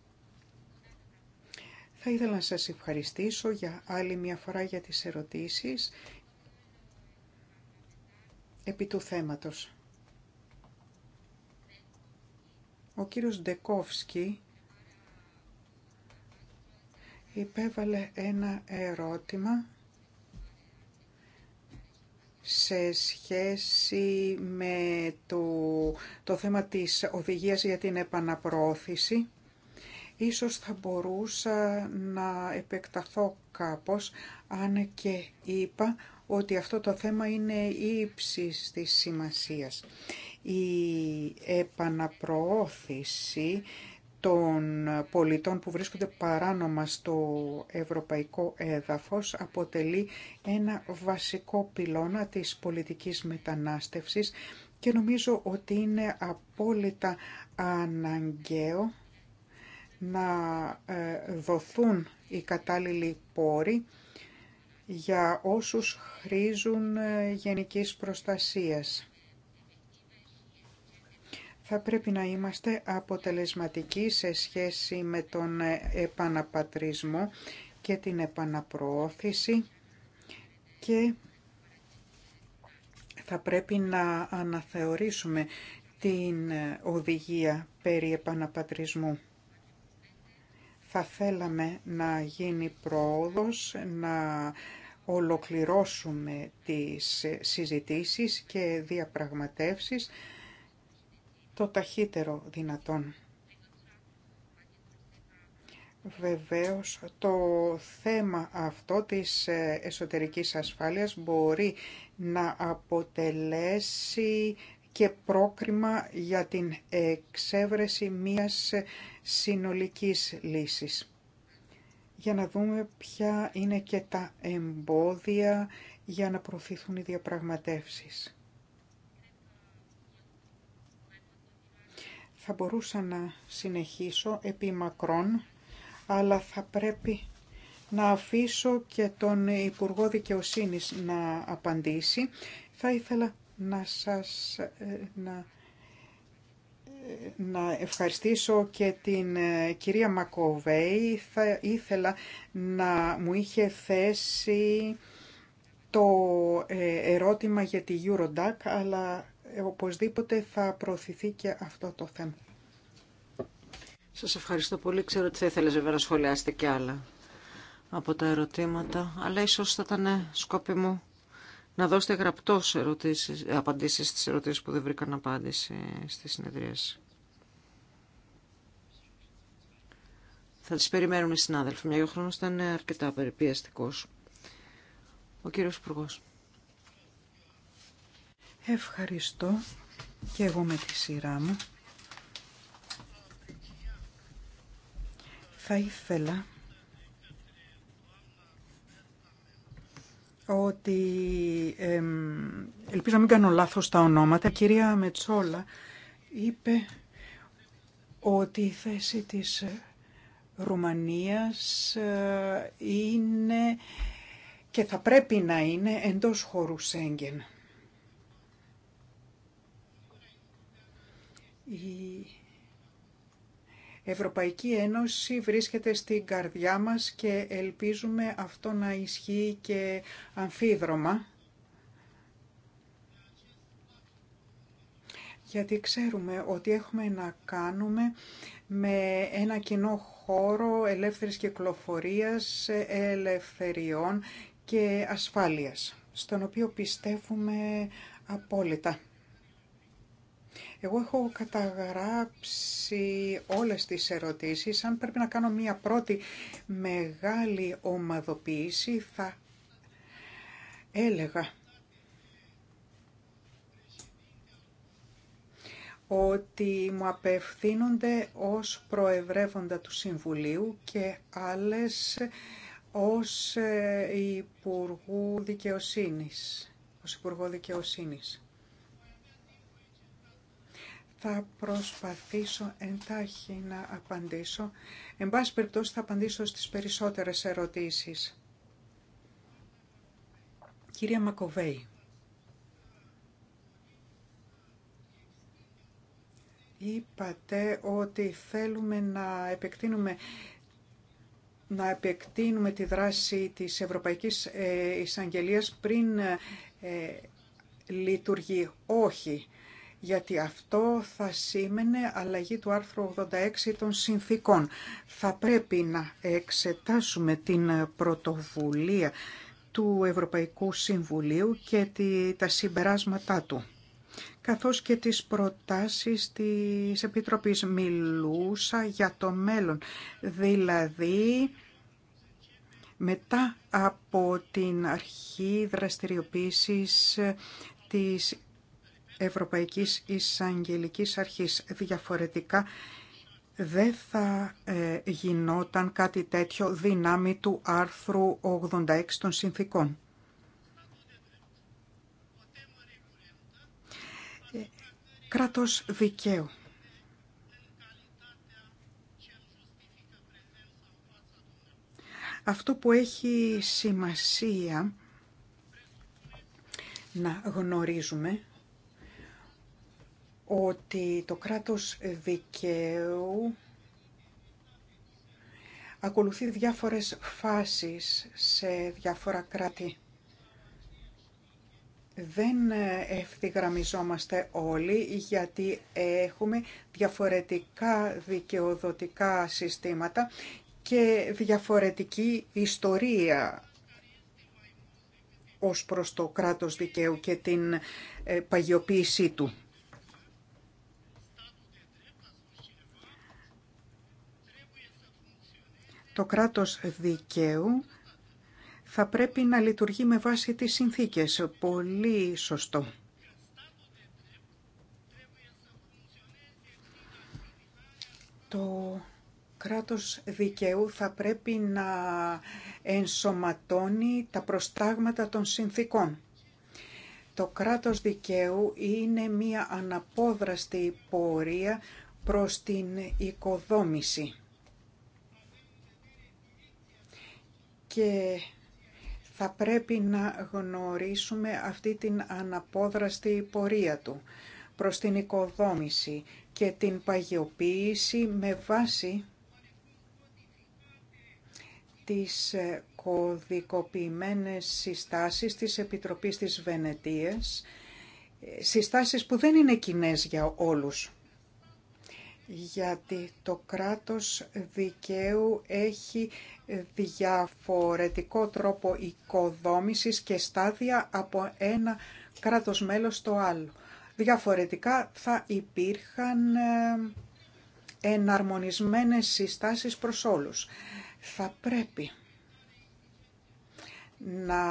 [SPEAKER 3] Θα ήθελα να σας ευχαριστήσω για άλλη μια φορά για τις ερωτήσεις επί του θέματος. Ο κύριος Ντεκόφσκι υπέβαλε ένα ερώτημα σε σχέση με το, το θέμα της οδηγίας για την επαναπρόθεση. Ίσως θα μπορούσα να επεκταθώ κάπως, αν και είπα ότι αυτό το θέμα είναι ύψης της σημασίας η επαναπροώθηση των πολιτών που βρίσκονται παράνομα στο ευρωπαϊκό έδαφος αποτελεί ένα βασικό πυλώνα της πολιτικής μετανάστευσης και νομίζω ότι είναι απόλυτα αναγκαίο να ε, δοθούν οι κατάλληλοι πόροι για όσους χρήζουν ε, γενικής προστασίας θα πρέπει να είμαστε αποτελεσματικοί σε σχέση με τον επαναπατρισμό και την επαναπροώθηση και θα πρέπει να αναθεωρήσουμε την οδηγία περί επαναπατρισμού. Θα θέλαμε να γίνει πρόοδος, να ολοκληρώσουμε τις συζητήσεις και διαπραγματεύσεις το ταχύτερο δυνατόν. Βεβαίως το θέμα αυτό της ε, εσωτερικής ασφάλειας μπορεί να αποτελέσει και πρόκριμα για την εξέβρεση μιας συνολικής λύσης. Για να δούμε ποια είναι και τα εμπόδια για να προωθηθούν οι διαπραγματεύσεις. Θα μπορούσα να συνεχίσω επί μακρόν, αλλά θα πρέπει να αφήσω και τον Υπουργό Δικαιοσύνης να απαντήσει. Θα ήθελα να σας ε, να, ε, να ευχαριστήσω και την ε, κυρία Μακοβέη. Θα ήθελα να μου είχε θέσει το ερώτημα για τη Eurodac, αλλά οπωσδήποτε θα προωθηθεί και αυτό το θέμα. Σας ευχαριστώ πολύ. Ξέρω
[SPEAKER 2] ότι θα ήθελε βέβαια να σχολιάσετε και άλλα από τα ερωτήματα, αλλά ίσω θα ήταν σκόπιμο να δώσετε γραπτό απαντήσει απαντήσεις στις ερωτήσεις που δεν βρήκαν απάντηση στη συνεδρίες. Θα τις περιμένουμε συνάδελφοι, μια ο χρόνο ήταν αρκετά περιπιαστικό.
[SPEAKER 3] Ο κύριο Υπουργό. Ευχαριστώ και εγώ με τη σειρά μου. Θα ήθελα ότι, ελπίζω να μην κάνω λάθος τα ονόματα, η κυρία Μετσόλα είπε ότι η θέση της Ρουμανίας ε, είναι και θα πρέπει να είναι εντός χώρου Σέγγεν. Η Ευρωπαϊκή Ένωση βρίσκεται στην καρδιά μας και ελπίζουμε αυτό να ισχύει και αμφίδρομα. γιατί ξέρουμε ότι έχουμε να κάνουμε με ένα κοινό χώρο ελεύθερης κυκλοφορίας, ελευθεριών και ασφάλειας, στον οποίο πιστεύουμε απόλυτα. Εγώ έχω καταγράψει όλες τις ερωτήσεις. Αν πρέπει να κάνω μία πρώτη μεγάλη ομαδοποίηση θα έλεγα ότι μου απευθύνονται ως προευρεύοντα του Συμβουλίου και άλλες ως ε, Υπουργού Δικαιοσύνης, ως Υπουργό Δικαιοσύνης. Θα προσπαθήσω εντάχει να απαντήσω. Εν πάση περιπτώσει θα απαντήσω στις περισσότερες ερωτήσεις. Κυρία Μακοβέη. Είπατε ότι θέλουμε να επεκτείνουμε να επεκτείνουμε τη δράση της Ευρωπαϊκής ε, Εισαγγελίας πριν ε, ε λειτουργεί. Όχι γιατί αυτό θα σήμαινε αλλαγή του άρθρου 86 των συνθήκων. Θα πρέπει να εξετάσουμε την πρωτοβουλία του Ευρωπαϊκού Συμβουλίου και τα συμπεράσματά του καθώς και τις προτάσεις της Επιτροπής. Μιλούσα για το μέλλον, δηλαδή μετά από την αρχή δραστηριοποίησης της Ευρωπαϊκής Εισαγγελικής Αρχής. Διαφορετικά δεν θα ε, γινόταν κάτι τέτοιο δυνάμει του άρθρου 86 των συνθήκων. Ε, κράτος δικαίου. Αυτό που έχει σημασία να γνωρίζουμε ότι το κράτος δικαίου ακολουθεί διάφορες φάσεις σε διάφορα κράτη. Δεν ευθυγραμμιζόμαστε όλοι γιατί έχουμε διαφορετικά δικαιοδοτικά συστήματα και διαφορετική ιστορία ως προς το κράτος δικαίου και την ε, παγιοποίησή του. Το κράτος δικαίου θα πρέπει να λειτουργεί με βάση τις συνθήκες. Πολύ σωστό. Το κράτος δικαίου θα πρέπει να ενσωματώνει τα προστάγματα των συνθήκων. Το κράτος δικαίου είναι μία αναπόδραστη πορεία προς την οικοδόμηση και θα πρέπει να γνωρίσουμε αυτή την αναπόδραστη πορεία του προς την οικοδόμηση και την παγιοποίηση με βάση τις ε, κωδικοποιημένες συστάσεις της Επιτροπής της Βενετίας, ε, συστάσεις που δεν είναι κοινέ για όλους γιατί το κράτος δικαίου έχει διαφορετικό τρόπο οικοδόμησης και στάδια από ένα κράτος μέλος στο άλλο. Διαφορετικά θα υπήρχαν ε, εναρμονισμένες συστάσεις προς όλους. Θα πρέπει να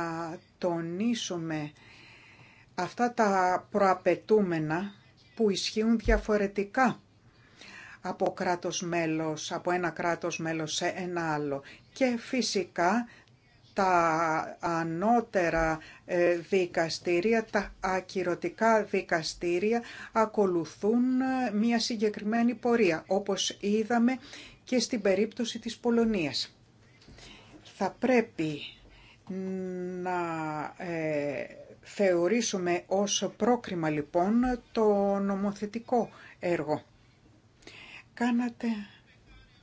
[SPEAKER 3] τονίσουμε αυτά τα προαπαιτούμενα που ισχύουν διαφορετικά από, κράτος μέλος, από ένα κράτος μέλος σε ένα άλλο. Και φυσικά τα ανώτερα ε, δικαστήρια, τα ακυρωτικά δικαστήρια ακολουθούν ε, μια συγκεκριμένη πορεία, όπως είδαμε και στην περίπτωση της Πολωνίας. Θα πρέπει να ε, θεωρήσουμε ως πρόκριμα λοιπόν το νομοθετικό έργο Κάνατε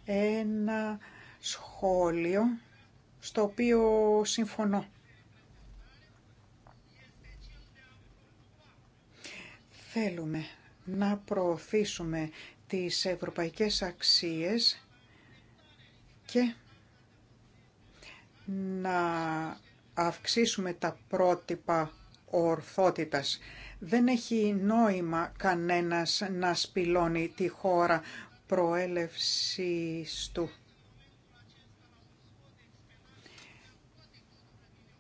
[SPEAKER 3] ένα σχόλιο στο οποίο συμφωνώ. Θέλουμε να προωθήσουμε τις ευρωπαϊκές αξίες και να αυξήσουμε τα πρότυπα ορθότητας. Δεν έχει νόημα κανένας να σπηλώνει τη χώρα προέλευσης του.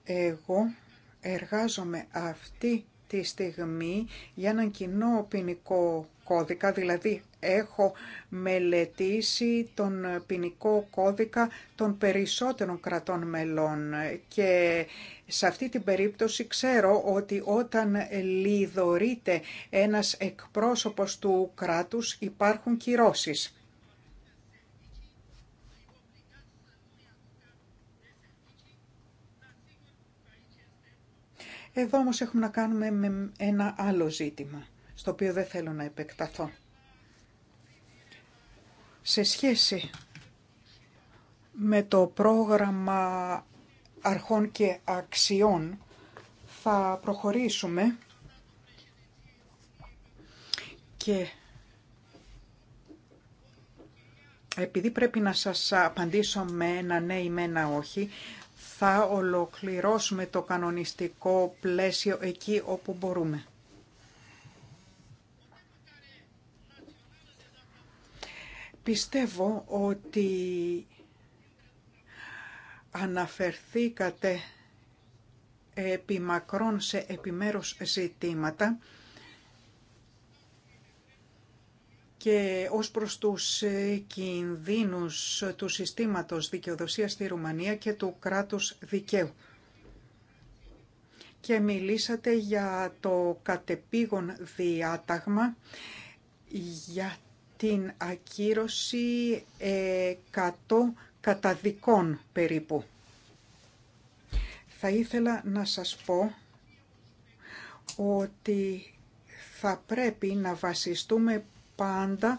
[SPEAKER 3] Εγώ εργάζομαι αυτή τη στιγμή για έναν κοινό ποινικό κώδικα, δηλαδή έχω μελετήσει τον ποινικό κώδικα των περισσότερων κρατών μελών και σε αυτή την περίπτωση ξέρω ότι όταν λιδωρείται ένας εκπρόσωπος του κράτους υπάρχουν κυρώσεις. Εδώ όμως έχουμε να κάνουμε με ένα άλλο ζήτημα στο οποίο δεν θέλω να επεκταθώ. Σε σχέση με το πρόγραμμα αρχών και αξιών θα προχωρήσουμε και επειδή πρέπει να σας απαντήσω με ένα ναι ή με ένα όχι, θα ολοκληρώσουμε το κανονιστικό πλαίσιο εκεί όπου μπορούμε. Πιστεύω ότι αναφερθήκατε επιμακρών σε επιμέρους ζητήματα και ως προς τους κινδύνους του συστήματος δικαιοδοσίας στη Ρουμανία και του κράτους δικαίου. Και μιλήσατε για το κατεπήγον διάταγμα για την ακύρωση 100 ε, καταδικών περίπου. Θα ήθελα να σας πω ότι θα πρέπει να βασιστούμε πάντα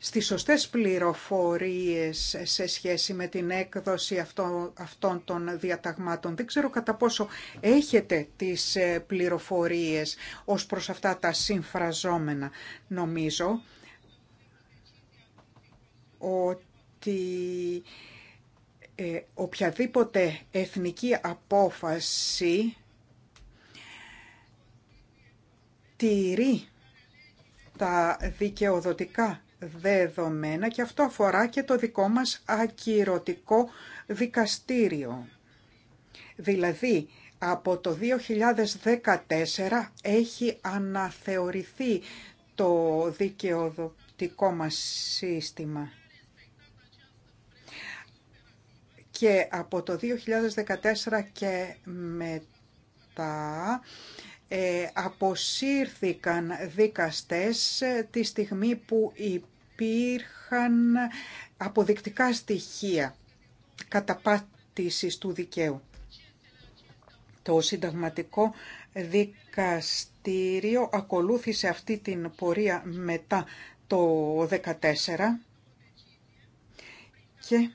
[SPEAKER 3] στις σωστές πληροφορίες σε σχέση με την έκδοση αυτών των διαταγμάτων. Δεν ξέρω κατά πόσο έχετε τις ε, πληροφορίες ως προς αυτά τα συμφραζόμενα. Νομίζω ότι ε, οποιαδήποτε εθνική απόφαση τηρεί τα δικαιοδοτικά δεδομένα και αυτό αφορά και το δικό μας ακυρωτικό δικαστήριο. Δηλαδή, από το 2014 έχει αναθεωρηθεί το δικαιοδοτικό μας σύστημα. Και από το 2014 και μετά ε, αποσύρθηκαν δικαστές τη στιγμή που υπήρχαν αποδεικτικά στοιχεία καταπάτησης του δικαίου. Το συνταγματικό δικαστήριο ακολούθησε αυτή την πορεία μετά το 2014 και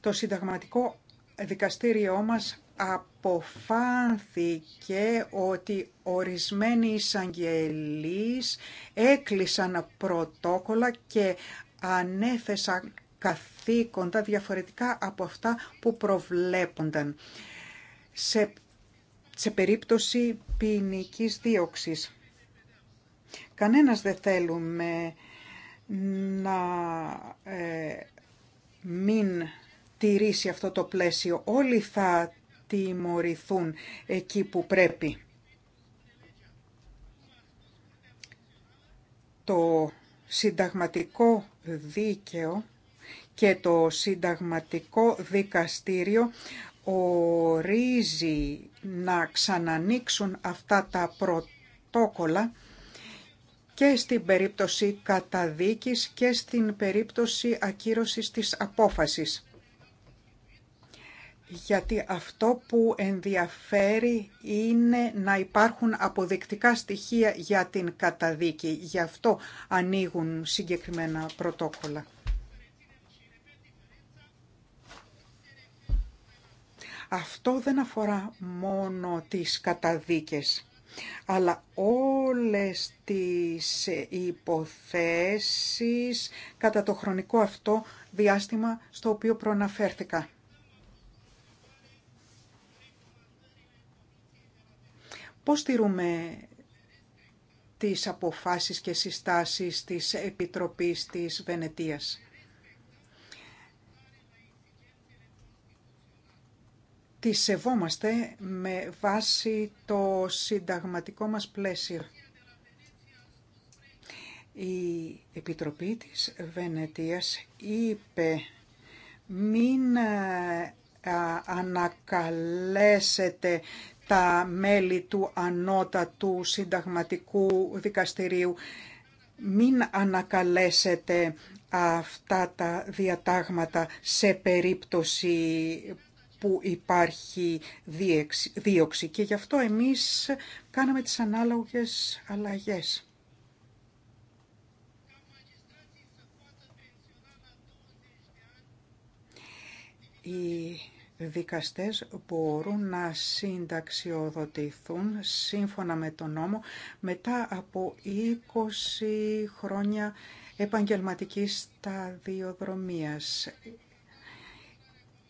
[SPEAKER 3] Το συνταγματικό δικαστήριό μας αποφάνθηκε ότι ορισμένοι εισαγγελείς έκλεισαν πρωτόκολλα και ανέθεσαν καθήκοντα διαφορετικά από αυτά που προβλέπονταν σε, σε περίπτωση ποινική δίωξης. Κανένας δεν θέλουμε να ε, μην τηρήσει αυτό το πλαίσιο. Όλοι θα τιμωρηθούν εκεί που πρέπει. Το συνταγματικό δίκαιο και το συνταγματικό δικαστήριο ορίζει να ξανανοίξουν αυτά τα πρωτόκολλα και στην περίπτωση καταδίκης και στην περίπτωση ακύρωσης της απόφασης γιατί αυτό που ενδιαφέρει είναι να υπάρχουν αποδεικτικά στοιχεία για την καταδίκη. Γι' αυτό ανοίγουν συγκεκριμένα πρωτόκολλα. Αυτό δεν αφορά μόνο τις καταδίκες, αλλά όλες τις υποθέσεις κατά το χρονικό αυτό διάστημα στο οποίο προαναφέρθηκα. Πώς τηρούμε τις αποφάσεις και συστάσεις της Επιτροπής της Βενετίας. Τη σεβόμαστε με βάση το συνταγματικό μας πλαίσιο. Η Επιτροπή της Βενετίας είπε μην ε, ανακαλέσετε τα μέλη του ανώτατου συνταγματικού δικαστηρίου. Μην ανακαλέσετε αυτά τα διατάγματα σε περίπτωση που υπάρχει δίωξη. Και γι' αυτό εμείς κάναμε τις ανάλογες αλλαγές δικαστές μπορούν να συνταξιοδοτηθούν σύμφωνα με τον νόμο μετά από 20 χρόνια επαγγελματικής σταδιοδρομίας.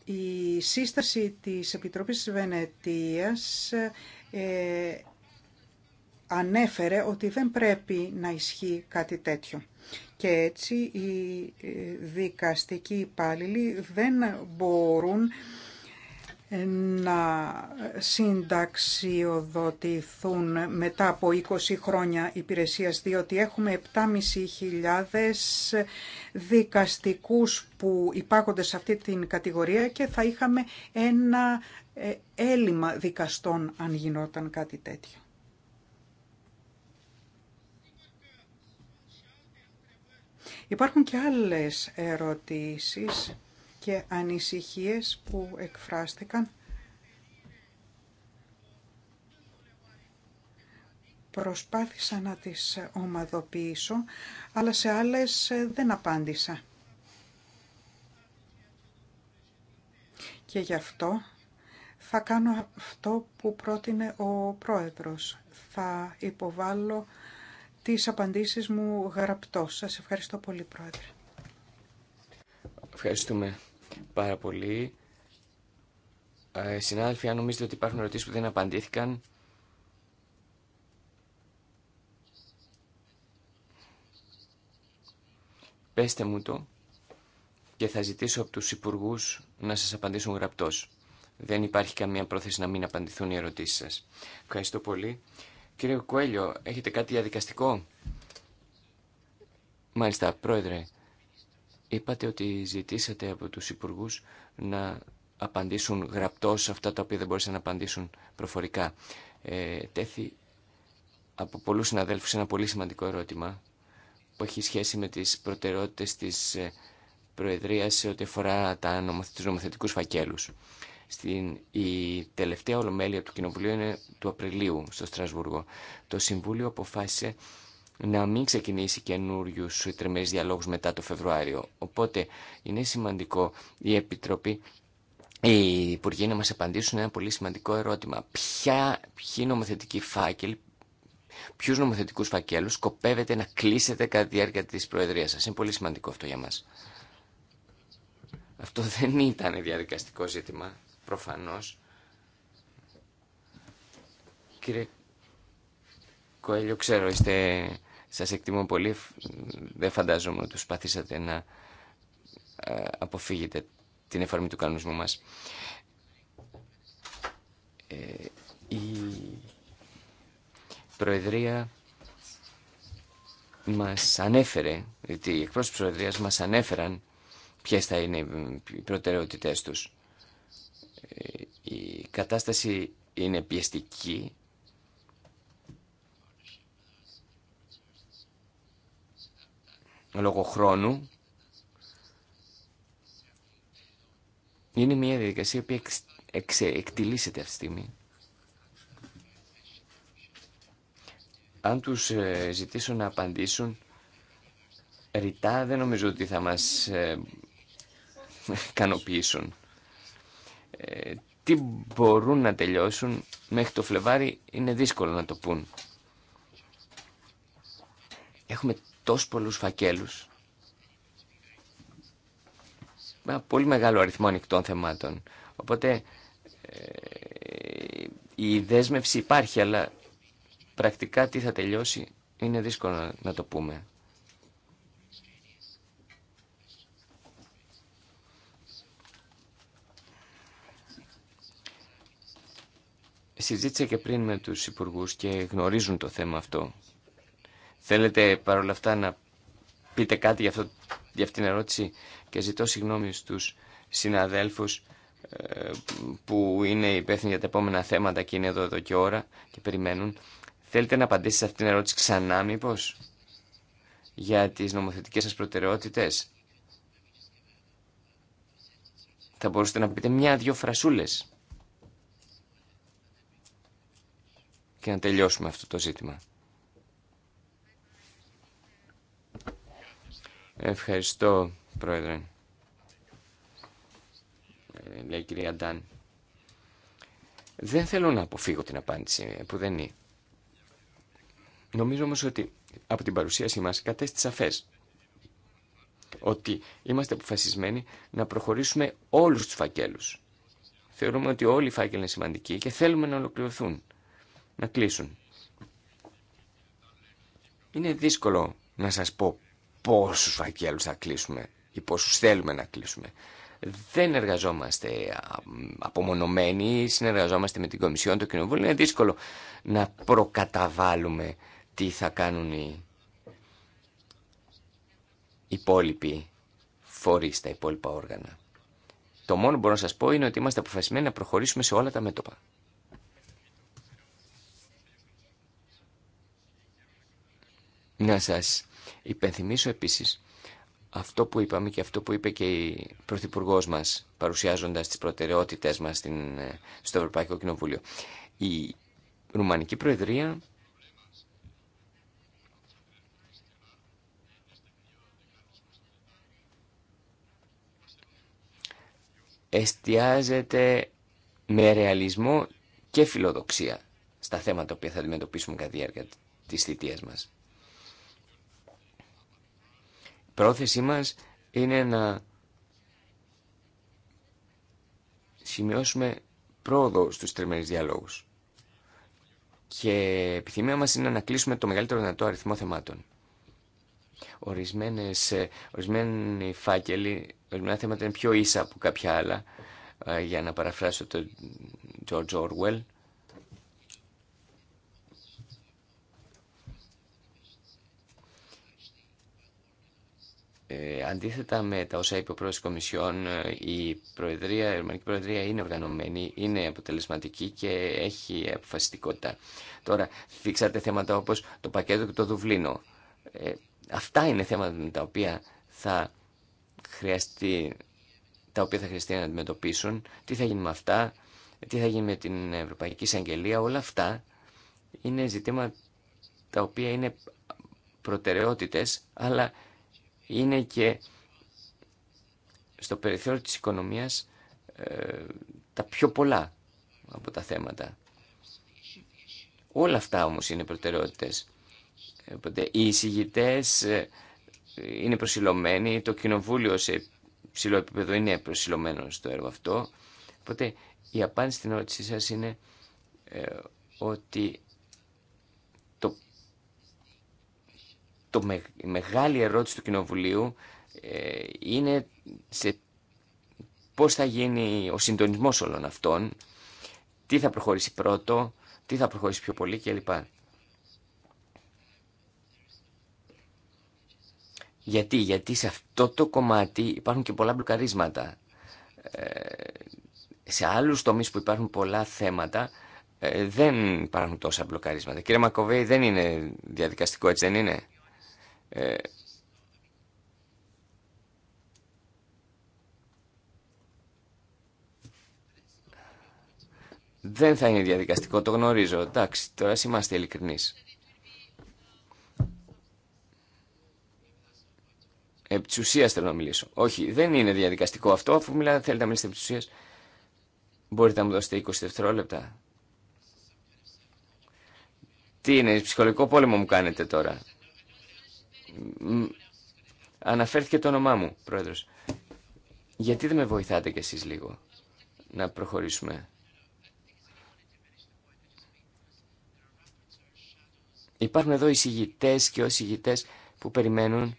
[SPEAKER 3] Η σύσταση της Επιτροπής Βενετίας ε, ανέφερε ότι δεν πρέπει να ισχύει κάτι τέτοιο. Και έτσι οι ε, δικαστικοί υπάλληλοι δεν μπορούν να συνταξιοδοτηθούν μετά από 20 χρόνια υπηρεσίας, διότι έχουμε 7.500 δικαστικούς που υπάρχονται σε αυτή την κατηγορία και θα είχαμε ένα ε, έλλειμμα δικαστών αν γινόταν κάτι τέτοιο. Υπάρχουν και άλλες ερωτήσεις και ανησυχίες που εκφράστηκαν προσπάθησα να τις ομαδοποιήσω, αλλά σε άλλες ε, δεν απάντησα. Και γι' αυτό θα κάνω αυτό που πρότεινε ο πρόεδρος. Θα υποβάλω τις απαντήσεις μου γραπτώς. Σας ευχαριστώ πολύ, πρόεδρε.
[SPEAKER 1] Ευχαριστούμε πάρα πολύ. Ε, συνάδελφοι, αν νομίζετε ότι υπάρχουν ερωτήσει που δεν απαντήθηκαν, πέστε μου το και θα ζητήσω από τους υπουργούς να σας απαντήσουν γραπτός. Δεν υπάρχει καμία πρόθεση να μην απαντηθούν οι ερωτήσεις σας. Ευχαριστώ πολύ. Κύριε Κουέλιο, έχετε κάτι διαδικαστικό. Μάλιστα, πρόεδρε. Είπατε ότι ζητήσατε από τους υπουργούς να απαντήσουν γραπτώς αυτά τα οποία δεν μπορούσαν να απαντήσουν προφορικά. Ε, τέθη από πολλούς συναδέλφους ένα πολύ σημαντικό ερώτημα που έχει σχέση με τις προτεραιότητες της ε, Προεδρίας σε ό,τι αφορά τα νομοθε... τους νομοθετικούς φακέλους. Στην... Η τελευταία ολομέλεια του Κοινοβουλίου είναι του Απριλίου στο Στρασβούργο. Το Συμβούλιο αποφάσισε να μην ξεκινήσει καινούριου τριμερείς διαλόγου μετά το Φεβρουάριο. Οπότε είναι σημαντικό η Επιτροπή, οι Υπουργοί να μας απαντήσουν ένα πολύ σημαντικό ερώτημα. Ποια, ποιοι νομοθετικοί φάκελοι, ποιους νομοθετικούς φακέλους σκοπεύετε να κλείσετε κατά τη διάρκεια της Προεδρίας σας. Είναι πολύ σημαντικό αυτό για μας. Αυτό δεν ήταν διαδικαστικό ζήτημα, προφανώς. Κύριε Κοέλιο, ξέρω, είστε σας εκτιμώ πολύ. Δεν φαντάζομαι ότι σπαθήσατε να ε, αποφύγετε την εφαρμή του κανονισμού μας. Ε, η Προεδρία μας ανέφερε, γιατί οι εκπρόσωποι της Προεδρίας μας ανέφεραν ποιες θα είναι οι προτεραιότητές τους. Ε, η κατάσταση είναι πιεστική λόγω χρόνου, είναι μια διαδικασία που εξ, εκτιλήσεται αυτή τη στιγμή. Αν τους ε, ζητήσω να απαντήσουν, ρητά δεν νομίζω ότι θα μας ε, ε τι μπορούν να τελειώσουν μέχρι το Φλεβάρι είναι δύσκολο να το πούν. Έχουμε τόσους πολλούς φακέλους με πολύ μεγάλο αριθμό ανοιχτών θεμάτων. Οπότε ε, η δέσμευση υπάρχει, αλλά πρακτικά τι θα τελειώσει είναι δύσκολο να το πούμε. Συζήτησα και πριν με τους υπουργούς και γνωρίζουν το θέμα αυτό. Θέλετε παρόλα αυτά να πείτε κάτι για, αυτό, αυτήν την ερώτηση και ζητώ συγγνώμη στους συναδέλφους ε, που είναι υπεύθυνοι για τα επόμενα θέματα και είναι εδώ, εδώ και ώρα και περιμένουν. Θέλετε να απαντήσετε σε αυτήν την ερώτηση ξανά μήπω για τις νομοθετικές σας προτεραιότητες. Θα μπορούσατε να πείτε μια-δυο φρασούλες και να τελειώσουμε αυτό το ζήτημα. Ευχαριστώ, Πρόεδρε. Ε, λέει κυρία Ντάν. Δεν θέλω να αποφύγω την απάντηση που δεν είναι. Νομίζω όμως ότι από την παρουσίασή μας κατέστησε σαφές ότι είμαστε αποφασισμένοι να προχωρήσουμε όλους τους φακέλους. Θεωρούμε ότι όλοι οι φάκελοι είναι σημαντικοί και θέλουμε να ολοκληρωθούν, να κλείσουν. Είναι δύσκολο να σας πω πόσους φακέλους θα κλείσουμε ή πόσους θέλουμε να κλείσουμε. Δεν εργαζόμαστε απομονωμένοι, συνεργαζόμαστε με την Κομισιόν, το Κοινοβούλιο. Είναι δύσκολο να προκαταβάλουμε τι θα κάνουν οι υπόλοιποι φορείς, τα υπόλοιπα όργανα. Το μόνο που μπορώ να σας πω είναι ότι είμαστε αποφασισμένοι να προχωρήσουμε σε όλα τα μέτωπα. Να σας Υπενθυμίσω επίσης αυτό που είπαμε και αυτό που είπε και η Πρωθυπουργό μας παρουσιάζοντας τις προτεραιότητες μα ε, στο Ευρωπαϊκό Κοινοβούλιο. Η Ρουμανική Προεδρία εστιάζεται με ρεαλισμό και φιλοδοξία στα θέματα που θα αντιμετωπίσουμε κατά τη διάρκεια της θητείας μας πρόθεσή μας είναι να σημειώσουμε πρόοδο στους τριμμένους διαλόγους. Και επιθυμία μας είναι να κλείσουμε το μεγαλύτερο δυνατό αριθμό θεμάτων. Ορισμένες, ε, ορισμένοι φάκελοι, ορισμένα θέματα είναι πιο ίσα από κάποια άλλα, ε, για να παραφράσω τον George Orwell, Ε, αντίθετα με τα όσα είπε ο πρόεδρος Κομισιόν, ε, η, προεδρία, η Προεδρία είναι οργανωμένη, είναι αποτελεσματική και έχει αποφασιστικότητα. Τώρα, φίξατε θέματα όπως το πακέτο και το Δουβλίνο. Ε, αυτά είναι θέματα με τα οποία θα χρειαστεί, τα οποία θα χρειαστεί να αντιμετωπίσουν. Τι θα γίνει με αυτά, τι θα γίνει με την Ευρωπαϊκή Εισαγγελία, όλα αυτά είναι ζητήματα τα οποία είναι προτεραιότητες, αλλά είναι και στο περιθώριο της οικονομίας ε, τα πιο πολλά από τα θέματα. Όλα αυτά όμως είναι προτεραιότητες. Οπότε οι εισηγητές ε, είναι προσιλωμένοι, το κοινοβούλιο σε ψηλό επίπεδο είναι προσιλωμένο στο έργο αυτό. Οπότε η απάντηση στην ερώτησή σας είναι ε, ότι το με, η μεγάλη ερώτηση του Κοινοβουλίου ε, είναι σε πώς θα γίνει ο συντονισμός όλων αυτών, τι θα προχωρήσει πρώτο, τι θα προχωρήσει πιο πολύ κλπ. Γιατί, γιατί σε αυτό το κομμάτι υπάρχουν και πολλά μπλοκαρίσματα. Ε, σε άλλους τομείς που υπάρχουν πολλά θέματα ε, δεν υπάρχουν τόσα μπλοκαρίσματα. Κύριε Μακοβέη, δεν είναι διαδικαστικό έτσι, δεν είναι. Ε, δεν θα είναι διαδικαστικό, το γνωρίζω. Εντάξει, τώρα είμαστε ειλικρινεί. Επί τη ουσία θέλω να μιλήσω. Όχι, δεν είναι διαδικαστικό αυτό, αφού μιλάτε, θέλετε να μιλήσετε επί τη ουσία, Μπορείτε να μου δώσετε 20 δευτερόλεπτα. Τι είναι, ψυχολογικό πόλεμο μου κάνετε τώρα. Αναφέρθηκε το όνομά μου, πρόεδρος. Γιατί δεν με βοηθάτε κι εσείς λίγο να προχωρήσουμε. Υπάρχουν εδώ εισηγητέ και όσοι συγητές που περιμένουν.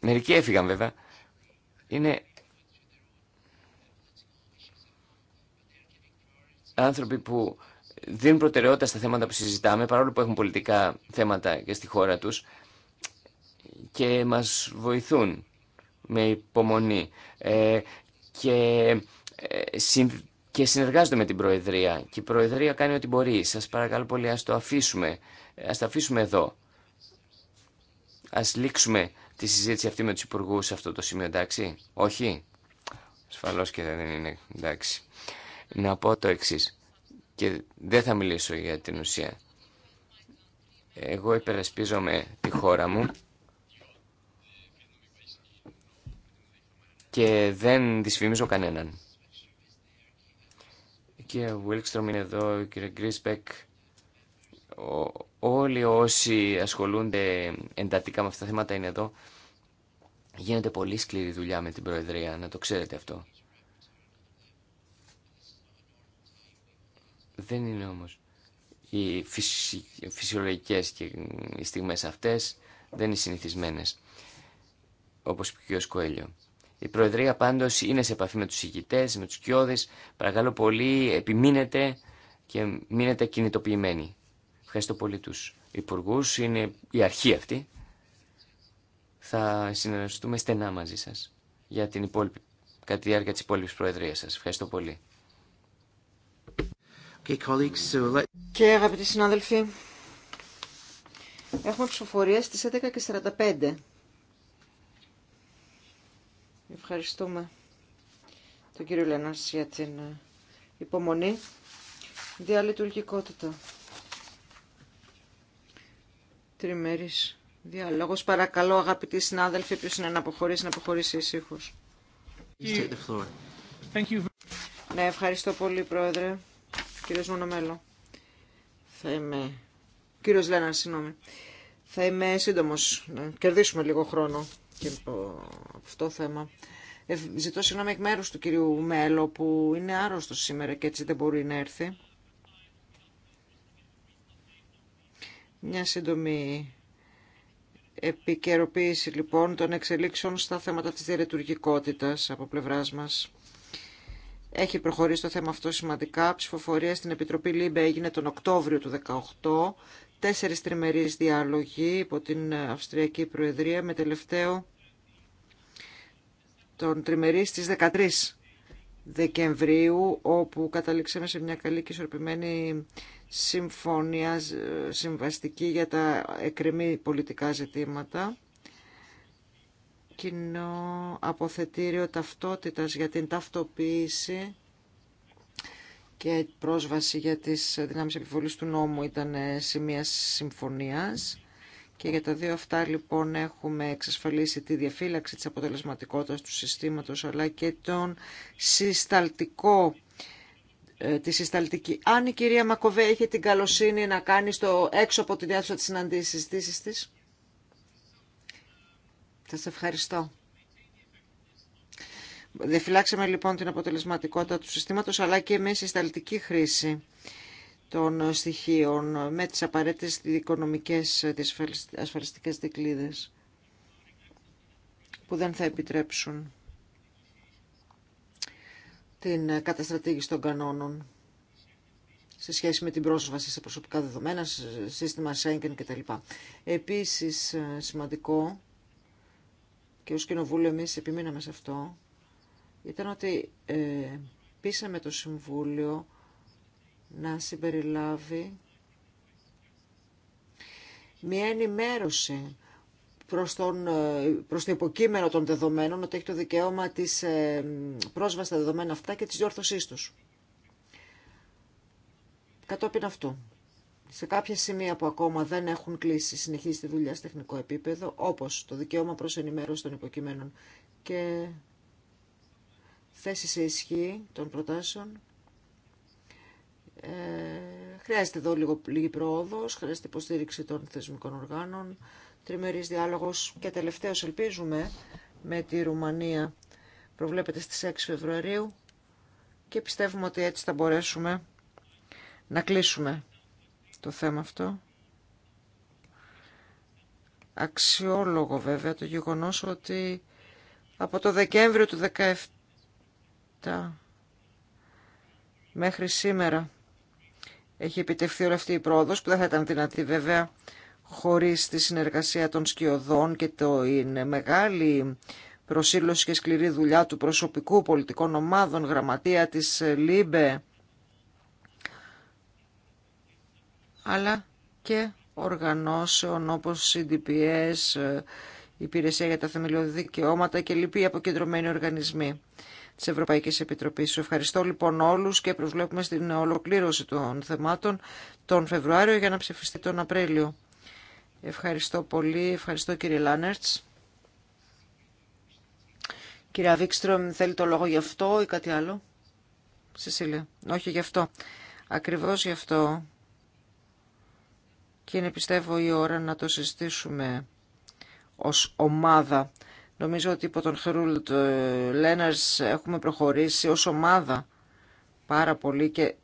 [SPEAKER 1] Μερικοί έφυγαν βέβαια. Είναι άνθρωποι που δίνουν προτεραιότητα στα θέματα που συζητάμε, παρόλο που έχουν πολιτικά θέματα και στη χώρα τους και μας βοηθούν με υπομονή ε, και, ε, και συνεργάζονται με την Προεδρία και η Προεδρία κάνει ό,τι μπορεί. Σας παρακαλώ πολύ ας το αφήσουμε, ας το αφήσουμε εδώ. Ας λήξουμε τη συζήτηση αυτή με τους υπουργού σε αυτό το σημείο, εντάξει. Όχι. Ασφαλώς και δεν είναι εντάξει. Να πω το εξής και δεν θα μιλήσω για την ουσία. Εγώ υπερασπίζομαι τη χώρα μου και δεν δυσφημίζω κανέναν. Η κυρία Βουίλκστρομ είναι εδώ, η κυρία Γκρίσπεκ, όλοι όσοι ασχολούνται εντατικά με αυτά τα θέματα είναι εδώ. Γίνεται πολύ σκληρή δουλειά με την Προεδρία, να το ξέρετε αυτό. Δεν είναι όμως οι φυσιολογικές και οι στιγμές αυτές, δεν είναι συνηθισμένες, όπως είπε ο Σκοέλιο. Η Προεδρία πάντως είναι σε επαφή με τους ηγητές, με τους κοιόδες. Παρακαλώ πολύ, επιμείνετε και μείνετε κινητοποιημένοι. Ευχαριστώ πολύ τους υπουργού, είναι η αρχή αυτή. Θα συνεργαστούμε στενά μαζί σας για την υπόλοιπη, κατά τη διάρκεια της υπόλοιπης Προεδρίας σας. Ευχαριστώ πολύ.
[SPEAKER 2] Και αγαπητοί συνάδελφοι, έχουμε ψηφοφορία στις 11.45. Ευχαριστούμε τον κύριο Λένας για την ε, υπομονή. Διαλειτουργικότητα. Τριμερής διάλογος. Παρακαλώ αγαπητοί συνάδελφοι, ποιος είναι να αποχωρήσει, να αποχωρήσει ησύχως. Ναι, ευχαριστώ πολύ πρόεδρε κύριος Μονομέλο. Θα είμαι... Κύριος Λένα, Θα είμαι σύντομος. Να κερδίσουμε λίγο χρόνο και από αυτό το θέμα. Ε, ζητώ συγγνώμη εκ μέρους του κυρίου Μέλο που είναι άρρωστος σήμερα και έτσι δεν μπορεί να έρθει. Μια σύντομη επικαιροποίηση λοιπόν των εξελίξεων στα θέματα της διαλειτουργικότητας από πλευράς μας. Έχει προχωρήσει το θέμα αυτό σημαντικά. Ψηφοφορία στην Επιτροπή Λίμπε έγινε τον Οκτώβριο του 2018. Τέσσερις τριμερείς διάλογοι υπό την Αυστριακή Προεδρία με τελευταίο τον τριμερή στις 13 Δεκεμβρίου όπου καταλήξαμε σε μια καλή και ισορροπημένη συμφωνία ε, συμβαστική για τα εκκρεμή πολιτικά ζητήματα κοινό αποθετήριο ταυτότητας για την ταυτοποίηση και πρόσβαση για τις δυνάμεις επιβολής του νόμου ήταν σημεία συμφωνίας. Και για τα δύο αυτά λοιπόν έχουμε εξασφαλίσει τη διαφύλαξη της αποτελεσματικότητας του συστήματος αλλά και τον συσταλτικό ε, τη συσταλτική. Αν η κυρία Μακοβέ έχει την καλοσύνη να κάνει στο έξω από τη διάθεση της συναντήσης της σας ευχαριστώ. Διαφυλάξαμε λοιπόν την αποτελεσματικότητα του συστήματος αλλά και με συσταλτική χρήση των στοιχείων με τις απαραίτητες οικονομικές ασφαλιστικές δικλίδες που δεν θα επιτρέψουν την καταστρατήγηση των κανόνων σε σχέση με την πρόσβαση σε προσωπικά δεδομένα, σύστημα Schengen κτλ. Επίσης σημαντικό και ως κοινοβούλιο εμείς επιμείναμε σε αυτό, ήταν ότι ε, πείσαμε το Συμβούλιο να συμπεριλάβει μια ενημέρωση προς, τον, ε, προς το υποκείμενο των δεδομένων ότι έχει το δικαίωμα της ε, πρόσβασης στα δεδομένα αυτά και της διόρθωσής τους. Κατόπιν αυτού σε κάποια σημεία που ακόμα δεν έχουν κλείσει συνεχίζει τη δουλειά σε τεχνικό επίπεδο, όπως το δικαίωμα προς ενημέρωση των υποκειμένων και θέση σε ισχύ των προτάσεων. Ε, χρειάζεται εδώ λίγο, λίγη πρόοδος, χρειάζεται υποστήριξη των θεσμικών οργάνων, τριμερής διάλογος και τελευταίο ελπίζουμε με τη Ρουμανία προβλέπεται στις 6 Φεβρουαρίου και πιστεύουμε ότι έτσι θα μπορέσουμε να κλείσουμε το θέμα αυτό. Αξιόλογο βέβαια το γεγονός ότι από το Δεκέμβριο του 2017 μέχρι σήμερα έχει επιτευχθεί όλη αυτή η πρόοδος που δεν θα ήταν δυνατή βέβαια χωρίς τη συνεργασία των σκιωδών και το είναι μεγάλη προσήλωση και σκληρή δουλειά του προσωπικού πολιτικών ομάδων, γραμματεία της ΛΥΜΠΕ αλλά και οργανώσεων όπως η ε, Υπηρεσία για τα Θεμελιώδη Δικαιώματα και λοιποί αποκεντρωμένοι οργανισμοί της Ευρωπαϊκής Επιτροπής. Σου ευχαριστώ λοιπόν όλους και προσβλέπουμε στην ολοκλήρωση των θεμάτων τον Φεβρουάριο για να ψηφιστεί τον Απρίλιο. Ευχαριστώ πολύ. Ευχαριστώ κύριε Λάνερτς. Κύριε Αβίξτρομ, θέλει το λόγο γι' αυτό ή κάτι άλλο. Σεσίλια, όχι γι' αυτό. Ακριβώς γι' αυτό και είναι πιστεύω η ώρα να το συζητήσουμε ως ομάδα. Νομίζω ότι υπό τον Χερούλτ ε, Λέναρς έχουμε προχωρήσει ως ομάδα πάρα πολύ και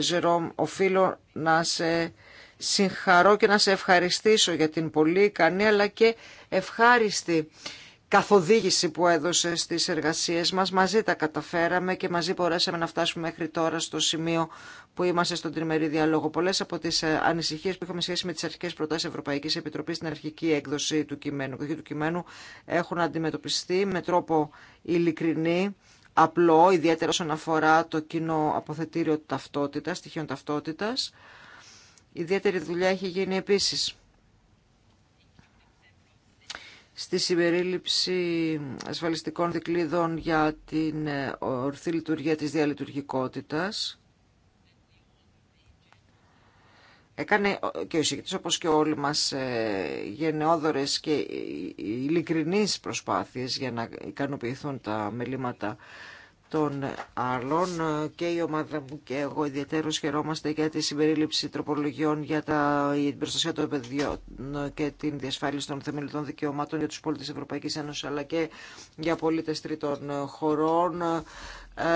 [SPEAKER 2] Ζερόμ οφείλω να σε συγχαρώ και να σε ευχαριστήσω για την πολύ ικανή αλλά και ευχάριστη καθοδήγηση που έδωσε στις εργασίες μας. Μαζί τα καταφέραμε και μαζί μπορέσαμε να φτάσουμε μέχρι τώρα στο σημείο που είμαστε στον τριμερή διαλόγο. Πολλέ από τι ε, ανησυχίε που είχαμε σχέση με τις αρχικές προτάσεις Ευρωπαϊκή Επιτροπή στην αρχική έκδοση του κειμένου, του κειμένου έχουν αντιμετωπιστεί με τρόπο ειλικρινή απλό, ιδιαίτερα όσον αφορά το κοινό αποθετήριο ταυτότητα στοιχείων ταυτότητα. Ιδιαίτερη δουλειά έχει γίνει επίση στη συμπερίληψη ασφαλιστικών δικλείδων για την ε, ορθή λειτουργία της διαλειτουργικότητας. Έκανε και ο εισηγητής όπως και όλοι μας ε, γενναιόδορες και ε, ειλικρινείς προσπάθειες για να ικανοποιηθούν τα μελήματα των άλλων και η ομάδα μου και εγώ ιδιαίτερο χαιρόμαστε για τη συμπερίληψη τροπολογιών για τα, την προστασία των παιδιών και την διασφάλιση των θεμελιωδών δικαιωμάτων για τους πολίτες της Ευρωπαϊκής Ένωσης αλλά και για πολίτες τρίτων χωρών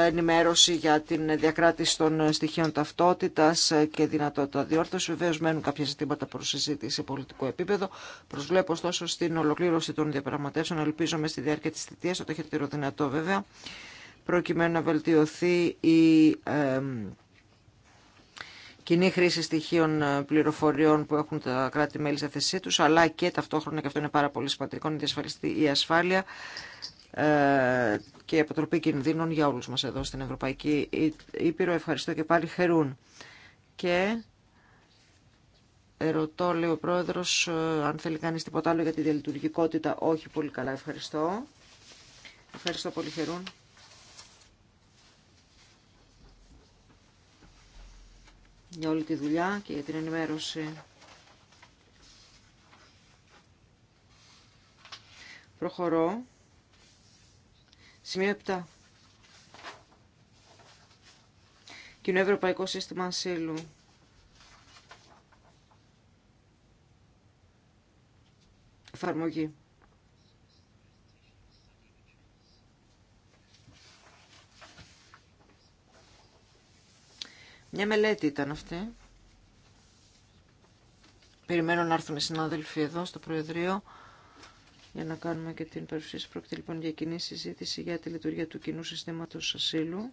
[SPEAKER 2] ενημέρωση για την διακράτηση των στοιχείων ταυτότητας και δυνατότητα διόρθωση. Βεβαίως μένουν κάποια ζητήματα προς συζήτηση σε πολιτικό επίπεδο. Προσβλέπω ωστόσο στην ολοκλήρωση των διαπραγματεύσεων, ελπίζομαι στη διάρκεια της θητείας, το δυνατό βέβαια προκειμένου να βελτιωθεί η κοινή χρήση στοιχείων ε, πληροφοριών που έχουν τα κράτη-μέλη σε θέση τους, αλλά και ταυτόχρονα, και αυτό είναι πάρα πολύ σημαντικό, να διασφαλιστεί η ασφάλεια ε, και η αποτροπή κινδύνων για όλους μας εδώ στην Ευρωπαϊκή Ήπειρο. Ευχαριστώ και πάλι χαιρούν. Και ερωτώ, λέει ο Πρόεδρος, ε, αν θέλει κανείς τίποτα άλλο για τη διαλειτουργικότητα. Όχι, πολύ καλά, ευχαριστώ. Ευχαριστώ πολύ, χαιρούν. για όλη τη δουλειά και για την ενημέρωση. Προχωρώ. Σημείο 7. Κοινό Ευρωπαϊκό Σύστημα Ασύλου. Εφαρμογή. Μια μελέτη ήταν αυτή. Περιμένω να έρθουν οι συνάδελφοι εδώ στο Προεδρείο για να κάνουμε και την παρουσίαση πρόκειται λοιπόν για κοινή συζήτηση για τη λειτουργία του κοινού συστήματος ασύλου.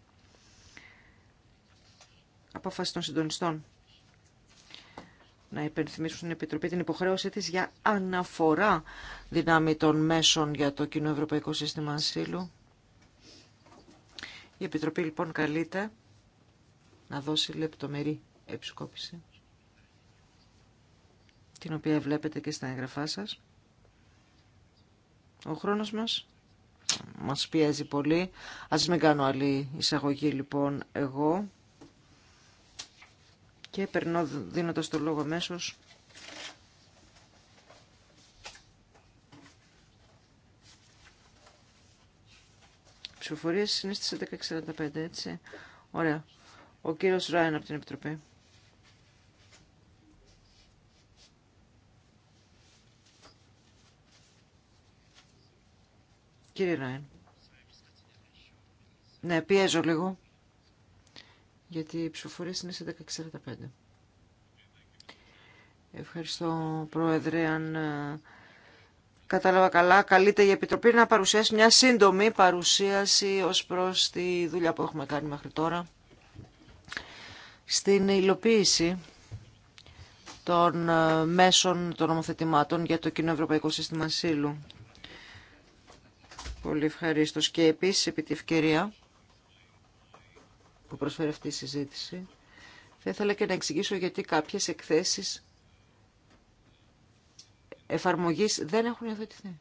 [SPEAKER 2] Απόφαση των συντονιστών να υπενθυμίσουν στην Επιτροπή την υποχρέωσή της για αναφορά δυνάμει των μέσων για το κοινό ευρωπαϊκό σύστημα ασύλου. Η Επιτροπή λοιπόν καλείται να δώσει λεπτομερή επισκόπηση, την οποία βλέπετε και στα έγγραφά σας. Ο χρόνος μας μας πιέζει πολύ. Ας μην κάνω άλλη εισαγωγή λοιπόν εγώ. Και περνώ δίνοντας το λόγο αμέσω. Ψηφοφορίες είναι στι 11.45 έτσι. Ωραία. Ο κύριος Ράιν από την Επιτροπή. Κύριε Ράιν. Ναι, πιέζω λίγο. Γιατί οι ψηφοφορίε είναι σε 16.45. Ευχαριστώ, Πρόεδρε. Αν ε, κατάλαβα καλά, καλείται η Επιτροπή να παρουσιάσει μια σύντομη παρουσίαση ως προς τη δουλειά που έχουμε κάνει μέχρι τώρα στην υλοποίηση των ε, μέσων των νομοθετημάτων για το Κοινό Ευρωπαϊκό Σύστημα Ασύλου. Πολύ ευχαρίστω. Και επίσης, επί τη ευκαιρία που προσφέρει αυτή η συζήτηση, θα ήθελα και να εξηγήσω γιατί κάποιες εκθέσεις εφαρμογής δεν έχουν υιοθετηθεί.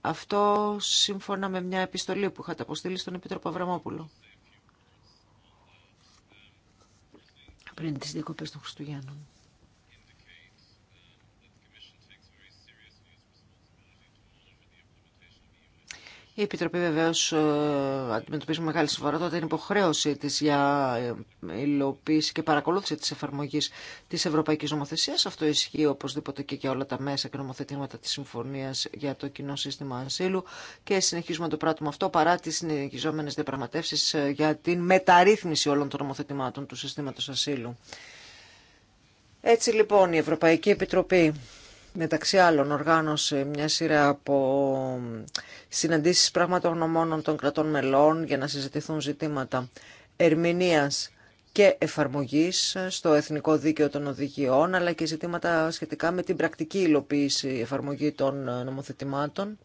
[SPEAKER 2] Αυτό σύμφωνα με μια επιστολή που είχατε αποστείλει στον Επίτροπο Αβραμόπουλο. πριν τις δίκοπες των Χριστουγέννων. Η Επιτροπή βεβαίως ε, αντιμετωπίζει μεγάλη σοβαρότητα την υποχρέωση τη για ε, υλοποίηση και παρακολούθηση τη εφαρμογή τη Ευρωπαϊκή Νομοθεσία. Αυτό ισχύει οπωσδήποτε και για όλα τα μέσα και νομοθετήματα τη συμφωνία για το κοινό σύστημα ασύλου και συνεχίζουμε το πράγμα αυτό παρά τις συνεχιζόμενες διαπραγματεύσει ε, για την μεταρρύθμιση όλων των νομοθετημάτων του συστήματο ασύλου. Έτσι λοιπόν η Ευρωπαϊκή Επιτροπή μεταξύ άλλων οργάνωσε μια σειρά από συναντήσεις πραγματογνωμόνων των κρατών μελών για να συζητηθούν ζητήματα ερμηνείας και εφαρμογής στο εθνικό δίκαιο των οδηγιών, αλλά και ζητήματα σχετικά με την πρακτική υλοποίηση εφαρμογή των νομοθετημάτων.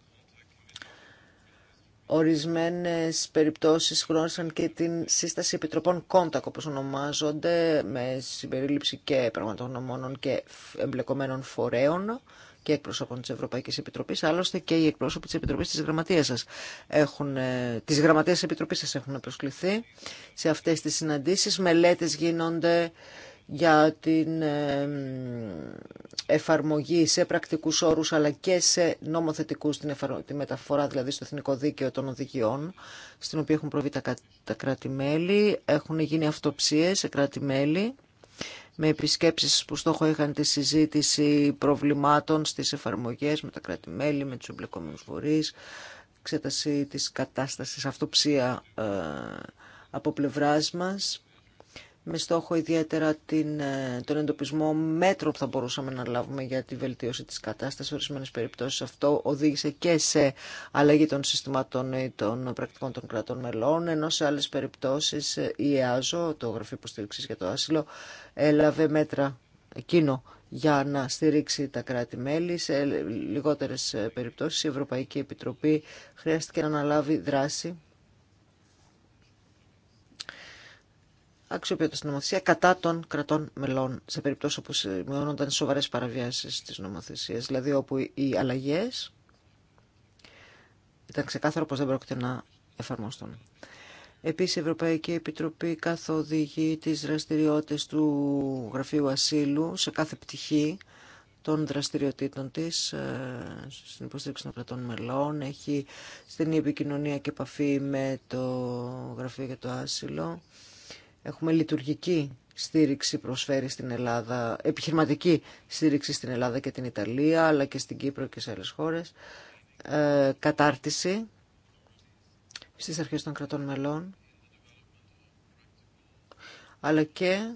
[SPEAKER 2] Ορισμένες περιπτώσεις γνώρισαν και την σύσταση επιτροπών κόντακ, όπως ονομάζονται, με συμπερίληψη και πραγματογνωμόνων και εμπλεκομένων φορέων και εκπροσώπων της Ευρωπαϊκής Επιτροπής. Άλλωστε και οι εκπρόσωποι της Επιτροπής της Γραμματείας σας έχουν, ε, της Γραμματείας Επιτροπής σας έχουν προσκληθεί σε αυτές τις συναντήσεις. Μελέτες γίνονται για την εφαρμογή σε πρακτικούς όρους αλλά και σε νομοθετικούς την τη μεταφορά δηλαδή στο εθνικό δίκαιο των οδηγιών στην οποία έχουν προβεί τα, τα κράτη-μέλη, έχουν γίνει αυτοψίες σε κράτη-μέλη με επισκέψεις που στόχο είχαν τη συζήτηση προβλημάτων στις εφαρμογές με τα κράτη-μέλη, με τους εμπλεκόμενους φορεί, εξέταση της κατάστασης αυτοψία ε, από πλευράς μας με στόχο ιδιαίτερα την, ε, τον εντοπισμό μέτρων που θα μπορούσαμε να λάβουμε για τη βελτίωση της κατάστασης. Σε ορισμένες περιπτώσεις αυτό οδήγησε και σε αλλαγή των συστημάτων ή των πρακτικών των κρατών μελών, ενώ σε άλλες περιπτώσεις ε, η ΕΑΖΟ, το Γραφείο Υποστήριξης για το Άσυλο, έλαβε μέτρα εκείνο για να στηρίξει τα κράτη-μέλη. Σε λιγότερες ε, περιπτώσεις η Ευρωπαϊκή Επιτροπή χρειάστηκε να αναλάβει δράση αξιοποιώντα την νομοθεσία κατά των κρατών μελών σε περιπτώσει όπου σημειώνονταν σοβαρές παραβιάσεις τη νομοθεσία, δηλαδή όπου οι αλλαγές ήταν ξεκάθαρο πως δεν πρόκειται να εφαρμοστούν. Επίσης, η Ευρωπαϊκή Επιτροπή καθοδηγεί τις δραστηριότητες του Γραφείου Ασύλου σε κάθε πτυχή των δραστηριοτήτων της ε, στην υποστήριξη των κρατών μελών. Έχει στενή επικοινωνία και επαφή με το Γραφείο για το Άσυλο Έχουμε λειτουργική στήριξη προσφέρει στην Ελλάδα, επιχειρηματική στήριξη στην Ελλάδα και την Ιταλία, αλλά και στην Κύπρο και σε άλλες χώρες. Ε, κατάρτιση στις αρχές των κρατών μελών, αλλά και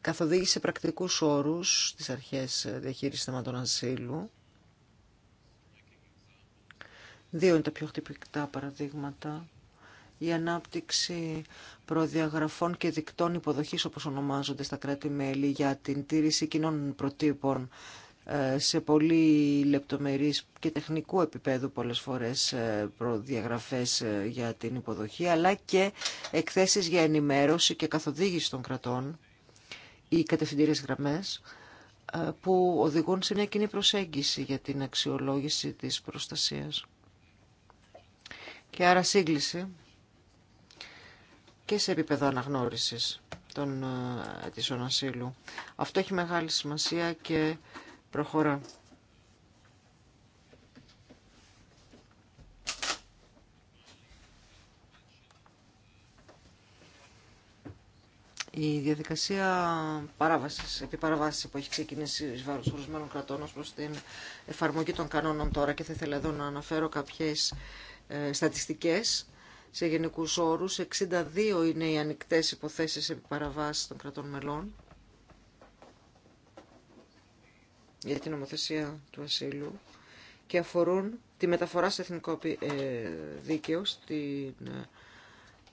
[SPEAKER 2] καθοδήγησε πρακτικούς όρους στις αρχές διαχείρισης θεματών ασύλου. Δύο είναι τα πιο χτυπικά παραδείγματα η ανάπτυξη προδιαγραφών και δικτών υποδοχής όπως ονομάζονται στα κράτη-μέλη για την τήρηση κοινών προτύπων ε, σε πολύ λεπτομερείς και τεχνικού επίπεδου πολλές φορές ε, προδιαγραφές ε, για την υποδοχή αλλά και εκθέσεις για ενημέρωση και καθοδήγηση των κρατών ή κατευθυντήριες γραμμές που οδηγούν σε μια κοινή προσέγγιση για την αξιολόγηση της προστασίας. Και άρα σύγκληση και σε επίπεδο αναγνώρισης των ε, αιτήσεων ασύλου. Αυτό έχει μεγάλη σημασία και προχωρά. Η διαδικασία παράβασης, επί παράβαση που έχει ξεκινήσει εις βάρος ορισμένων κρατών ως προς την εφαρμογή των κανόνων τώρα και θα ήθελα εδώ να αναφέρω κάποιες ε, στατιστικές σε γενικού όρου, 62 είναι οι ανοιχτέ υποθέσεις επί παραβάση των κρατών μελών για την νομοθεσία του ασύλου και αφορούν τη μεταφορά σε εθνικό ε, δίκαιο στην, ε,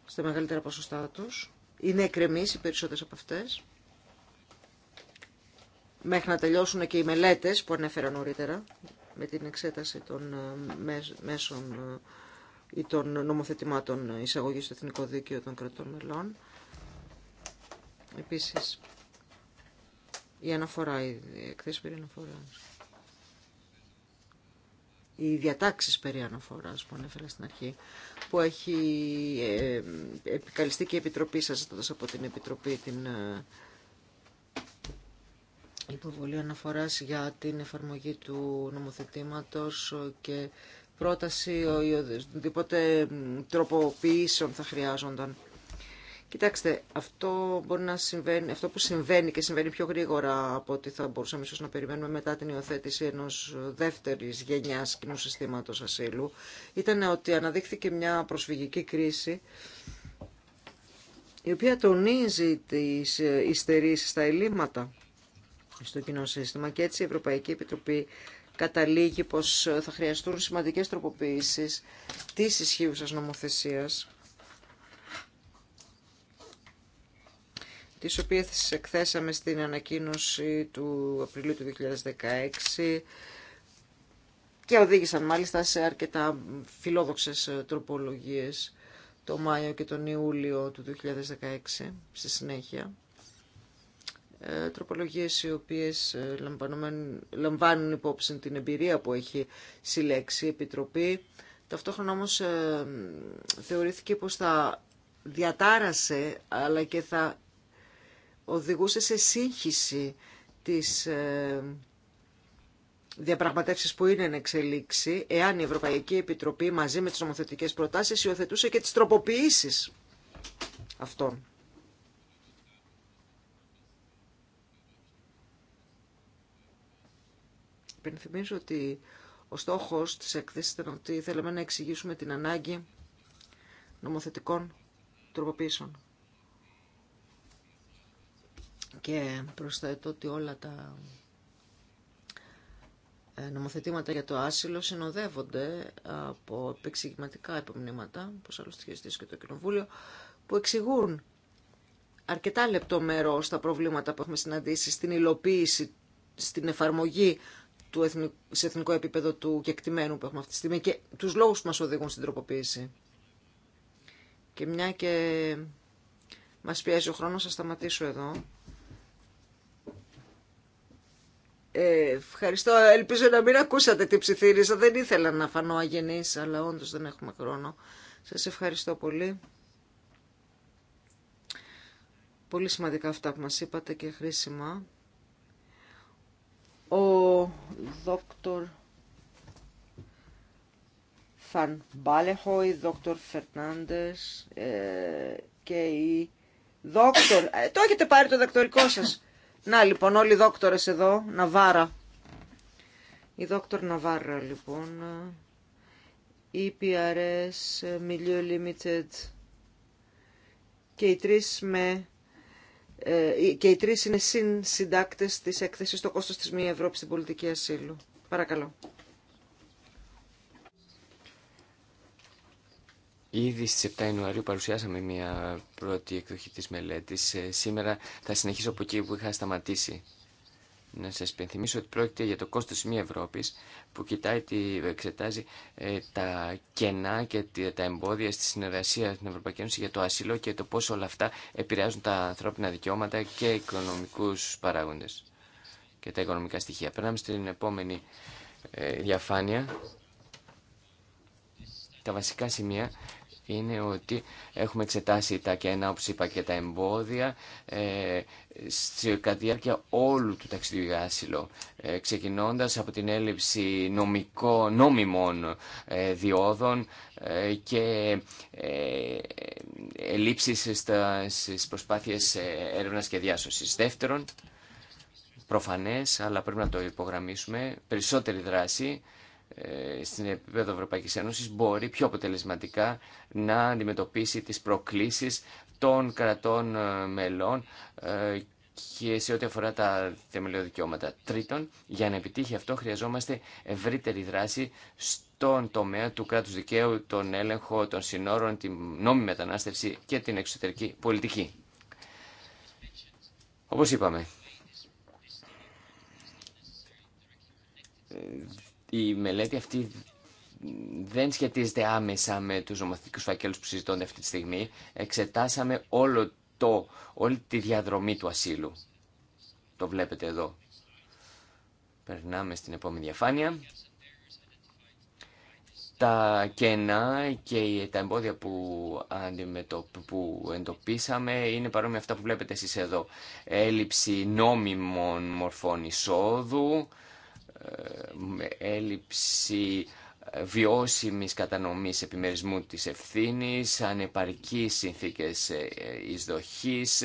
[SPEAKER 2] στα μεγαλύτερα ποσοστά τους. Είναι εκκρεμείς οι περισσότερες από αυτές. Μέχρι να τελειώσουν και οι μελέτες που ανέφερα νωρίτερα με την εξέταση των ε, μέσων ή των νομοθετημάτων εισαγωγής στο Εθνικό Δίκαιο των κρατών μελών. Επίσης, η αναφορά, η εκθέση περί αναφοράς. Οι διατάξεις περί αναφοράς που ανέφερα στην αρχή, που έχει ε, επικαλυστεί και η Επιτροπή σας, από την Επιτροπή την ε, υποβολή αναφοράς για την εφαρμογή του νομοθετήματος και πρόταση ή οδήποτε τροποποιήσεων θα χρειάζονταν. Κοιτάξτε, αυτό, μπορεί να συμβαίνει, αυτό που συμβαίνει και συμβαίνει πιο γρήγορα από ό,τι θα μπορούσαμε ίσως να περιμένουμε μετά την υιοθέτηση ενός δεύτερης γενιάς κοινού συστήματος ασύλου ήταν ότι αναδείχθηκε μια προσφυγική κρίση η οτιδήποτε τροποποιησεων τονίζει τις ε, ιστερίες στα ελλείμματα στο κοινό σύστημα και έτσι η Ευρωπαϊκή Επιτροπή καταλήγει πως θα χρειαστούν σημαντικές τροποποίησεις της ισχύουσας νομοθεσίας, τις οποίες εκθέσαμε στην ανακοίνωση του Απριλίου του 2016 και οδήγησαν μάλιστα σε αρκετά φιλόδοξες τροπολογίες το Μάιο και τον Ιούλιο του 2016 στη συνέχεια. Ε, τροπολογίες οι οποίες ε, λαμβάνουν υπόψη την εμπειρία που έχει συλλέξει η Επιτροπή. Ταυτόχρονα όμως ε, θεωρήθηκε πως θα διατάρασε αλλά και θα οδηγούσε σε σύγχυση της διαπραγματεύσεις που είναι εν εξελίξη, εάν η Ευρωπαϊκή Επιτροπή μαζί με τις νομοθετικές προτάσεις υιοθετούσε και τις τροποποιήσεις αυτών. Υπενθυμίζω ότι ο στόχος της έκθεσης ήταν ότι θέλαμε να εξηγήσουμε την ανάγκη νομοθετικών τροποποίησεων. Και προσθέτω ότι όλα τα ε, νομοθετήματα για το άσυλο συνοδεύονται από επεξηγηματικά υπομνήματα, όπως άλλωστε είχε ζητήσει και το Κοινοβούλιο, που εξηγούν αρκετά λεπτό μέρο τα προβλήματα που έχουμε συναντήσει στην υλοποίηση, στην εφαρμογή σε εθνικό επίπεδο του κεκτημένου που έχουμε αυτή τη στιγμή και τους λόγους που μας οδηγούν στην τροποποίηση. Και μια και μας πιέζει ο χρόνος, θα σταματήσω εδώ. Ε, ευχαριστώ. Ελπίζω να μην ακούσατε τι ψιθύρισα. Δεν ήθελα να φανώ αγενής, αλλά όντως δεν έχουμε χρόνο. Σας ευχαριστώ πολύ. Πολύ σημαντικά αυτά που μας είπατε και χρήσιμα. Ο δόκτωρ Φαν η δόκτωρ Φερνάντες ε, και η δόκτωρ... Ε, το έχετε πάρει το δακτορικό σας. Να λοιπόν, όλοι οι δόκτωρες εδώ, Ναβάρα. Η δόκτωρ Ναβάρα λοιπόν, EPRS, Milieu Limited και οι τρεις με ε, και οι τρει είναι συντάκτες της έκθεση «Το κόστος της μία Ευρώπη στην πολιτική ασύλου. Παρακαλώ.
[SPEAKER 1] Ήδη στις 7 Ιανουαρίου παρουσιάσαμε μια πρώτη εκδοχή της μελέτης. Ε, σήμερα θα συνεχίσω από εκεί που είχα σταματήσει να σας πενθυμίσω ότι πρόκειται για το κόστος μη Ευρώπης που κοιτάει, εξετάζει ε, τα κενά και τα εμπόδια στη συνεργασία στην Ευρωπαϊκή Ένωση για το ασύλο και το πώς όλα αυτά επηρεάζουν τα ανθρώπινα δικαιώματα και οικονομικούς παράγοντες και τα οικονομικά στοιχεία. Περνάμε στην επόμενη ε, διαφάνεια. Τα βασικά σημεία είναι ότι έχουμε εξετάσει τα κενά, όπως είπα, και τα εμπόδια ε, κατά τη διάρκεια όλου του ταξιδιού για άσυλο, ε, ξεκινώντας από την έλλειψη νομικό, νόμιμων ε, διόδων ε, και ελλείψεις στα, στις προσπάθειες έρευνας και διάσωσης. Δεύτερον, προφανές, αλλά πρέπει να το υπογραμμίσουμε, περισσότερη δράση ε, στην επίπεδο Ευρωπαϊκής Ένωσης μπορεί πιο αποτελεσματικά να αντιμετωπίσει τις προκλήσεις των κρατών ε, μελών ε, και σε ό,τι αφορά τα θεμελιώδη δικαιώματα. Τρίτον, για να επιτύχει αυτό χρειαζόμαστε ευρύτερη δράση στον τομέα του κράτους δικαίου, τον έλεγχο των συνόρων, την νόμιμη μετανάστευση και την εξωτερική πολιτική. Όπως είπαμε, η μελέτη αυτή δεν σχετίζεται άμεσα με τους νομοθετικούς φακέλους που συζητώνται αυτή τη στιγμή. Εξετάσαμε όλο το, όλη τη διαδρομή του ασύλου. Το βλέπετε εδώ. Περνάμε στην επόμενη διαφάνεια. Τα κενά και τα εμπόδια που, που εντοπίσαμε είναι παρόμοια αυτά που βλέπετε εσείς εδώ. Έλλειψη νόμιμων μορφών εισόδου, έλλειψη βιώσιμης κατανομής επιμερισμού της ευθύνης, ανεπαρκείς συνθήκες ε, ε, εισδοχής,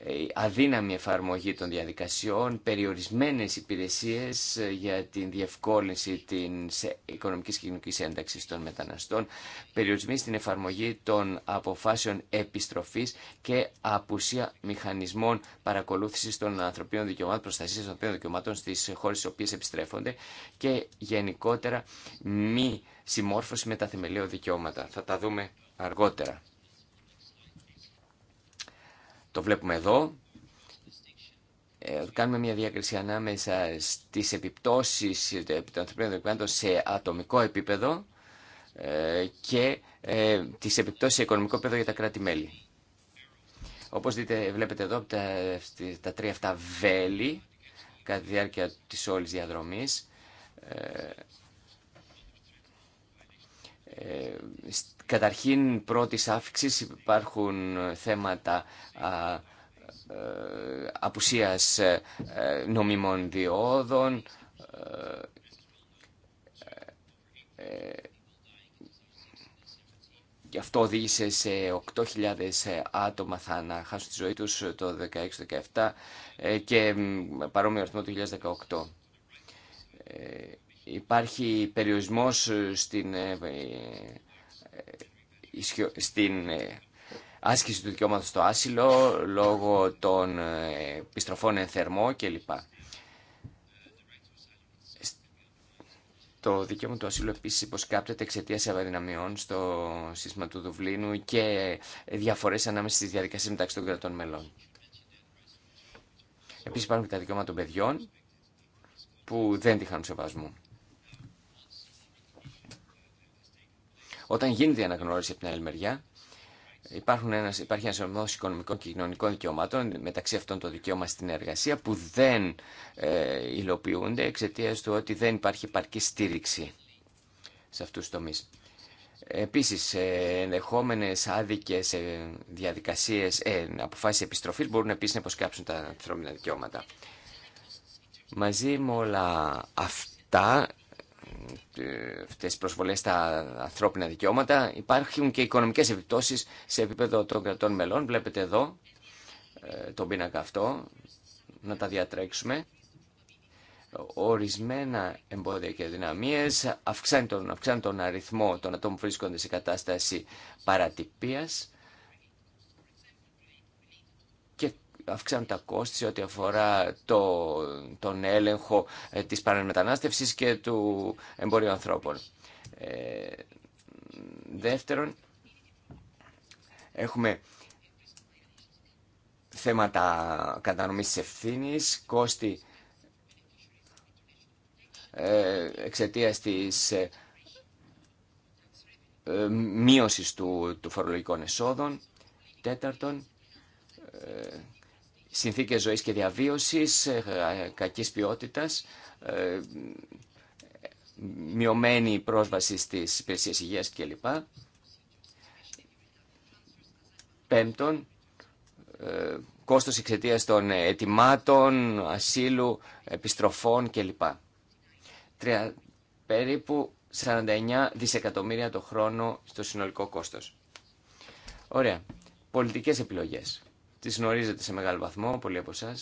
[SPEAKER 1] ε, αδύναμη εφαρμογή των διαδικασιών, περιορισμένες υπηρεσίες ε, για την διευκόλυνση της οικονομικής και κοινωνικής ένταξης των μεταναστών, περιορισμένη στην εφαρμογή των αποφάσεων επιστροφής και απουσία μηχανισμών παρακολούθησης των ανθρωπίνων δικαιωμάτων, προστασίας των ανθρωπίνων δικαιωμάτων στις χώρες στις οποίες επιστρέφονται και γενικότερα μη συμμόρφωση με τα θεμελιώδη δικαιώματα. Θα τα δούμε αργότερα. Το βλέπουμε εδώ. Ε, κάνουμε μια διάκριση ανάμεσα στις επιπτώσεις των ανθρωπίνων δικαιωμάτων σε ατομικό επίπεδο ε, και ε, τις επιπτώσεις σε οικονομικό επίπεδο για τα κράτη-μέλη. Όπως δείτε, βλέπετε εδώ τα, τα τρία αυτά βέλη κατά τη διάρκεια της όλης διαδρομής. Ε, ε, καταρχήν πρώτης αύξηση υπάρχουν θέματα α, ε, απουσίας ε, νομιμών διόδων, Γι' αυτό οδήγησε σε 8.000 άτομα θα να χάσουν τη ζωή τους το 2016-2017 και παρόμοιο αριθμό το 2018 υπάρχει περιορισμός ε, στην, ε, ε, στην άσκηση του δικαιώματος στο άσυλο λόγω των επιστροφών εν θερμό κλπ. Το δικαίωμα του ασύλου επίσης υποσκάπτεται εξαιτίας ευαδυναμιών στο σύστημα του Δουβλίνου και διαφορές ανάμεσα στις διαδικασίες μεταξύ των κρατών μελών. Επίσης υπάρχουν και τα δικαιώματα των παιδιών που δεν τη χάνουν σεβασμού. Όταν γίνεται η αναγνώριση από την άλλη μεριά, υπάρχουν ένας, υπάρχει ένα ορμό οικονομικών και κοινωνικών δικαιωμάτων, μεταξύ αυτών το δικαίωμα στην εργασία, που δεν ε, υλοποιούνται εξαιτία του ότι δεν υπάρχει παρκή στήριξη σε αυτού του τομεί. Επίσης, ενεχόμενες άδικες ε, διαδικασίες, ε, αποφάσεις επιστροφής μπορούν επίση να υποσκάψουν τα ανθρώπινα δικαιώματα. Μαζί με όλα αυτά, αυτές τις προσβολές στα ανθρώπινα δικαιώματα υπάρχουν και οικονομικές επιπτώσεις σε επίπεδο των κρατών μελών. Βλέπετε εδώ ε, τον πίνακα αυτό, να τα διατρέξουμε. Ορισμένα εμπόδια και δυναμίες αυξάνει τον, τον αριθμό των ατόμων που βρίσκονται σε κατάσταση παρατυπίας αυξάνουν τα κόστη σε ό,τι αφορά το, τον έλεγχο ε, της παραμετανάστευσης και του εμπορίου ανθρώπων. Ε, δεύτερον, έχουμε θέματα κατανομής ευθύνη, κόστη ε, εξαιτία της ε, του, του φορολογικών εσόδων. Τέταρτον, συνθήκες ζωής και διαβίωσης, ε, κακής ποιότητας, ε, μειωμένη πρόσβαση στις υπηρεσίες υγείας κλπ. Πέμπτον, ε, κόστος εξαιτία των ετοιμάτων, ασύλου, επιστροφών κλπ. Τρια, περίπου 49 δισεκατομμύρια το χρόνο στο συνολικό κόστος. Ωραία. Πολιτικές επιλογές τις γνωρίζετε σε μεγάλο βαθμό, πολλοί από εσά.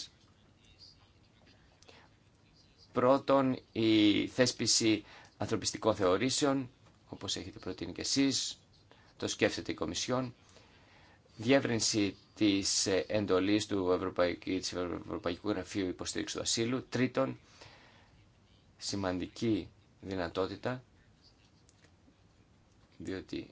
[SPEAKER 1] Πρώτον, η θέσπιση ανθρωπιστικών θεωρήσεων, όπως έχετε προτείνει και εσείς, το σκέφτεται η Κομισιόν. Διεύρυνση της εντολής του Ευρωπαϊκού, Ευρωπαϊκού Γραφείου Υποστήριξης του Ασύλου. Τρίτον, σημαντική δυνατότητα, διότι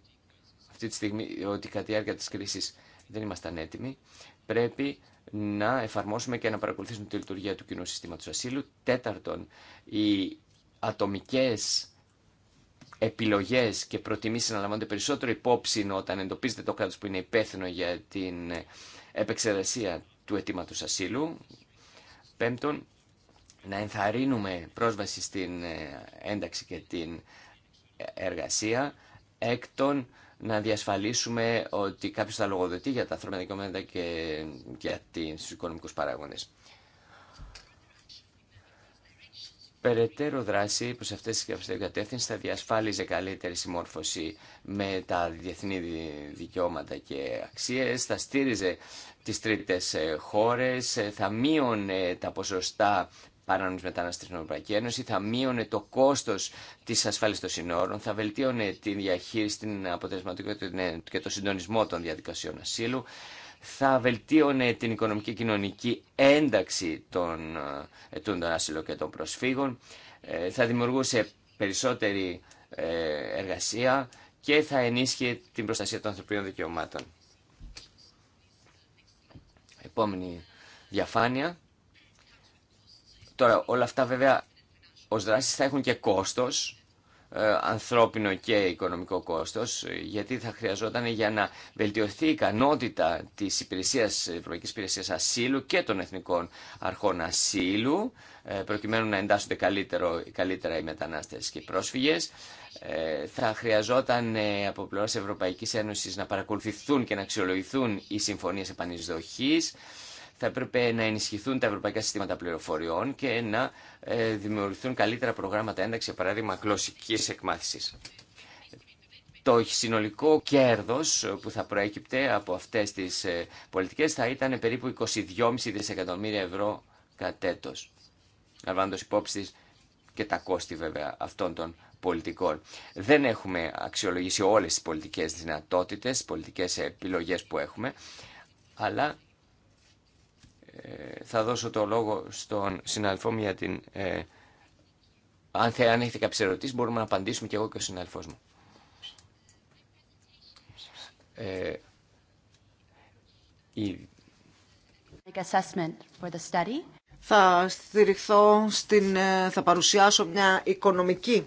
[SPEAKER 1] αυτή τη στιγμή, ότι κατά τη διάρκεια της κρίσης δεν ήμασταν έτοιμοι πρέπει να εφαρμόσουμε και να παρακολουθήσουμε τη λειτουργία του κοινού συστήματος ασύλου. Τέταρτον, οι ατομικές επιλογές και προτιμήσεις να λαμβάνονται περισσότερο υπόψη όταν εντοπίζεται το κράτος που είναι υπεύθυνο για την επεξεργασία του αιτήματος ασύλου. Πέμπτον, να ενθαρρύνουμε πρόσβαση στην ε, ένταξη και την ε, εργασία. Έκτον, να διασφαλίσουμε ότι κάποιο θα λογοδοτεί για τα ανθρώπινα δικαιώματα και για του οικονομικού παράγοντε. Περαιτέρω δράση προ αυτές τις κατεύθυνσει θα διασφάλιζε καλύτερη συμμόρφωση με τα διεθνή δικαιώματα και αξίε. θα στήριζε τι τρίτε ε, χώρε, ε, θα μείωνε τα ποσοστά παράνομη μετανάστες στην Ευρωπαϊκή Ένωση, θα μείωνε το κόστος της ασφάλειας των συνόρων, θα βελτίωνε τη διαχείριση, την αποτελεσματικότητα και το συντονισμό των διαδικασιών ασύλου, θα βελτίωνε την οικονομική και κοινωνική ένταξη των ετούντων και των προσφύγων, ε, θα δημιουργούσε περισσότερη ε, εργασία και θα ενίσχυε την προστασία των ανθρωπίνων δικαιωμάτων. Επόμενη διαφάνεια. Τώρα όλα αυτά βέβαια ως δράσεις θα έχουν και κόστος, ε, ανθρώπινο και οικονομικό κόστος, γιατί θα χρειαζόταν για να βελτιωθεί η ικανότητα της υπηρεσίας, Ευρωπαϊκής Υπηρεσίας Ασύλου και των Εθνικών Αρχών Ασύλου, ε, προκειμένου να εντάσσονται καλύτερο, καλύτερα οι μετανάστες και οι πρόσφυγες. Ε, θα χρειαζόταν από πλευρά Ευρωπαϊκής Ένωσης να παρακολουθηθούν και να αξιολογηθούν οι συμφωνίες επανεισδοχής, θα έπρεπε να ενισχυθούν τα ευρωπαϊκά συστήματα πληροφοριών και να ε, δημιουργηθούν καλύτερα προγράμματα ένταξη, για παράδειγμα, γλωσσική εκμάθησης. Το συνολικό κέρδος που θα προέκυπτε από αυτές τις ε, πολιτικές θα ήταν περίπου 22,5 δισεκατομμύρια ευρώ κατ' έτος. Λαμβάνοντας υπόψη και τα κόστη βέβαια αυτών των πολιτικών. Δεν έχουμε αξιολογήσει όλες τις πολιτικές δυνατότητες, τις πολιτικές επιλογές που έχουμε, αλλά ε, θα δώσω το λόγο στον συναδελφό μου για την... Ε, αν, θε, αν έχετε κάποιες ερωτήσεις μπορούμε να απαντήσουμε και εγώ και ο συναδελφός μου.
[SPEAKER 2] Ε, Θα στηριχθώ στην... Ε, θα παρουσιάσω μια οικονομική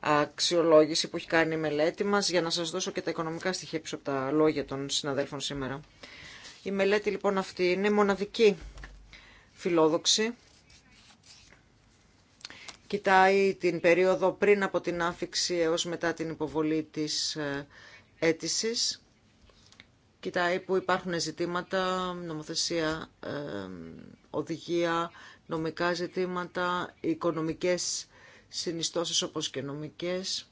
[SPEAKER 2] αξιολόγηση που έχει κάνει η μελέτη μας για να σας δώσω και τα οικονομικά στοιχεία πίσω από τα λόγια των συναδέλφων σήμερα. Η μελέτη λοιπόν αυτή είναι μοναδική φιλόδοξη. Κοιτάει την περίοδο πριν από την άφηξη έως μετά την υποβολή της ε, αίτησης. Κοιτάει που υπάρχουν ζητήματα, νομοθεσία, ε, οδηγία, νομικά ζητήματα, οικονομικές συνιστώσεις όπως και νομικές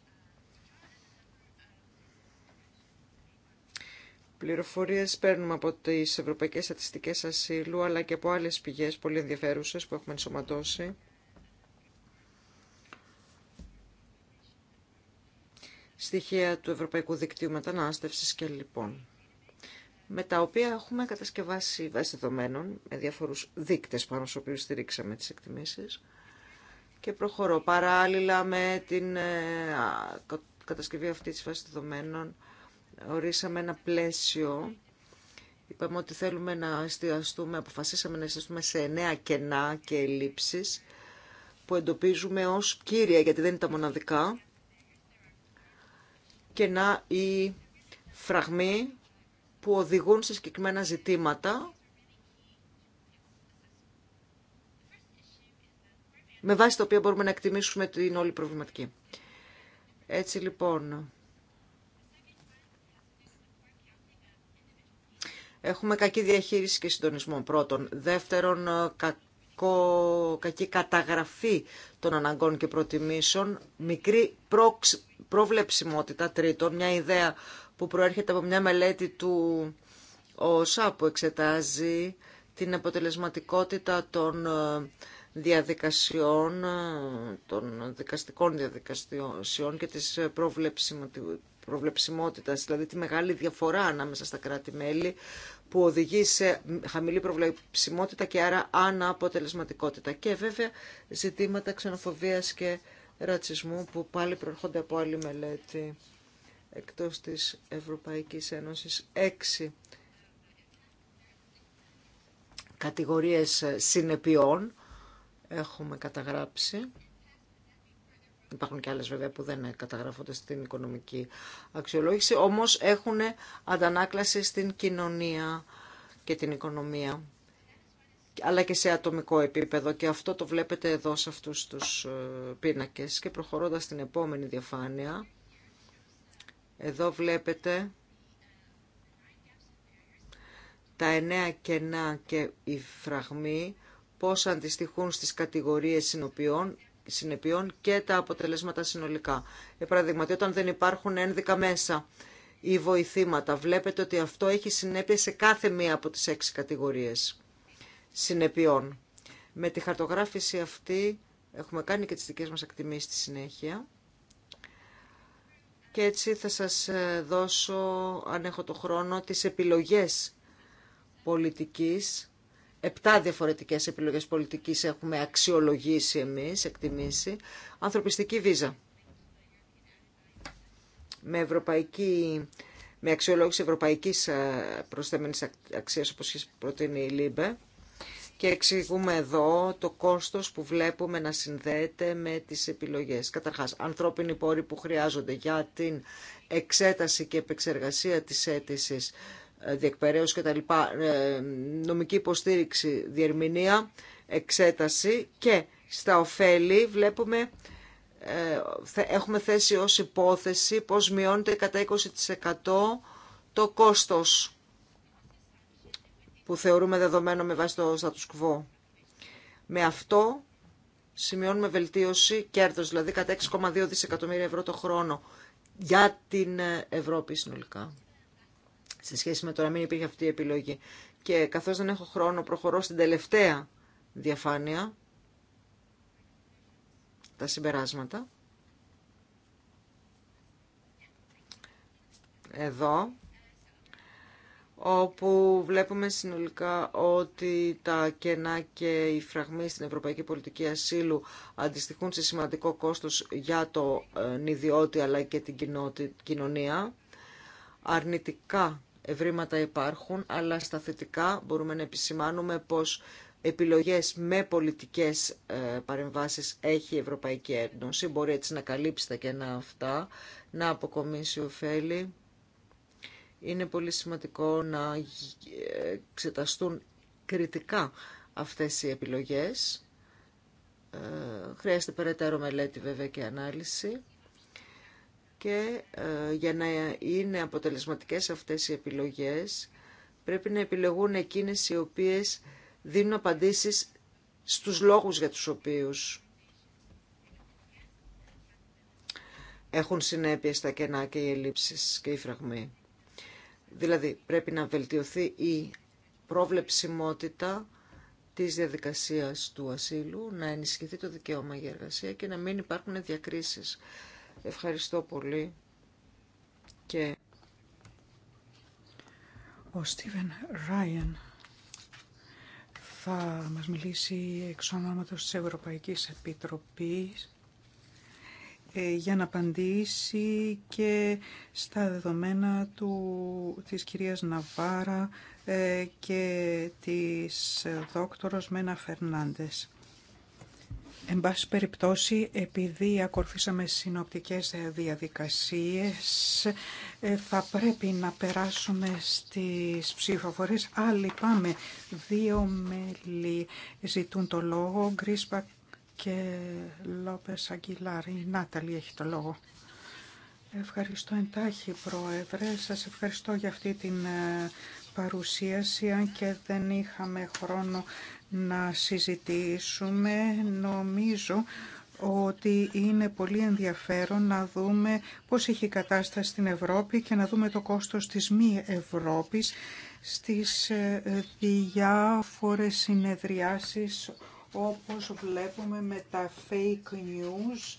[SPEAKER 2] Πληροφορίες παίρνουμε από τις Ευρωπαϊκές Στατιστικές Ασύλου αλλά και από άλλες πηγές πολύ ενδιαφέρουσες που έχουμε ενσωματώσει. Στοιχεία του Ευρωπαϊκού Δικτύου Μετανάστευσης και λοιπόν με τα οποία έχουμε κατασκευάσει βάση δεδομένων με διάφορους δείκτες πάνω στους οποίους στηρίξαμε τις εκτιμήσεις και προχωρώ παράλληλα με την ε, κατασκευή αυτή της βάσης δεδομένων ορίσαμε ένα πλαίσιο. Είπαμε ότι θέλουμε να εστιαστούμε, αποφασίσαμε να εστιαστούμε σε εννέα κενά και ελλείψεις που εντοπίζουμε ως κύρια, γιατί δεν είναι τα μοναδικά, κενά ή φραγμοί που οδηγούν σε συγκεκριμένα ζητήματα με βάση τα οποία μπορούμε να εκτιμήσουμε την όλη προβληματική. Έτσι λοιπόν, Έχουμε κακή διαχείριση και συντονισμό πρώτον. Δεύτερον, ε, κακό, κακή καταγραφή των αναγκών και προτιμήσεων. Μικρή προξ, προβλεψιμότητα τρίτον, μια ιδέα που προέρχεται από μια μελέτη του ΟΣΑ που εξετάζει την αποτελεσματικότητα των ε, διαδικασιών, ε, των δικαστικών διαδικασιών και της προβλεψιμότητας, δηλαδή τη μεγάλη διαφορά ανάμεσα στα κράτη-μέλη που οδηγεί σε χαμηλή προβλεψιμότητα και άρα αναποτελεσματικότητα. Και βέβαια ζητήματα ξενοφοβίας και ρατσισμού που πάλι προερχόνται από άλλη μελέτη εκτός της Ευρωπαϊκής Ένωσης. Έξι κατηγορίες συνεπειών έχουμε καταγράψει. Υπάρχουν και άλλες βέβαια που δεν καταγράφονται στην οικονομική αξιολόγηση, όμως έχουν αντανάκλαση στην κοινωνία και την οικονομία, αλλά και σε ατομικό επίπεδο. Και αυτό το βλέπετε εδώ σε αυτούς τους ε, πίνακες. Και προχωρώντας στην επόμενη διαφάνεια, εδώ βλέπετε τα εννέα κενά και οι φραγμοί πώς αντιστοιχούν στις κατηγορίες συνοποιών και τα αποτελέσματα συνολικά. Για παράδειγμα, όταν δεν υπάρχουν ένδικα μέσα ή βοηθήματα, βλέπετε ότι αυτό έχει συνέπειες σε κάθε μία από τις έξι κατηγορίες συνεπειών. Με τη χαρτογράφηση αυτή έχουμε κάνει και τις δικές μας εκτιμήσεις στη συνέχεια. Και έτσι θα σας ε, δώσω, αν έχω το χρόνο, τις επιλογές πολιτικής Επτά διαφορετικές επιλογές πολιτικής έχουμε αξιολογήσει εμείς, εκτιμήσει. Ανθρωπιστική βίζα. Με, ευρωπαϊκή, με αξιολόγηση ευρωπαϊκής ε, προσθέμενης αξίας, όπως έχει προτείνει η ΛΥΜΠΕ. Και εξηγούμε εδώ το κόστος που βλέπουμε να συνδέεται με τις επιλογές. Καταρχάς, ανθρώπινοι πόροι που χρειάζονται για την εξέταση και επεξεργασία της αίτησης και τα λοιπά ε, Νομική υποστήριξη, διερμηνία, εξέταση και στα ωφέλη βλέπουμε ε, έχουμε θέσει ως υπόθεση πως μειώνεται κατά 20% το κόστος που θεωρούμε δεδομένο με βάση το status quo. Με αυτό σημειώνουμε βελτίωση κέρδος, δηλαδή κατά 6,2 δισεκατομμύρια ευρώ το χρόνο για την ε, Ευρώπη συνολικά σε σχέση με το να μην υπήρχε αυτή η επιλογή. Και καθώς δεν έχω χρόνο προχωρώ στην τελευταία διαφάνεια, τα συμπεράσματα. Εδώ όπου βλέπουμε συνολικά ότι τα κενά και οι φραγμοί στην Ευρωπαϊκή Πολιτική Ασύλου αντιστοιχούν σε σημαντικό κόστος για το ε, νηδιώτη αλλά και την κοινωνία. Αρνητικά ευρήματα υπάρχουν, αλλά στα θετικά μπορούμε να επισημάνουμε πως επιλογές με πολιτικές ε, παρεμβάσεις έχει η Ευρωπαϊκή Ένωση. Μπορεί έτσι να καλύψει τα κενά αυτά, να αποκομίσει ωφέλη. Είναι πολύ σημαντικό να ε, εξεταστούν κριτικά αυτές οι επιλογές. Ε, χρειάζεται περαιτέρω μελέτη βέβαια και ανάλυση και ε, για να είναι αποτελεσματικές αυτές οι επιλογές πρέπει να επιλεγούν εκείνες οι οποίες δίνουν απαντήσεις στους λόγους για τους οποίους έχουν συνέπειε τα κενά και οι ελλείψεις και οι φραγμοί. Δηλαδή πρέπει να βελτιωθεί η προβλεψιμότητα της διαδικασίας του ασύλου, να ενισχυθεί το δικαίωμα για εργασία και να μην υπάρχουν διακρίσεις Ευχαριστώ πολύ
[SPEAKER 3] και ο Στίβεν Ράιεν θα μας μιλήσει εξ ονόματος της Ευρωπαϊκής Επιτροπής ε, για να απαντήσει και στα δεδομένα του, της κυρίας Ναβάρα ε, και της δόκτωρος Μένα Φερνάντες. Εν πάση περιπτώσει, επειδή ακολουθήσαμε συνοπτικές διαδικασίες, ε, θα πρέπει να περάσουμε στις ψηφοφορίες. Άλλοι, πάμε. Δύο μέλη ζητούν το λόγο, Γκρίσπα και Λόπες Αγγιλάρη. Η Νάταλη έχει το λόγο. Ευχαριστώ εντάχει, Πρόεδρε. Σας ευχαριστώ για αυτή την ε, παρουσίαση, αν και δεν είχαμε χρόνο να συζητήσουμε. Νομίζω ότι είναι πολύ ενδιαφέρον να δούμε πώς έχει η κατάσταση στην Ευρώπη και να δούμε το κόστος της μη Ευρώπης στις ε, διάφορες συνεδριάσεις όπως βλέπουμε με τα fake news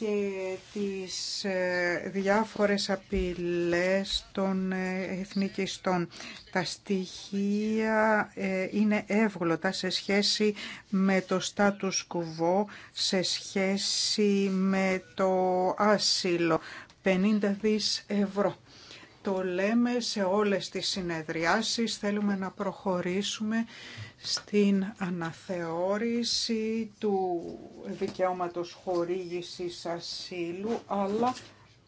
[SPEAKER 3] και τις ε, διάφορες απειλές των ε, εθνικιστών. Τα στοιχεία ε, είναι εύγλωτα σε σχέση με το στάτους κουβό, σε σχέση με το άσυλο, 50 δις ευρώ. Το λέμε σε όλες τις συνεδριάσεις, θέλουμε να προχωρήσουμε στην αναθεώρηση του δικαιώματος χορήγησης ασύλου, αλλά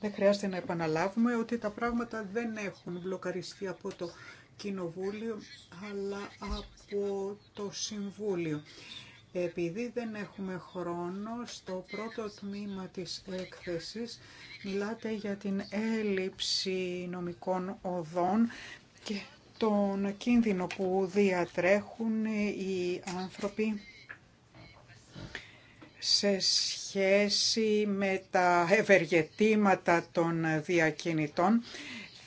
[SPEAKER 3] δεν χρειάζεται να επαναλάβουμε ότι τα πράγματα δεν έχουν μπλοκαριστεί από το Κοινοβούλιο, αλλά από το Συμβούλιο. Επειδή δεν έχουμε χρόνο, στο πρώτο τμήμα της έκθεσης μιλάτε για την έλλειψη νομικών οδών και τον κίνδυνο που διατρέχουν οι άνθρωποι σε σχέση με τα ευεργετήματα των διακινητών.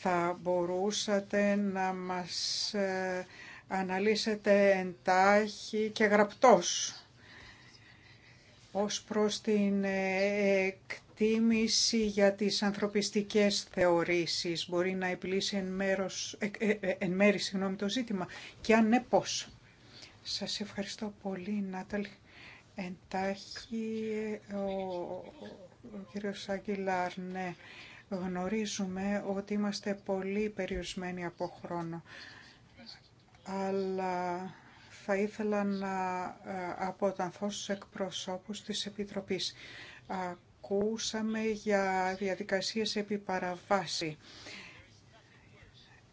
[SPEAKER 3] Θα μπορούσατε να μας ε, αναλύσετε εντάχει και γραπτός ως προς την ε, εκτίμηση για τις ανθρωπιστικές θεωρήσεις μπορεί να επιλύσει εν, μέρος, ε, ε, ε, εν μέρη συγγνώμη, το ζήτημα και αν ναι πώς. Σας ευχαριστώ πολύ Νάταλη. Εντάχει ο, ο κύριος Αγγιλάρ, ναι, γνωρίζουμε ότι είμαστε πολύ περιορισμένοι από χρόνο. Αλλά θα ήθελα να αποτανθώ στους εκπροσώπους της Επιτροπής ακούσαμε για διαδικασίες επί παραβάση.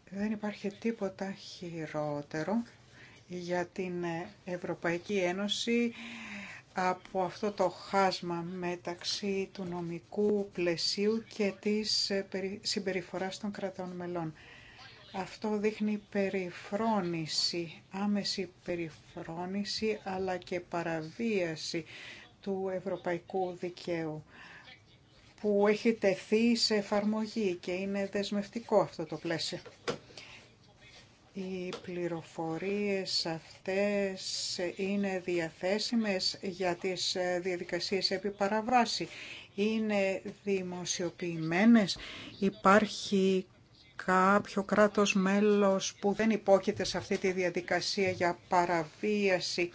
[SPEAKER 3] Δεν υπάρχει τίποτα χειρότερο για την Ευρωπαϊκή Ένωση από αυτό το χάσμα μεταξύ του νομικού πλαισίου και της συμπεριφοράς των κρατών μελών. Αυτό δείχνει περιφρόνηση, άμεση περιφρόνηση αλλά και παραβίαση του ευρωπαϊκού δικαίου που έχει τεθεί σε εφαρμογή και είναι δεσμευτικό αυτό το πλαίσιο. Οι πληροφορίες αυτές είναι διαθέσιμες για τις διαδικασίες επί παραβάση. Είναι δημοσιοποιημένες. Υπάρχει κάποιο κράτος μέλος που δεν υπόκειται σε αυτή τη διαδικασία για παραβίαση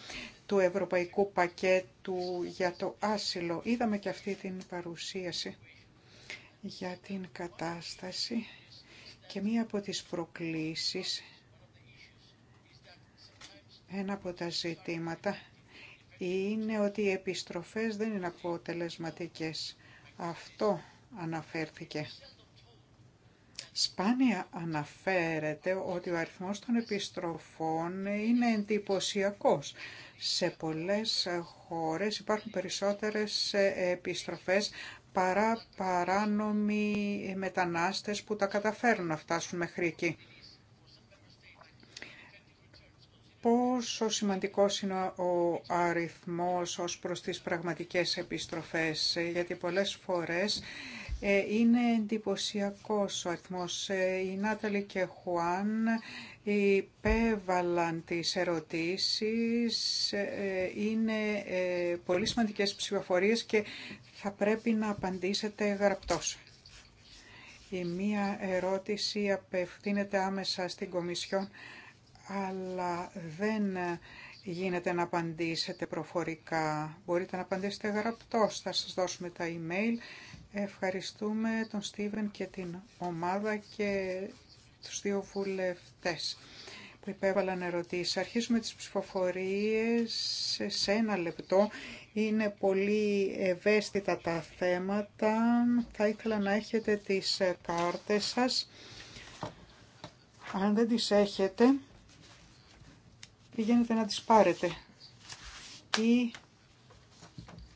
[SPEAKER 3] του Ευρωπαϊκού Πακέτου για το Άσυλο. Είδαμε και αυτή την παρουσίαση για την κατάσταση και μία από τις προκλήσεις, ένα από τα ζητήματα, είναι ότι οι επιστροφές δεν είναι αποτελεσματικές. Αυτό αναφέρθηκε. Σπάνια αναφέρεται ότι ο αριθμός των επιστροφών είναι εντυπωσιακός. Σε πολλές χώρες υπάρχουν περισσότερες επιστροφές παρά παράνομοι μετανάστες που τα καταφέρουν να φτάσουν μέχρι εκεί. Πόσο σημαντικός είναι ο αριθμός ως προς τις πραγματικές επιστροφές, γιατί πολλές φορές ε, είναι εντυπωσιακό ο αριθμός. Η ε, Νάταλη και Χουάν υπέβαλαν τις ερωτήσεις. Ε, είναι πολύ σημαντικές ψηφοφορίες και θα πρέπει να απαντήσετε γραπτώς. Η μία ερώτηση απευθύνεται άμεσα στην Κομισιόν, αλλά δεν γίνεται να απαντήσετε προφορικά. Μπορείτε να απαντήσετε γραπτός, θα σας δώσουμε τα email Ευχαριστούμε τον Στίβεν και την ομάδα και τους δύο βουλευτές που υπέβαλαν ερωτήσεις. Αρχίζουμε τις ψηφοφορίες σε ένα λεπτό. Είναι πολύ ευαίσθητα τα θέματα. Θα ήθελα να έχετε τις κάρτες σας. Αν δεν τις έχετε, πηγαίνετε να τις πάρετε. Ή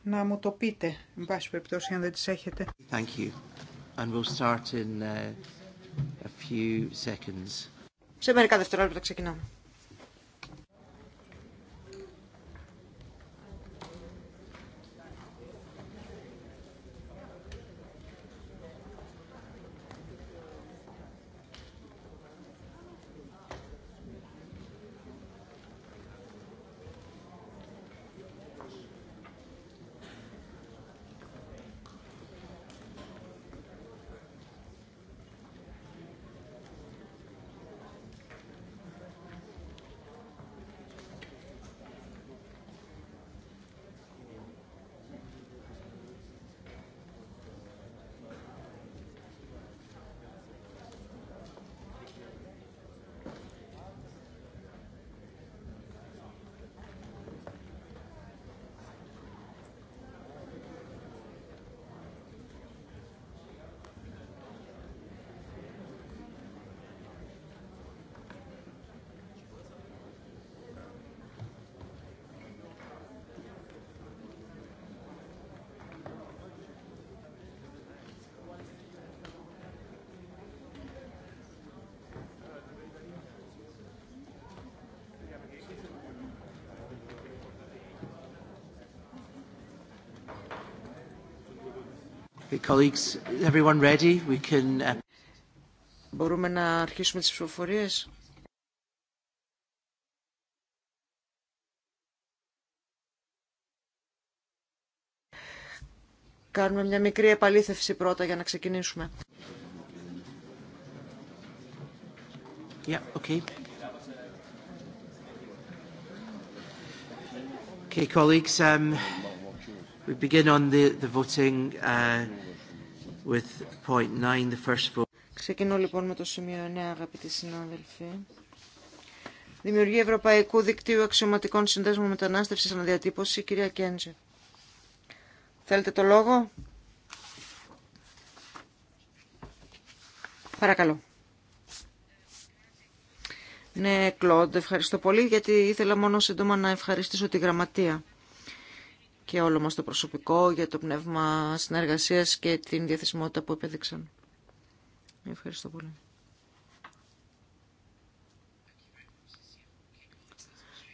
[SPEAKER 3] να μου το πείτε, εν πάση περιπτώσει, αν δεν τις έχετε. Thank you. And we'll start
[SPEAKER 2] in, uh, a few seconds.
[SPEAKER 3] Σε μερικά δευτερόλεπτα ξεκινάμε.
[SPEAKER 2] Colleagues, everyone ready? We can... Uh, Μπορούμε να αρχίσουμε τις ψηφοφορίες. Κάνουμε μια μικρή επαλήθευση πρώτα για να ξεκινήσουμε. Yeah, okay. Okay, colleagues, um, we begin on the, the voting. Uh, With Ξεκινώ λοιπόν με το σημείο 9, αγαπητοί συνάδελφοι. Δημιουργία Ευρωπαϊκού Δικτύου Αξιωματικών Συνδέσμων Μετανάστευση Αναδιατύπωση, κυρία Κέντζε. Θέλετε το λόγο. Παρακαλώ. Ναι, Κλοντ, ευχαριστώ πολύ, γιατί ήθελα μόνο σύντομα να ευχαριστήσω τη γραμματεία και όλο μας το προσωπικό για το πνεύμα συνεργασίας και την διαθεσιμότητα που επέδειξαν. Ευχαριστώ πολύ.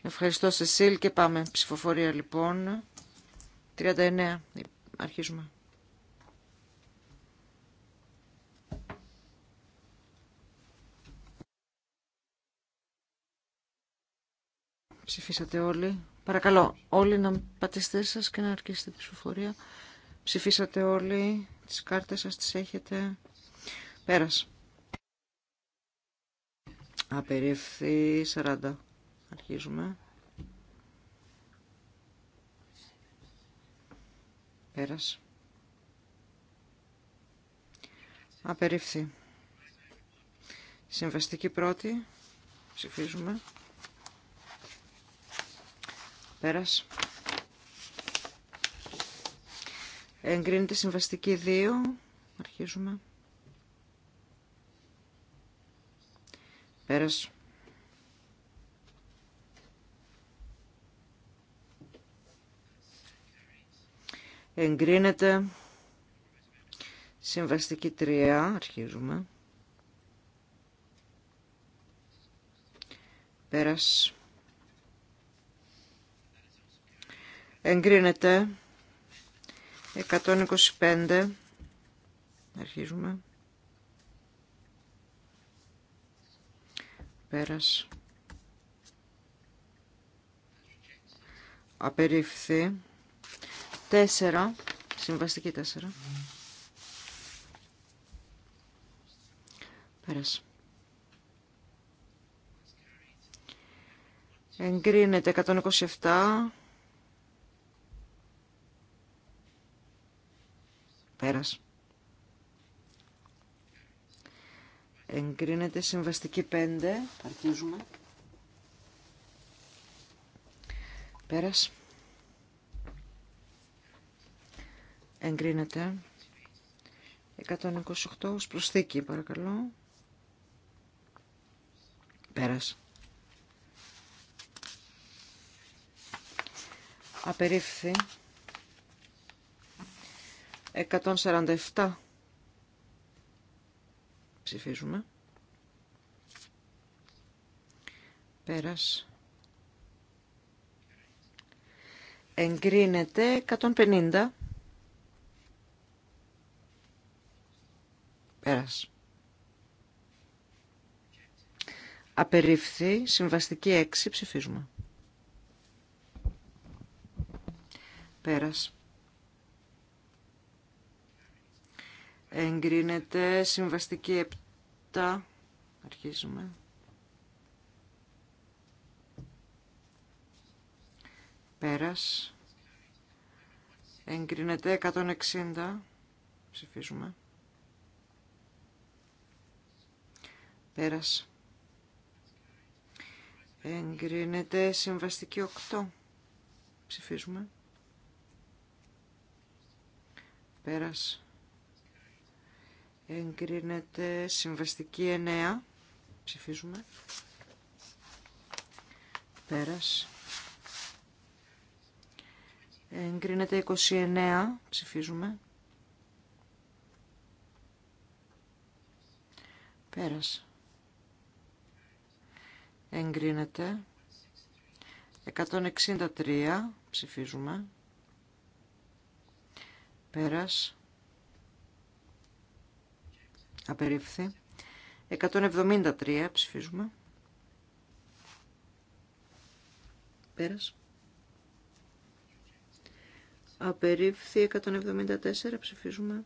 [SPEAKER 2] Ευχαριστώ Σεσίλ και πάμε ψηφοφορία λοιπόν. 39 αρχίζουμε. Ψηφίσατε όλοι. Παρακαλώ όλοι να πατήσετε σας και να αρχίσετε τη ψηφοφορία. Ψηφίσατε όλοι, τις κάρτες σας τις έχετε. Πέρας. Απερίφθη 40. Αρχίζουμε. Πέρας. Απερίφθη. Συμβαστική πρώτη. Ψηφίζουμε. Πέρας. Εγκρίνεται συμβαστική 2. Αρχίζουμε. Πέρας. Εγκρίνεται συμβαστική 3. Αρχίζουμε. Πέρας. Εγκρίνεται. 125. Αρχίζουμε. Πέρας. Απερίφθη. 4. Συμβαστική 4. Πέρας. Εγκρίνεται 127. Πέρας. Εγκρίνεται συμβαστική 5. Αρχίζουμε. Πέρας. Εγκρίνεται. 128 ως προσθήκη, παρακαλώ. Πέρας. Απερίφθη. 147 ψηφίζουμε. Πέρας. Εγκρίνεται 150. Πέρας. Απερίφθη, συμβαστική 6, ψηφίζουμε. Πέρας. Εγκρίνεται. Συμβαστική 7. Αρχίζουμε. Πέρας. Εγκρίνεται 160. Ψηφίζουμε. Πέρας. Εγκρίνεται συμβαστική 8. Ψηφίζουμε. Πέρας εγκρίνεται συμβαστική 9 ψηφίζουμε πέρας εγκρίνεται 29 ψηφίζουμε πέρας εγκρίνεται 163 ψηφίζουμε πέρας Απερίφθη. 173 ψηφίζουμε. Πέρας. Απερίφθη 174 ψηφίζουμε.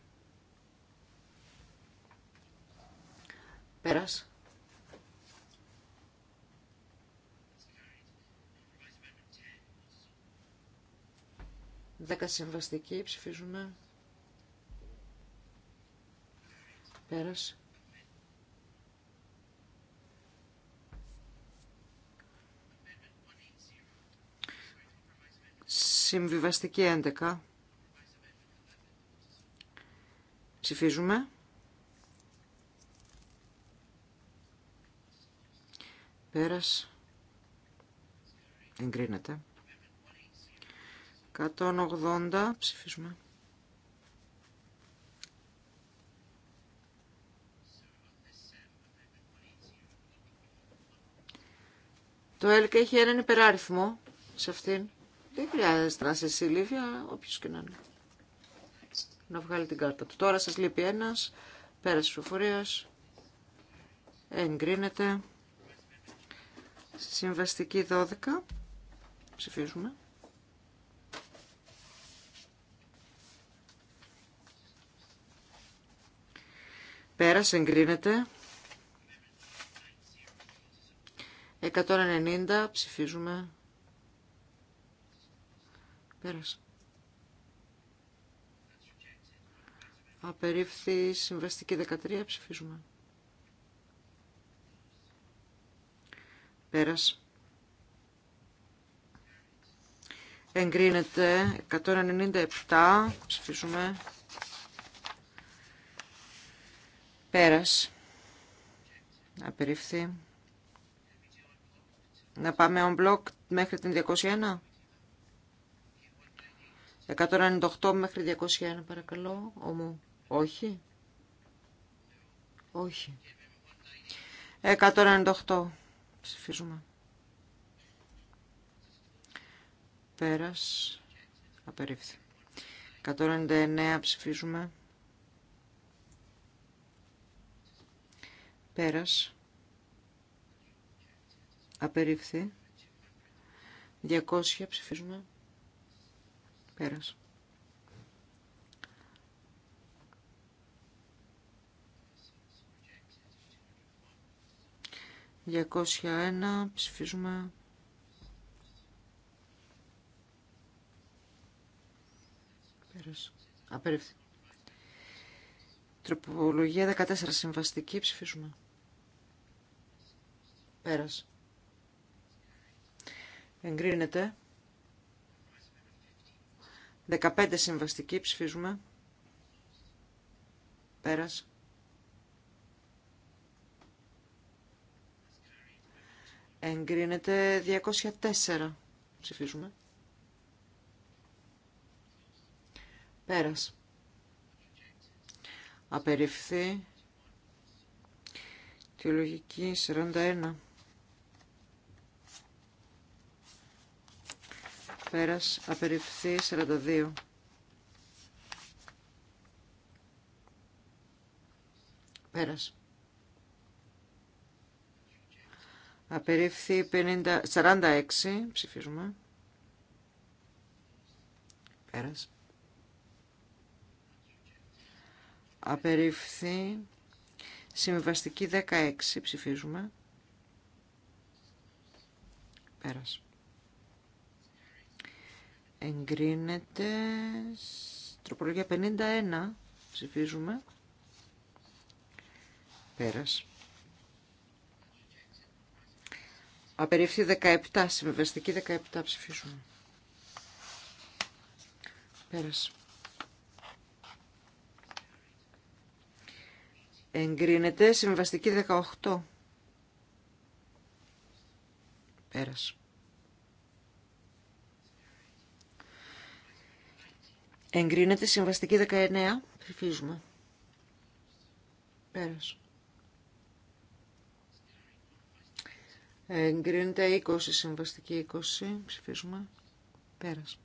[SPEAKER 2] Πέρας. Δέκα συμβαστικοί ψηφίζουμε. Πέρας. Συμβιβαστική 11. Ψηφίζουμε. Πέρας. Εγκρίνεται. 180. Ψηφίζουμε. Το ΕΛΚ έχει έναν υπεράριθμο σε αυτήν. Δεν χρειάζεται να σε συλλήφια, όποιος και να είναι. Να βγάλει την κάρτα του. Τώρα σας λείπει ένας. Πέρασε ψηφοφορίας. Εγκρίνεται. Συμβαστική 12. Ψηφίζουμε. Πέρασε εγκρίνεται. 190 ψηφίζουμε. Πέρασε. Απερίφθη συμβαστική 13 ψηφίζουμε. Πέρασε. Εγκρίνεται 197 ψηφίζουμε. Πέρασε. Απερίφθη. Να πάμε on block μέχρι την 201. 198 μέχρι 201 παρακαλώ. όμως, Όχι. Όχι. 198. Ψηφίζουμε. Πέρας. Απερίφθη. 199 ψηφίζουμε. Πέρας. Απερίφθη. 200 ψηφίζουμε. Πέρας. 201. ψηφίζουμε. Πέρασε. Απερίφθη. Τροπολογία 14, συμβαστική, ψηφίζουμε. Πέρασε. Εγκρίνεται. 15 συμβαστική ψηφίζουμε. Πέρας. Εγκρίνεται 204 ψηφίζουμε. Πέρας. Απεριφθεί. λογική 41. πέρας απεριφθεί 42 πέρας Απερίφθη 50, 46 ψηφίζουμε πέρας απεριφθεί συμβαστική 16 ψηφίζουμε πέρας εγκρίνεται τροπολογία 51 ψηφίζουμε πέρας απερίφθη 17 συμβεβαστική 17 ψηφίζουμε πέρας εγκρίνεται συμβεβαστική 18 πέρας Εγκρίνεται συμβαστική 19. Ψηφίζουμε. Πέρας. Εγκρίνεται 20 συμβαστική 20. Ψηφίζουμε. Πέρας.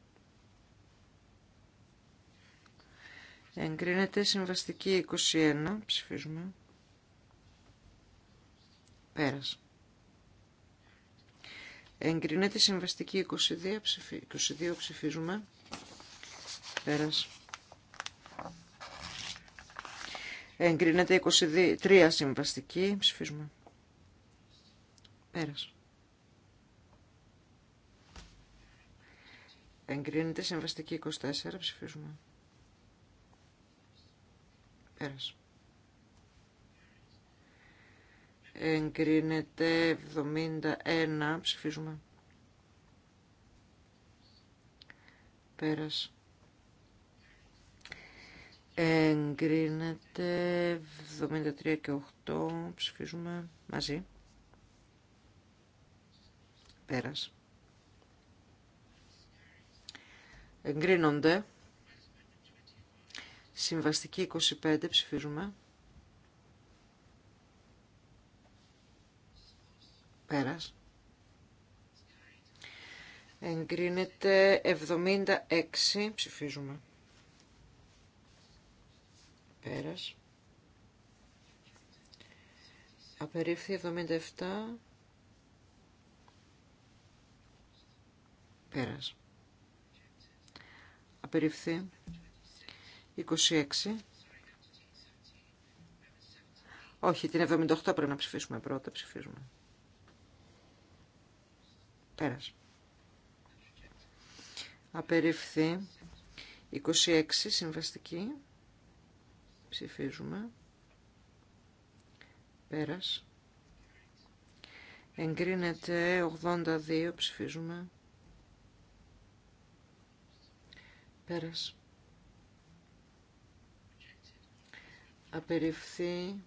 [SPEAKER 2] Εγκρίνεται συμβαστική 21. Ψηφίζουμε. Πέρας. Εγκρίνεται συμβαστική 22. 22 ψηφίζουμε. Πέρας. Εγκρίνεται 23 συμβαστική. Ψηφίζουμε. Πέρας. Εγκρίνεται συμβαστική 24. Ψηφίζουμε. Πέρας. Εγκρίνεται 71. Ψηφίζουμε. Πέρας. Εγκρίνεται 73 και 8. Ψηφίζουμε μαζί. Πέρας. Εγκρίνονται. Συμβαστική 25. Ψηφίζουμε. Πέρας. Εγκρίνεται 76. Ψηφίζουμε. Πέρας. Απερίφθη 77. Πέρας. Απερίφθη 26. Όχι, την 78 πρέπει να ψηφίσουμε πρώτα. Ψηφίζουμε. Πέρας. Απερίφθη 26 συμβαστική. Ψηφίζουμε. Πέρας. Εγκρίνεται 82. Ψηφίζουμε. Πέρας. Απεριφθεί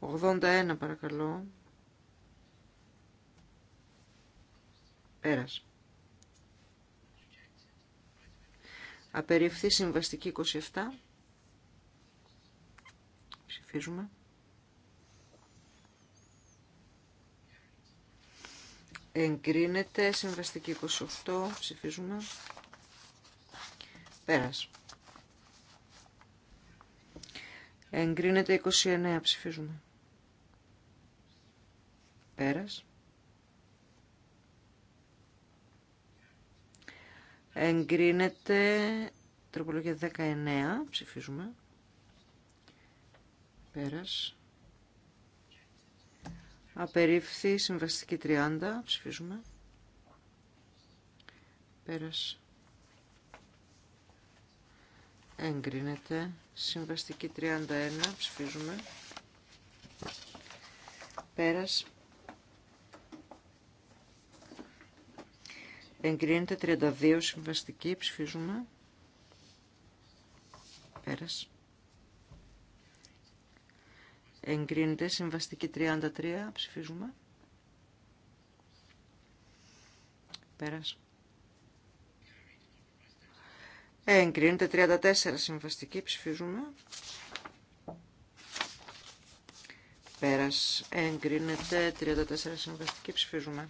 [SPEAKER 2] 81 παρακαλώ. Πέρας. Απεριφθεί συμβαστική 27. Ψηφίζουμε. Εγκρίνεται συμβαστική 28. Ψηφίζουμε. Πέρας. Εγκρίνεται 29. Ψηφίζουμε. Πέρας. Εγκρίνεται τροπολογία 19. Ψηφίζουμε. Πέρας. Απερίφθη συμβαστική 30. Ψηφίζουμε. Πέρας. Εγκρίνεται συμβαστική 31. Ψηφίζουμε. Πέρας. Εγκρίνεται 32 συμβαστική. Ψηφίζουμε. Πέρας. Εγκρίνεται συμβαστική 33. Ψηφίζουμε. Πέρας. Εγκρίνεται 34 συμβαστική. Ψηφίζουμε. Πέρας. Εγκρίνεται 34 συμβαστική. Ψηφίζουμε.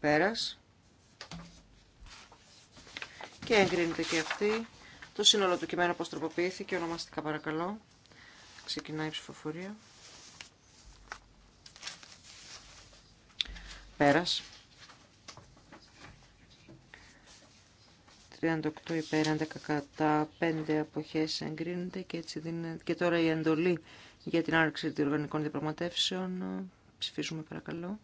[SPEAKER 2] Πέρας. Και εγκρίνεται και αυτή. Το σύνολο του κειμένου πώς τροποποιήθηκε, ονομαστικά παρακαλώ. Ξεκινάει η ψηφοφορία. Πέρας. 38 υπέρ, 11 κατά, 5 αποχές εγκρίνεται και έτσι Και τώρα η εντολή για την άρξη των διοργανικών διαπραγματεύσεων. Ψηφίζουμε παρακαλώ.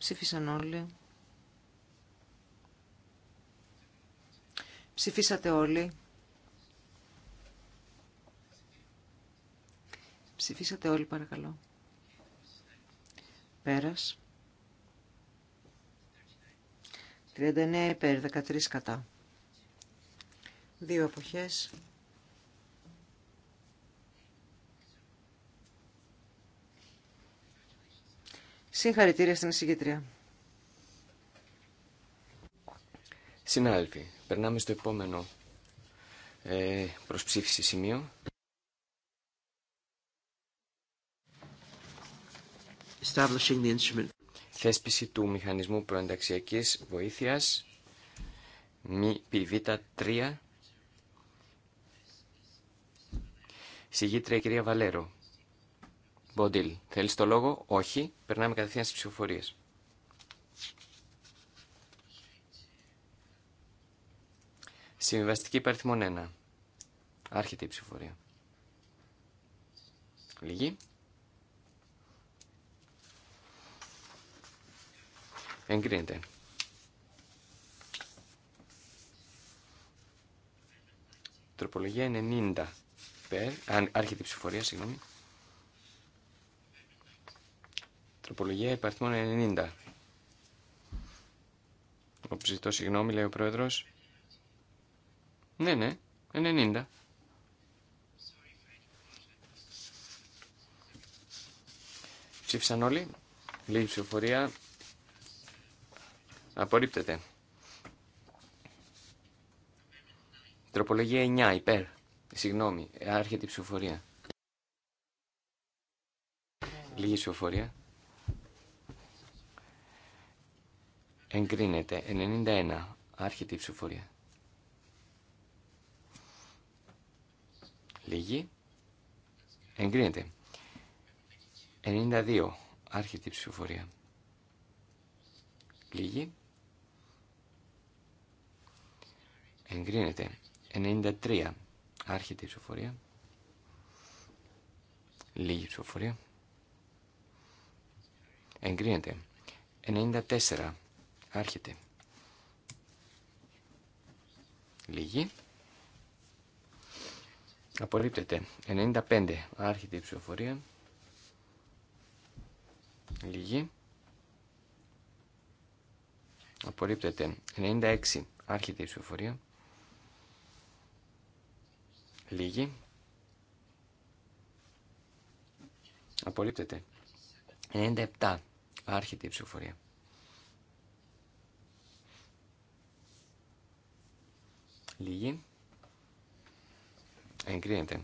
[SPEAKER 2] Ψήφισαν όλοι. Ψηφίσατε όλοι. Ψηφίσατε όλοι παρακαλώ. Πέρας. 39 υπέρ, 13 κατά. Δύο εποχές. Συγχαρητήρια στην εισηγήτρια.
[SPEAKER 1] Συνάδελφοι, περνάμε στο επόμενο ε, προσψήφιση σημείο. Θέσπιση του Μηχανισμού Προενταξιακής Βοήθειας, μη πηβήτα 3. Συγγήτρια κυρία Βαλέρο. Μποντιλ, θέλεις το λόγο? Όχι. Περνάμε κατευθείαν στις ψηφοφορίες. Συμβιβαστική υπαριθμόν 1. Άρχεται η ψηφοφορία. Λίγη. Εγκρίνεται. Τροπολογία 90. άρχεται η ψηφοφορία, συγγνώμη. Τροπολογία υπαριθμών 90. Ζητώ συγγνώμη, λέει ο πρόεδρος. Ναι, ναι, 90. Ψήφισαν όλοι. Λίγη ψηφοφορία. Απορρίπτεται. Τροπολογία 9, υπέρ. Συγγνώμη, άρχεται η ψηφοφορία. Λίγη ψηφοφορία. Εγκρίνεται. 91. Άρχεται η ψηφοφορία. Λίγη. Εγκρίνεται. 92. Άρχεται η ψηφοφορία. Λίγη. Εγκρίνεται. 93. Άρχεται η ψηφοφορία. Λίγη ψηφοφορία. Εγκρίνεται. 94. Άρχεται. Λίγη. Απορρίπτεται. 95. Άρχεται η ψηφοφορία. Λίγη. Απορρίπτεται. 96. Άρχεται η ψηφοφορία. Λίγη. Απορρίπτεται. 97. Άρχεται η ψηφοφορία. Λίγη. Εγκρίνεται.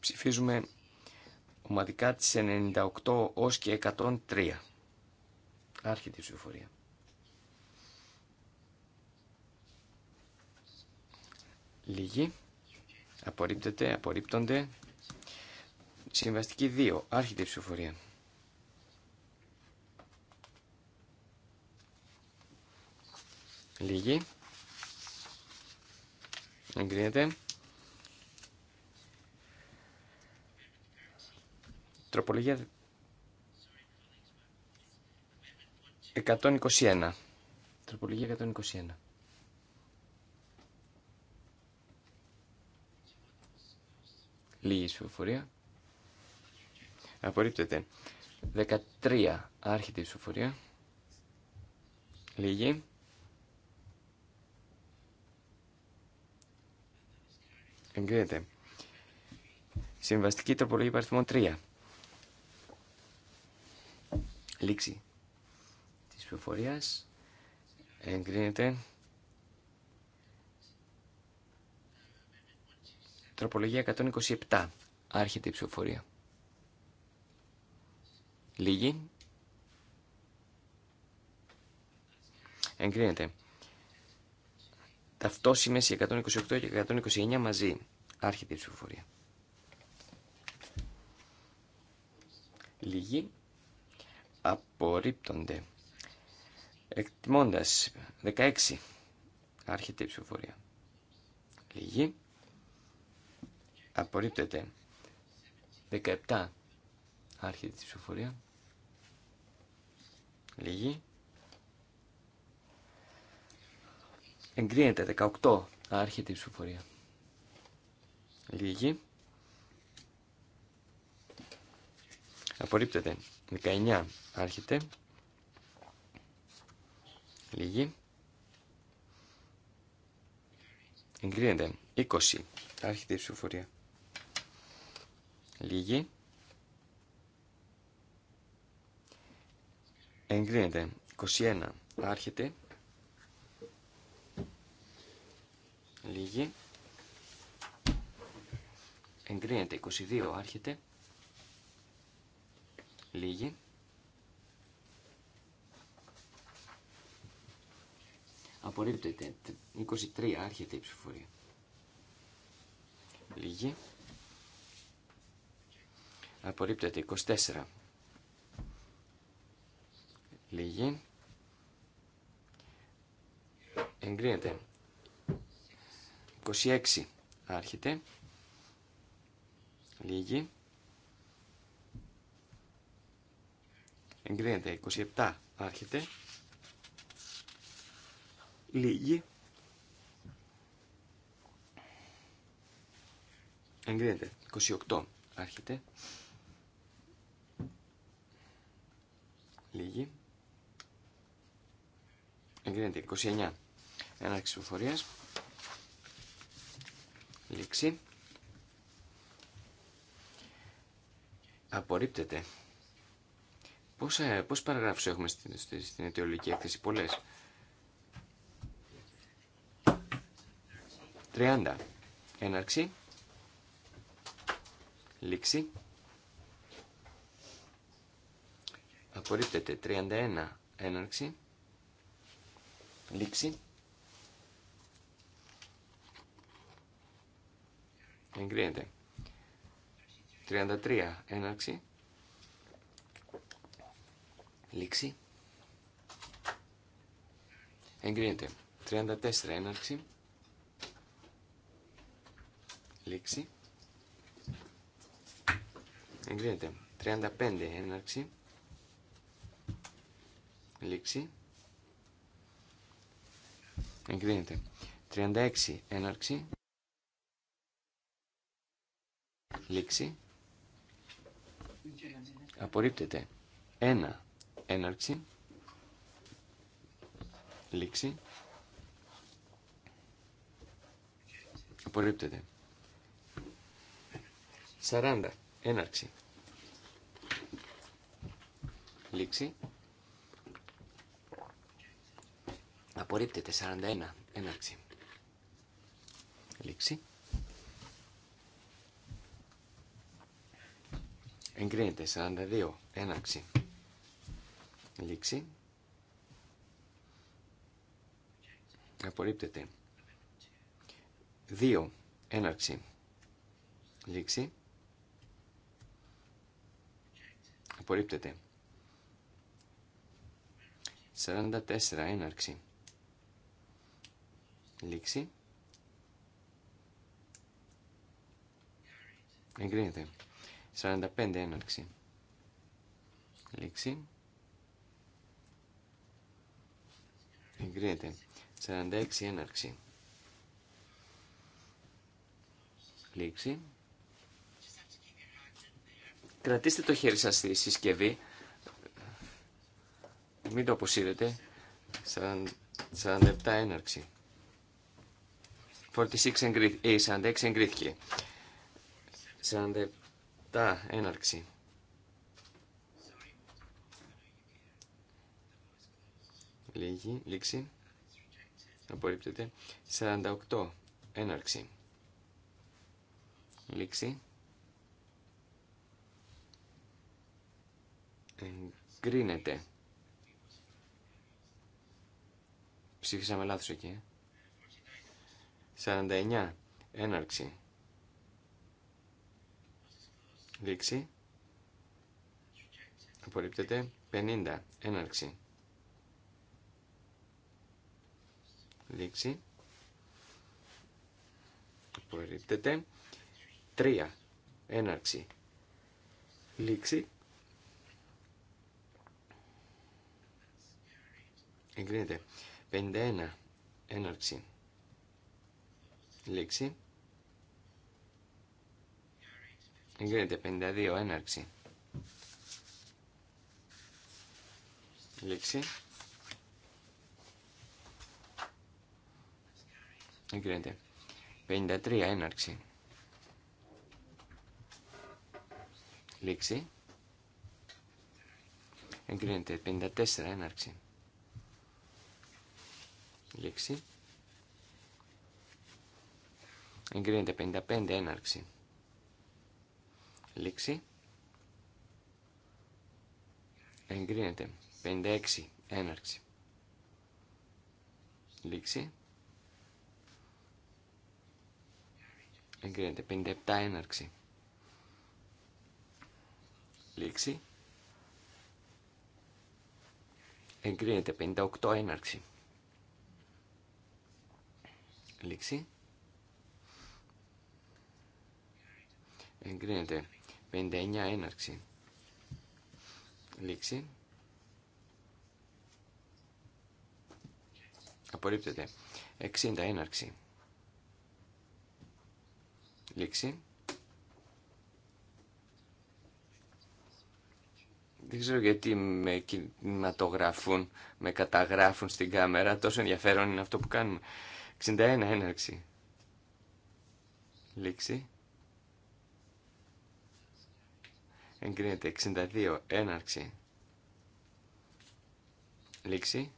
[SPEAKER 1] Ψηφίζουμε ομαδικά τις 98 ως και 103. Άρχεται η ψηφοφορία. Λίγοι, Απορρίπτεται, απορρίπτονται. Συμβαστική 2. Άρχεται η ψηφοφορία. Λίγη. Εγκρίνεται. Τροπολογία 121. Τροπολογία 121. Λίγη ψηφοφορία. Απορρίπτεται. 13. Άρχιτη ψηφοφορία. Λίγη. Εγκρίνεται. Συμβαστική τροπολογία υπαριθμών 3. Λήξη της πληροφορίας. Εγκρίνεται. Τροπολογία 127. Άρχεται η ψηφοφορία. Λίγη. Εγκρίνεται. Ταυτόσημες οι 128 και 129 μαζί. Άρχεται η ψηφοφορία. Λίγοι απορρίπτονται. Εκτιμώντας 16. Άρχεται η ψηφοφορία. Λίγοι απορρίπτεται. 17. Άρχεται η ψηφοφορία. Λίγοι. Εγκρίνεται 18. Άρχεται η ψηφοφορία. Λίγη. Απορρίπτεται. 19 άρχεται. Λίγη. Εγκρίνεται. 20. Άρχεται η ψηφοφορία. Λίγη. Εγκρίνεται. 21. Άρχεται. Λίγη. Εγκρίνεται 22 άρχεται. Λίγη. Απορρίπτεται 23 άρχεται η ψηφορία. Λίγη. Απορρίπτεται 24. Λίγη. Εγκρίνεται. 26 άρχεται. Λίγη. Εγκρίνεται. 27 άρχεται. Λίγη. Εγκρίνεται. 28 άρχεται. Λίγη. Εγκρίνεται. 29. Έναρξη ψηφοφορία. Λήξη. Απορρίπτεται. Πόσα, πόσες παραγράφους έχουμε στην, στην αιτιολογική έκθεση, πολλές. 30. Έναρξη. Λήξη. Απορρίπτεται. 31. Έναρξη. Λήξη. Εγκρίνεται. 33. Έναρξη. Λήξη. Εγκρίνεται. 34. Έναρξη. Λήξη. Εγκρίνεται. 35. Έναρξη. Λήξη. Εγκρίνεται. 36. Έναρξη. Λήξη. Απορρίπτεται. 1. Έναρξη. Λήξη. Απορρίπτεται. 40. Έναρξη. Λήξη. Απορρίπτεται. 41. Έναρξη. Λήξη. Εγκρίνεται. 42. Έναρξη. Λήξη. Απορρίπτεται. 2. Έναρξη. Λήξη. Απορρίπτεται. 44. Έναρξη. Λήξη. Εγκρίνεται. 45 έναρξη. Λήξη. Εγκρίνεται. 46 έναρξη. Λήξη. Κρατήστε το χέρι σας στη συσκευή. Μην το αποσύρετε. 47 έναρξη. 46 εγκρίθηκε. 46 εγκρίθηκε. 47 τα Έναρξη. Λίγη. Λήξη. Απορρίπτεται. 48. Έναρξη. Λήξη. Εγκρίνεται. Ψήφισαμε λάθος εκεί. 49. Ε. Έναρξη. Λήξη. Απορρίπτεται. 50. Έναρξη. Λήξη. Απορρίπτεται. 3. Έναρξη. Λήξη. Εγκρίνεται. 51. Έναρξη. Λήξη. Εγκρίνεται 52. Έναρξη. Λήξη. Εγκρίνεται. 53. Έναρξη. Λήξη. Εγκρίνεται. 54. Έναρξη. Λήξη. Εγκρίνεται. 55. Έναρξη. Λήξη. Εγκρίνεται. 56. Έναρξη. Λήξη. Εγκρίνεται. 57. Έναρξη. Λήξη. Εγκρίνεται. 58. Έναρξη. Λήξη. Εγκρίνεται. 59 έναρξη. Λήξη. Απορρίπτεται. 60 έναρξη. Λήξη. Δεν ξέρω γιατί με κινηματογραφούν, με καταγράφουν στην κάμερα. Τόσο ενδιαφέρον είναι αυτό που κάνουμε. 61 έναρξη. Λήξη. εγκρίνεται 62 έναρξη λήξη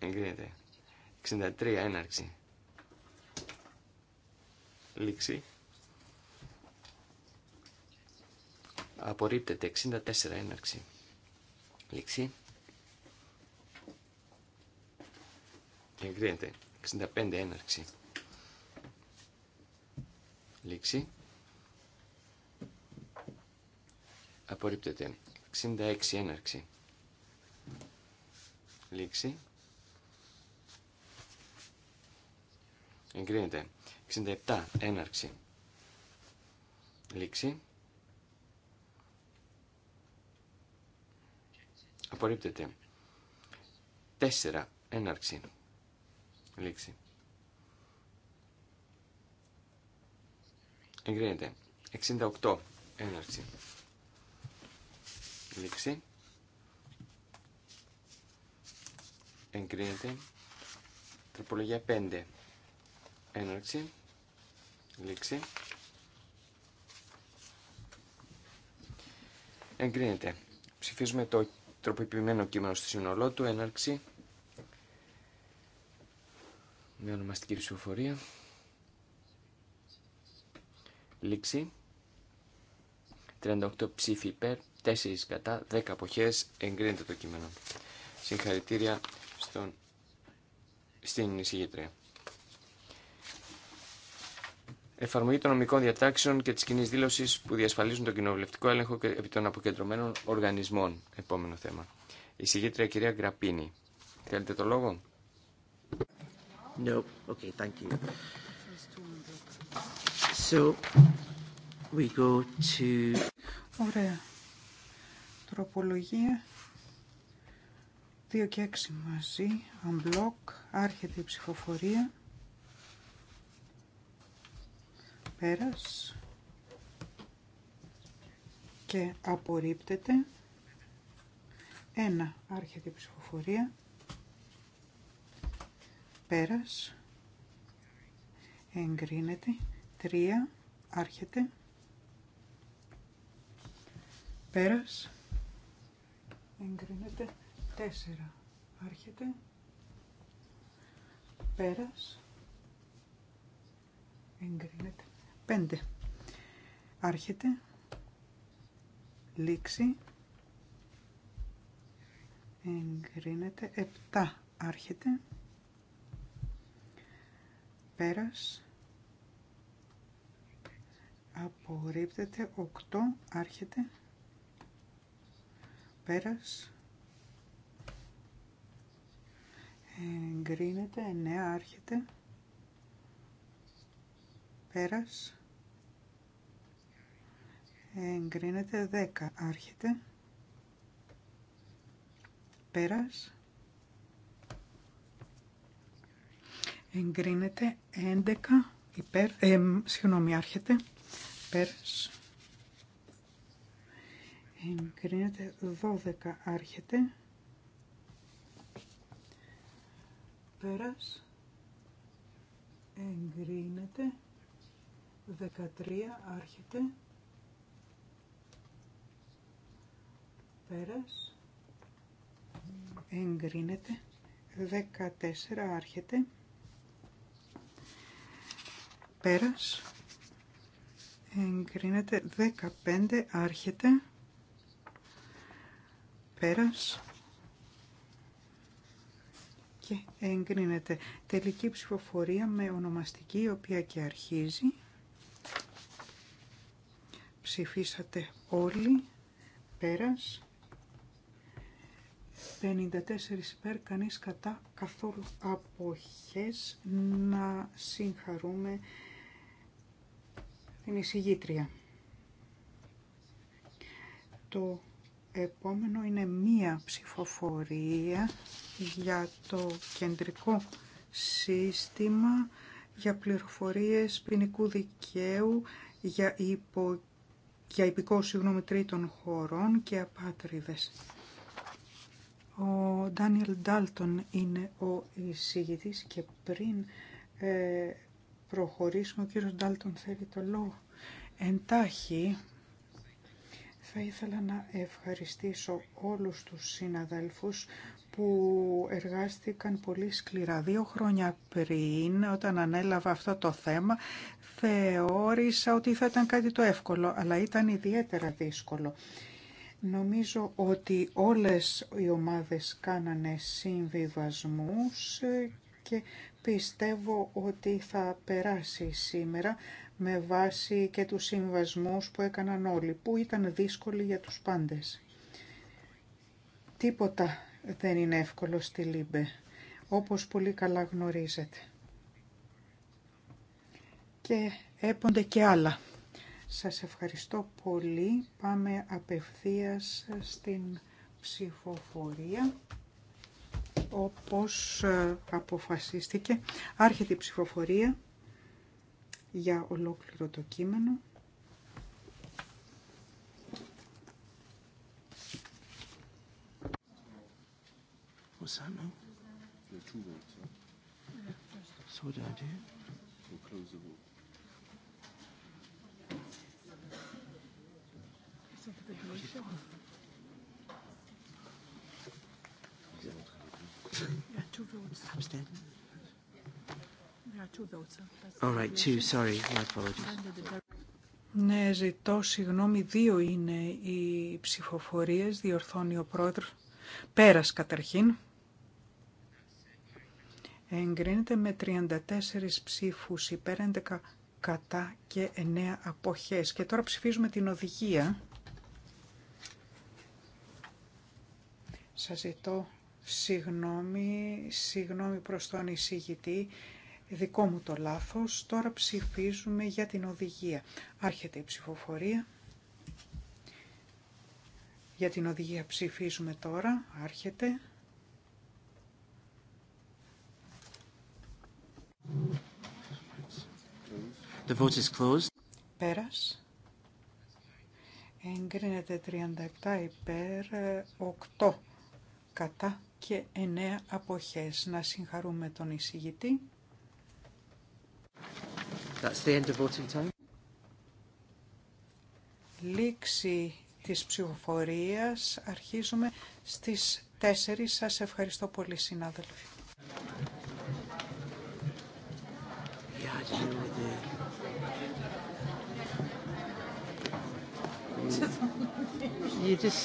[SPEAKER 1] εγκρίνεται 63 έναρξη λήξη απορρίπτεται 64 έναρξη λήξη εγκρίνεται 65 έναρξη λήξη Απορρίπτεται. 66 έναρξη. Λήξη. Εγκρίνεται. 67 έναρξη. Λήξη. Απορρίπτεται. 4 έναρξη. Λήξη. Εγκρίνεται. 68 έναρξη. Λήξη. Εγκρίνεται. Τροπολογία 5. Έναρξη. Λήξη. Εγκρίνεται. Ψηφίζουμε το τροποποιημένο κείμενο στο σύνολό του. Έναρξη. Με ονομαστική ψηφοφορία. Λήξη. 38 ψήφοι υπέρ, 4 κατά 10 αποχές εγκρίνεται το κείμενο. Συγχαρητήρια στον, στην εισηγήτρια. Εφαρμογή των νομικών διατάξεων και τη κοινή δήλωση που διασφαλίζουν τον κοινοβουλευτικό έλεγχο και επί των αποκεντρωμένων οργανισμών. Επόμενο θέμα. Η συγγήτρια κυρία Γραπίνη. Θέλετε το λόγο.
[SPEAKER 2] No. Okay, thank you. So, we go to...
[SPEAKER 3] Ωραία. Προπολογία, 2 και 6 μαζί, unblock, άρχεται η ψηφοφορία. Πέρας και απορρίπτεται. Ένα, άρχεται η ψηφοφορία. Πέρας εγκρίνεται. 3 άρχεται. Πέρας εγκρίνεται 4 άρχεται πέρας εγκρίνεται 5 άρχεται λήξη εγκρίνεται 7 άρχεται πέρας απορρίπτεται 8 άρχεται Πέρας. Εγκρίνεται. 9. Ναι, άρχεται. Πέρας. Εγκρίνεται. 10. Άρχεται. Πέρας. Εγκρίνεται 11 υπέρ, ε, συγγνώμη, άρχεται, πέρας εγκρίνεται 12 άρχεται πέρας εγκρίνεται 13 άρχεται πέρας εγκρίνεται 14 άρχεται πέρας εγκρίνεται 15 άρχεται Πέρας. Και εγκρίνεται τελική ψηφοφορία με ονομαστική, η οποία και αρχίζει. Ψηφίσατε όλοι. Πέρας. 54 υπέρ, κανείς κατά, καθόλου αποχές. Να συγχαρούμε την εισηγήτρια. Το επόμενο είναι μία ψηφοφορία για το κεντρικό σύστημα για πληροφορίες ποινικού δικαίου για, υπο, για υπηκό συγγνώμη τρίτων χωρών και απάτριδες. Ο Ντάνιελ Ντάλτον είναι ο εισηγητής και πριν ε, προχωρήσουμε ο κύριος Ντάλτον θέλει το λόγο. Εντάχει θα ήθελα να ευχαριστήσω όλους τους συναδέλφους που εργάστηκαν πολύ σκληρά. Δύο χρόνια πριν, όταν ανέλαβα αυτό το θέμα, θεώρησα ότι θα ήταν κάτι το εύκολο, αλλά ήταν ιδιαίτερα δύσκολο. Νομίζω ότι όλες οι ομάδες κάνανε συμβιβασμούς και πιστεύω ότι θα περάσει σήμερα με βάση και τους συμβασμούς που έκαναν όλοι, που ήταν δύσκολοι για τους πάντες. Τίποτα δεν είναι εύκολο στη Λίμπε, όπως πολύ καλά γνωρίζετε. Και έπονται και άλλα. Σας ευχαριστώ πολύ. Πάμε απευθείας στην ψηφοφορία όπως ε, αποφασίστηκε. Άρχεται η ψηφοφορία για ολόκληρο το κείμενο. What's that All right, two. Sorry.
[SPEAKER 2] My apologies.
[SPEAKER 3] Ναι, ζητώ συγγνώμη, δύο είναι οι ψηφοφορίες, διορθώνει ο πρόεδρος. Πέρας καταρχήν. Εγκρίνεται με 34 ψήφους υπέρ 11 κατά και 9 αποχές. Και τώρα ψηφίζουμε την οδηγία. Σας ζητώ συγγνώμη, συγγνώμη προς τον εισηγητή δικό μου το λάθος. Τώρα ψηφίζουμε για την οδηγία. Άρχεται η ψηφοφορία. Για την οδηγία ψηφίζουμε τώρα. Άρχεται.
[SPEAKER 2] The vote is closed.
[SPEAKER 3] Πέρας. Εγκρίνεται 37 υπέρ 8 κατά και 9 αποχές. Να συγχαρούμε τον εισηγητή
[SPEAKER 2] time.
[SPEAKER 3] Λήξη της ψηφοφορίας. Αρχίζουμε στις 4. Σας ευχαριστώ πολύ συνάδελφοι. You just...